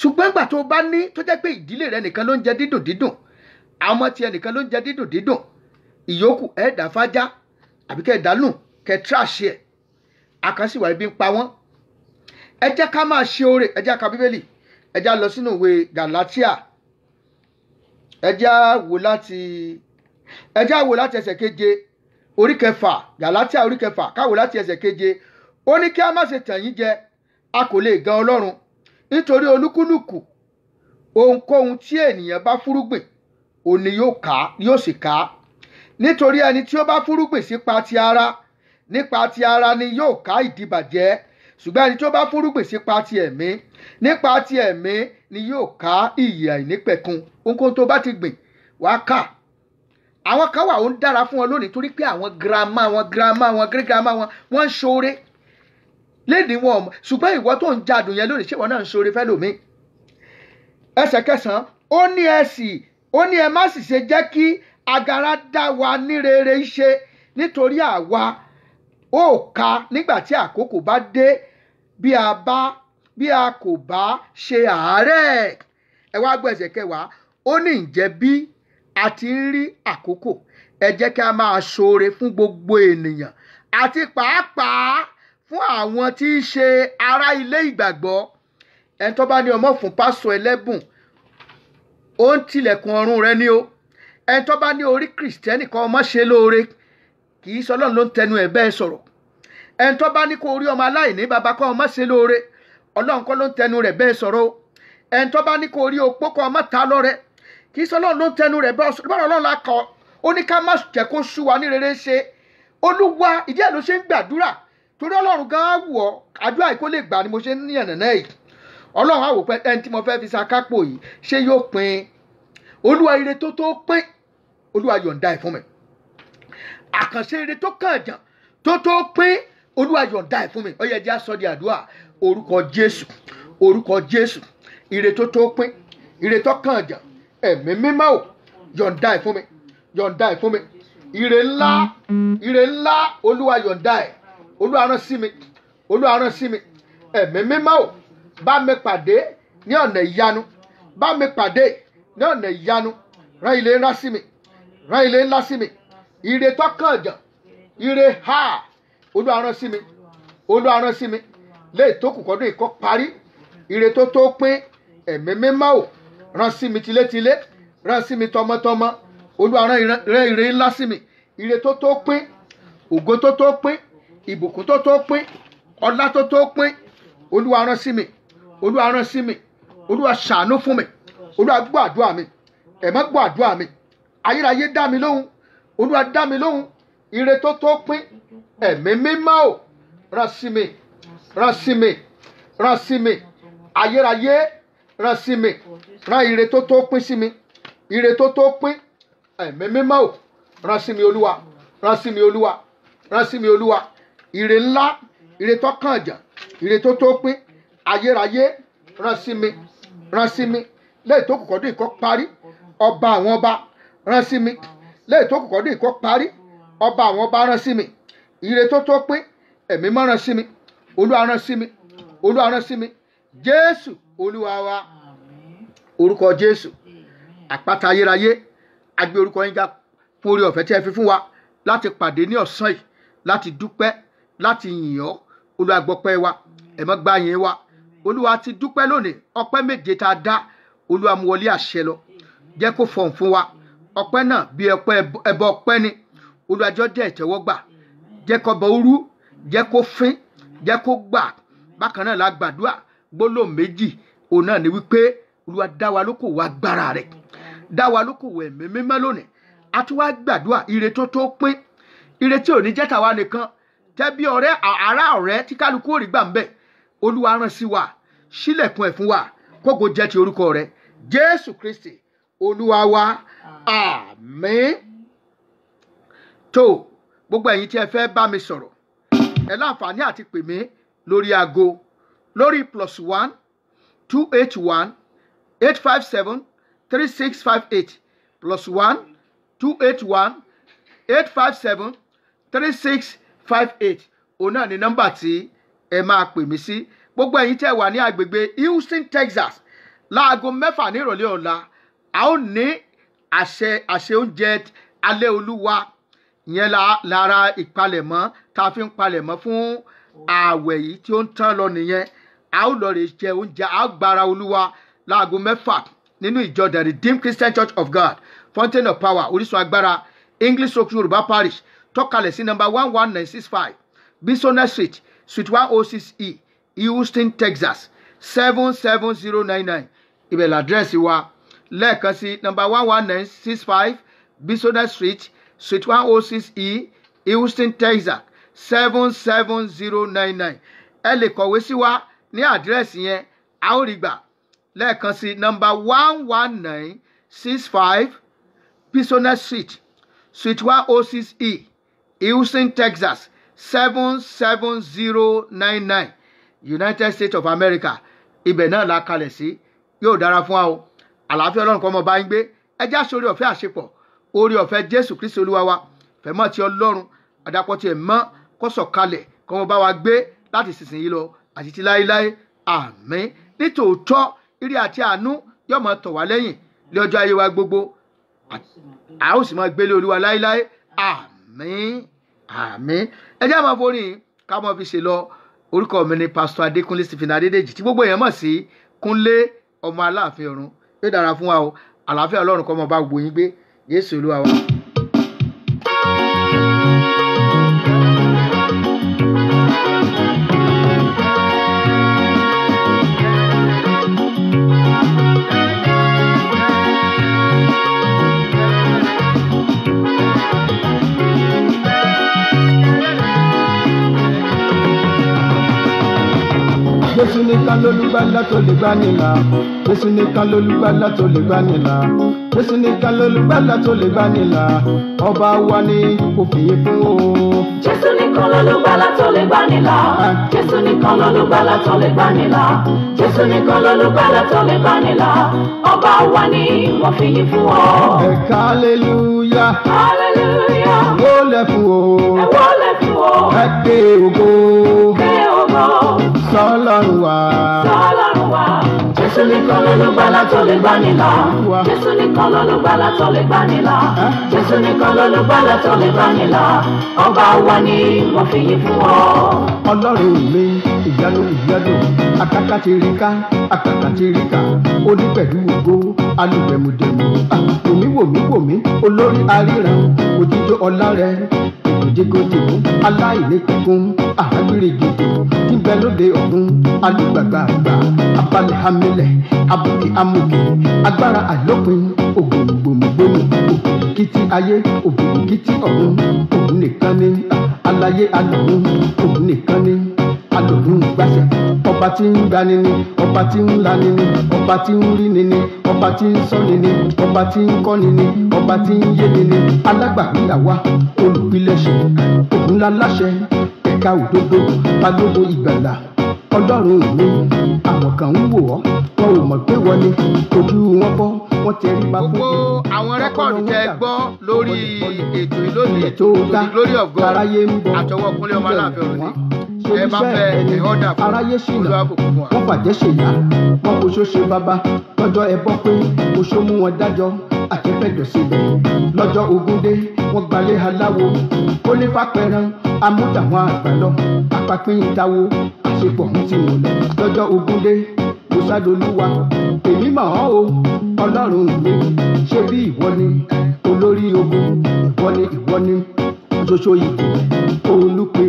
ṣùgbọ́n ìgbà tó bá ní tó jẹ́ pé ìdílé rẹ nìkan ló ń jẹ dídùn dídùn àwọn ọmọ tiẹ̀ nìkan ló ń jẹ dídùn dídùn ìyókù ẹ̀ẹ́dà fájá àbí kẹ́ẹ̀dá nù kẹ́ẹ̀ tíráṣì ẹ̀ àkànṣìwà ibi ń pa wọ́n ẹ jẹ́ ká máa ṣe oore ẹ jẹ́ ká bíbélì ẹ jẹ́ lọ sínú ìwé Galatia ẹ jẹ́ wò láti ẹ jẹ́ wò láti ẹsẹ̀ keje orí kẹfà Galatia orí kẹfà ká wò láti ẹsẹ̀ keje ó ní kí a má ṣe tàn yín jẹ a kò lè gan ọlọ́run nítorí olúkúlùkù ohunkóhun tí ènìyàn bá fúrúgbìn òní yóò ká yóò sì ká nítorí ẹni tí ó bá fúrúgbìn sípa ti ara nípa ti ara ni yóò ká ìdìbàjẹ́ ṣùgbọ́n ẹni tí ó bá fúrúgbìn sípa ti ẹ̀mí nípa ti ẹ̀mí ni yóò ká ìyè àìnípẹ̀kun ohunkóhun tó bá ti gbìn wá ká àwọn kan wà ó ń dára fún wọn lónìí torí pé àwọn girama wọn girama wọn gírígama wọn wọn ń ṣoore léde wọn ọmọ ṣùgbọ́n ìwọ tó ń jadùn yẹn lónìí ṣéwọ náà ń ṣoore fẹ́ lómi. ẹsẹ̀ kẹsàn-án ó ní ẹ ó ní ẹ má sì ṣe jẹ́ kí agara dá wa ní rere ṣe nítorí àwa ó ka nígbà tí àkókò bá dé bí a bá bí a kò bá ṣe àárẹ̀ ẹ wá gbọ́ ẹsẹ̀ kẹwàá ó ní ǹjẹ́ bí a ti ń rí àkókò ẹ jẹ́ kí a máa ṣoore fún gbogbo ènìyàn àti pàápàá fún àwọn tí í ṣe ará ilé ìgbàgbọ́ ẹni tó bá ní ọmọ fún pásọ ẹlẹ́bùn ó ń tilẹ̀kùn ọ̀run rẹ ni o ẹni tó bá ní orí kìrìsìtẹ́nì kan ọmọ ṣe lóore kì í sọ lọ́run ló ń tẹnu ẹ̀ bẹ́ẹ̀ sọ̀rọ̀ ẹni tó bá ní kó orí ọmọ aláìní bàbá kan ọmọ ṣe lóore ọlọ́run kọ́ ló ń tẹnu rẹ̀ bẹ́ẹ̀ sọ̀rọ̀ o ẹni tó bá ní kó orí opó kan ọmọ ta lọ́rẹ́ kì í sọ lọ́run ló ń tẹnu rẹ̀ bẹ́ẹ̀ sọ̀rọ̀ ọlọ́run la kọ́ ó ní ká má jẹ́ kó sú ní rere ṣe olúwa ìdí ẹ̀ ló ṣe ń gbàdúrà torí ọlọ́run gan wù ọ́ àdúrà yìí kó lè gbà ni mo ṣe ń ní ẹ̀nà náà yìí ọlọ́run àwò pẹ́ ẹni tí mo fẹ́ fi ṣakápò yìí ṣé yóò pin olúwa ire tó tó pín olúwa yọ̀ǹda ẹ̀ fún mi àkànṣe ire tó kàn jàn tó tó pín olúwa yọ̀ǹda ẹ̀ fún mi ó yẹ jẹ́ aṣọ di àdúrà orúkọ jésù orúkọ jésù ire tó tó pín ire tó kàn jàn ẹ̀mí mímọ́ ò yọ̀ǹda ẹ̀ fún mi yọ̀ǹda ẹ̀ fún mi ire ńlá ire ńlá olúwa yọ̀ǹda ẹ̀ olúwa rán sí mi olúwa rán sí mi ẹ̀mí mímọ́ o bá mi pàdé ní ọ̀nà ìyanu bá mi pàdé ní ọ̀nà ìyanu rán ilé ńlá sí mi rán ilé ńlá sí mi ire tọ́kàn ire ha olúwa rán sí mi olúwa rán sí mi lè tó kù kọ́dún ìkọ́ parí ire tó tó pín ẹ̀mí mímọ́ o rán sí mi tilétilé rán sí mi tọmọtọmọ olúwa rán ire ńlá sí mi ire tó tó pín ògo tó tó pín ìbùkún tó tó pín ọlá tó tó pín olúwa rán sí mi olúwa rán sí mi olúwa ṣàánú fún mi olúwa gbọ́ àdúrà mi ẹ̀mọ́ gbọ́ àdúrà mi ayérayé dá mi lóhùn olúwa dá mi lóhùn ire tó tó pín ẹ̀mí mímọ́ ò rán sí mi rán sí mi rán sí mi ayérayé rán sí mi rán ire tó tó pín sí mi ire tó tó pín ẹ̀mí mímọ́ ò rán sí mi olúwa rán sí mi olúwa rán sí mi olúwa ire ńlá ire tó kàn jà ire tó tó pín ayérayé rán sí mi rán sí mi lẹ́yìn tó kọ́kọ́ dún ìkọ́ parí ọba àwọn ọba rán sí mi lẹ́yìn tó kọ́kọ́ dún ìkọ́ parí ọba àwọn ọba rán sí mi ire tó tó pín ẹ̀mí mọ́ rán sí mi olúwa rán sí mi olúwa rán sí mi jésù olúwa wa orúkọ jésù àpáta ayérayé a gbé orúkọ yín ga fún orí ọ̀fẹ́ tí ẹ fi fún wa láti pàdé ní ọ̀sán yìí láti dúpẹ́ láti yìn ọ́ olúwa gbọ́pẹ́ wa ẹ̀mọ́ gbà yín wa olúwa ti dúpẹ́ lónìí ọpẹ́ méje tá a dá olúwa mú wọlé àṣẹ lọ jẹ́ kó fọ̀n fún wa ọpẹ́ náà bí ọpẹ́ ẹbọ ọpẹ́ ni olúwa jọ̀ọ́ jẹ́ ìtẹ́wọ́gbà jẹ́ kó bọ orú jẹ́ kó fín jẹ́ kó gbà bákan náà la gbàdúrà gbólóhùn méjì òun náà ni wípé olúwa dá wa lóko wá gbára rẹ̀ dá wa lóko wẹ̀ mímọ́ lónìí a wá gbàdúrà ire pín ire ò ní jẹ́ tàwa nìkan jẹ́ bí ọ̀rẹ́ ara ọ̀rẹ́ tí kálukú ò rí gbà ń bẹ̀ olúwa rán sí wa sílẹ̀kùn ẹ̀ fún wa kógo jẹ́ ti orúkọ rẹ̀ jésù kristi olúwa wa àmín tó gbogbo ẹ̀yin tí ẹ fẹ́ bá mi sọ̀rọ̀ ẹ láǹfààní àti pè mí lórí aago lórí plus one two eight one eight five seven three six five eight plus one two eight one eight five seven three six five eight òun náà ni nọ́mbà tí ẹ máa pè mí sí gbogbo ẹ̀yin tẹ́ wà ní agbègbè Houston Texas láago mẹ́fà ní ìrọ̀lẹ́ ọ̀la a ó ní àṣẹ àṣẹ oúnjẹ alẹ́ olúwa yẹn lára ìpalẹ̀mọ́ tá a fi ń palẹ̀mọ́ fún ààwẹ̀ yìí tí ó ń tán lọ nìyẹn a ó lọ rè jẹ oúnjẹ a ó gbára olúwa láago mẹ́fà nínú ìjọ the Redeemed Christian Church of God Fountain of Power Orísun Agbára English Oak Yorùbá Parish tọ́kalẹ̀ sí nọ́mbà one one nine six five bisona street suite one oh six e houston texas seven seven zero nine nine ibẹ̀ address wa lẹ́ẹ̀kan sí number one one nine six five bisona street suite one oh six e houston texas seven seven zero nine nine ẹ lè kọ̀wé sí wa ní àdírẹ́sì yẹn a ó rí gbà lẹ́ẹ̀kan sí nọ́mbà one one nine six five bisona street suite one oh six e. Houston, Texas 77099 United States of America ibẹ̀ náà la kalẹ̀ sí yóò dára fún wa o àlàáfíà ọlọ́run kọ́ ọmọ bá ń gbé ẹjẹ́ àsọ̀rí ọ̀fẹ́ àṣepọ̀ orí ọ̀fẹ́ Jésù Kristi olúwa wa fẹ̀mọ́ ti ọlọ́run àdàpọ̀ tiẹ̀ mọ́ kọ́sọ̀kalẹ̀ kọ́ ọmọ bá wa gbé láti sísìnyí lọ àti ti láéláé àmín nítòótọ́ ire àti àánú yóò máa tọ̀ wá lẹ́yìn lé ọjọ́ ayé wa gbogbo a ó sì máa gbélé olúwa láéláé àmín àmín ẹjẹ́ àmọ́ forí ká mọ́ fi ṣe lọ orúkọ mi ni pásítọ̀ adékúnlé stephen adédèjì tí gbogbo èèyàn mọ̀ sí kúnlé ọmọ aláàfin ọ̀run yóò dára fún wa o àlàáfíà ọlọ́run kó máa bá gbogbo yín gbé jésù olúwa wa. Jésù nìkan lolùgbàlà tó lè gbà nìlà Jésù nìkan lolùgbàlà tó lè gbà nìlà Jésù nìkan lolùgbàlà tó lè gbà nìlà ọba wa ni kò fìyè fún o. Jésù nìkan lolùgbàlà tó lè gbà nìlà Jésù nìkan lolùgbàlà tó lè gbà nìlà Jésù nìkan lolùgbàlà tó lè gbà nìlà ọba wa ni wọ́n fìyè fún o. ẹ ká hallelujah hallelujah wọ́n lẹ̀ fún o ẹ wọ́n o ẹ ògo. Tọ́lọ́run wá. Tọ́lọ́run wá. Jésù nìkan lọ́lọ́gbàlà tó lè gbà ní là. Jésù nìkan lọ́lọ́gbàlà tó lè gbà ní là. Jésù nìkan lọ́lọ́gbàlà tó lè gbà ní là. Ọba wa ni mo fi yìn fún ọ. Ọlọ́run mi ìyanu ìyanu akaka ti rí ká akaka ti rí ká ó ní pẹ̀lú ògo alùpẹ̀mùdẹ̀mù wòmíwòmíwòmí ah, olórí aríran òjijì ọlá rẹ̀ jìgòjò aláìlékún àhágbìrìgìdò níbẹ̀ lóde ọ̀run alùgbàgbàgbà abalẹ̀ hamilẹ̀ abuki amuki agbára àlópin ògbòmùgbòmùgbòmù òkìkìtì ayé òkìkìtì ọ̀run òun nìkan ni aláyé alòun òun nìkan ni alòun gbàṣẹ ọba tí ń gbani ni ọba tí ń lani ni ọba tí ń rí ni ni ọba tí ń sọ́ni ni ọba tí ń kọ́ni ni ọba tí ń yéni ni alágbàwíyàwá olù ìpilẹ̀ṣẹ̀ ògùn láláṣẹ ẹ̀ka òdodo balógo ìgbàlà ọlọ́run ìlú àwọn kan ń wò ọ́ wọn ò mọ̀ pé wọ́n ojú wọn bọ́ wọ́n ti rí papọ̀. gbogbo àwọn rẹ́kọ̀dù tẹ gbọ́ lórí ètò ìlónìí ètò Glory of God àtọwọ́ torí fẹ́ ẹni aráyé ṣìnà wọ́n fàjẹ́ ṣèyá wọn kò ṣoṣe bàbá lọ́jọ́ ẹbọ pé oṣó mú wọn dájọ́ àtẹ́fẹ́jọ sílẹ̀ lọ́jọ́ ogúndé wọ́n gbalẹ̀ aláwo ó ní fàpẹ́rán amúdàwọn àgbà lọ apapín ìdáwó àṣepọ̀ ń ti wọ̀n lọ lọ́jọ́ ogúndé mùsàdolúwa èmi mà ọ́ o ọlọ́run mi ṣé bí ìwọ ni olórí ogun ìwọ ni ìwọ ni ṣoṣo ìgò òun ló pe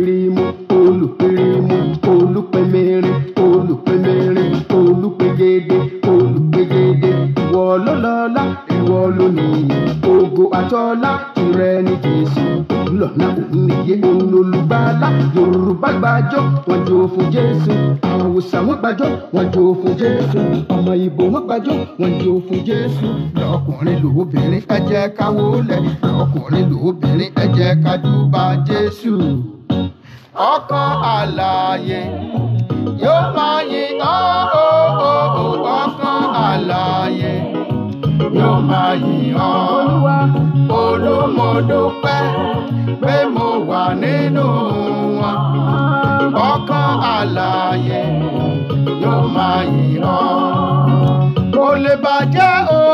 lọ́la òmìye olólùbálá yorùbá gbàjọ́ wọn jó fún jésù àwòsàn wọn gbàjọ́ wọn jó fún jésù ọmọ ìbò wọn gbàjọ́ wọn jó fún jésù lọkùnrin lóbìnrin ẹ jẹ́ ká wólẹ̀ lọkùnrin lóbìnrin ẹ jẹ́ ká júbà jésù ọkọ àlàyé yóò máa yin ọ́ ọ́ ọ́ ọkọ àlàyé yóò máa yìn ọ́. Olúwa pé mo wà nínú wọn. Ọkàn àlàyé yóò máa yìn ọ́. Kò lè bàjẹ́ o,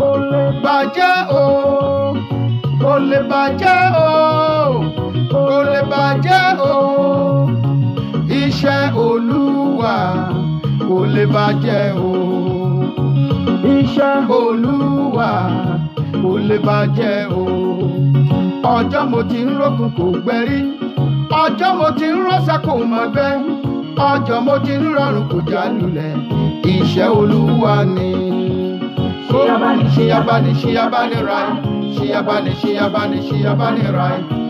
kò lè bàjẹ́ o, kò lè bàjẹ́ o, kò lè bàjẹ́ o. Iṣẹ́ Olúwa kò lè bàjẹ́ o iṣẹ́ olúwa kò lè bàjẹ́ o. ọjọ́ mo ti ń rókun kò gbẹ́rí ọjọ́ mo ti ń rọ́ṣà kò mọ̀ gbẹ́ ọjọ́ mo ti ń rọrùn kò já lulẹ̀ iṣẹ́ olúwa ni. ṣíyabani ṣíyabani ṣíyabani rai ṣíyabani ṣíyabani ṣíyabani rai.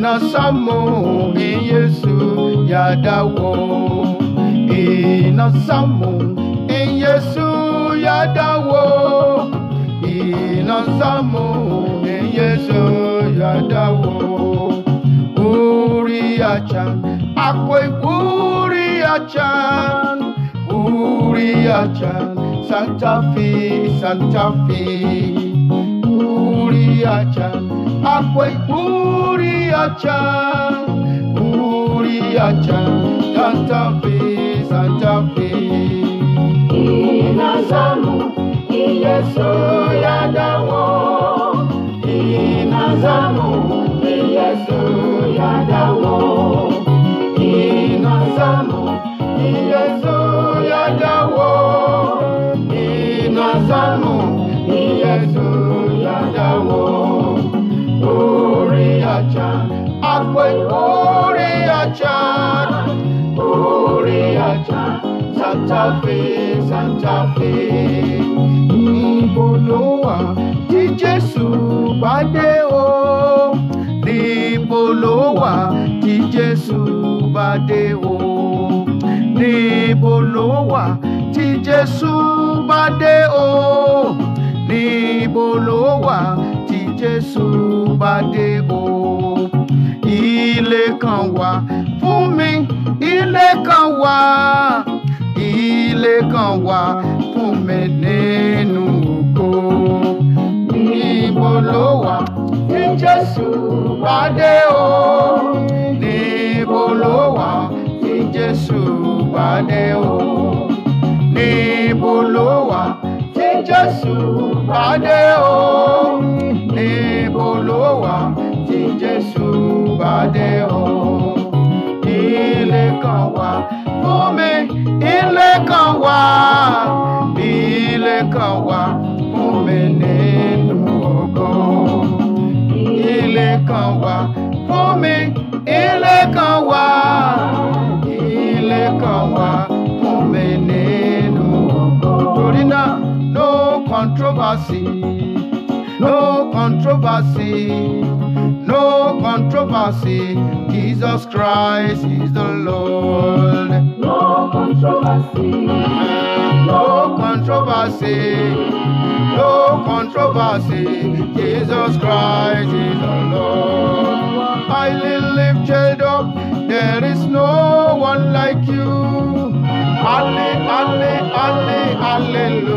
na samu e Yesu ya dawo e na samo e Yesu ya dawo e na samo e Yesu ya dawo uri acha akwe uri acha uri acha Santa Fe Santa Fe kuriacha akwai kuriacha kuriacha Santa Fe Santa Fe inazamu Yesu yadawo inazamu Yesu yadawo inazamu Yesu yadawo inazamu Yesu wo orí ajá àpè orí ajá orí ajá Santa Fe Santa Fe níbo ló wà tí Jésù bá dé o níbo ló wà tí Jésù bá dé o níbo ló wà tí Jésù bá dé o níbo ló wà jésù bá dé o ilé kan wà fún mi ilé kan wà ilé kan wà fún mi nínú ògo níbo ló wà ní jésù bá dé o níbo ló wà ní jésù bá dé o níbo ló wà. Jésù pàdé o. pàdé o. Ilé kan wà fún mi, ilé kan wà, ilé kan wà fún mi nínú ògo. Ilé kan wà fún mi, ilé kan wà, ilé kan wà fún mi nínú ògo. Torí náà, no controversy, no controversy. controversy. Jesus Christ is the Lord. No controversy. No controversy. No controversy. Jesus Christ is the Lord. I live lifted up. There is no one like you. Alle, alle, alle, hallelujah.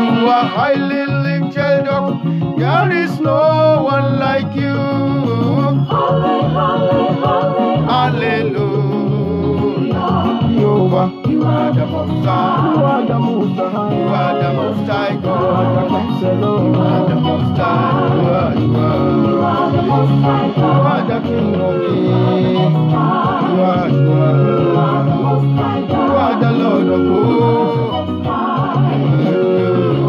You are highly lifted up. There is no one like you. you are the Most High, you are the Most High God, you are the Most High, you are the King of Kings, you are the Most High, you are the Lord of you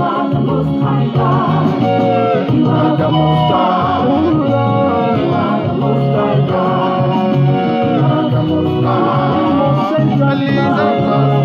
are the Most High, you are the Most High. never go.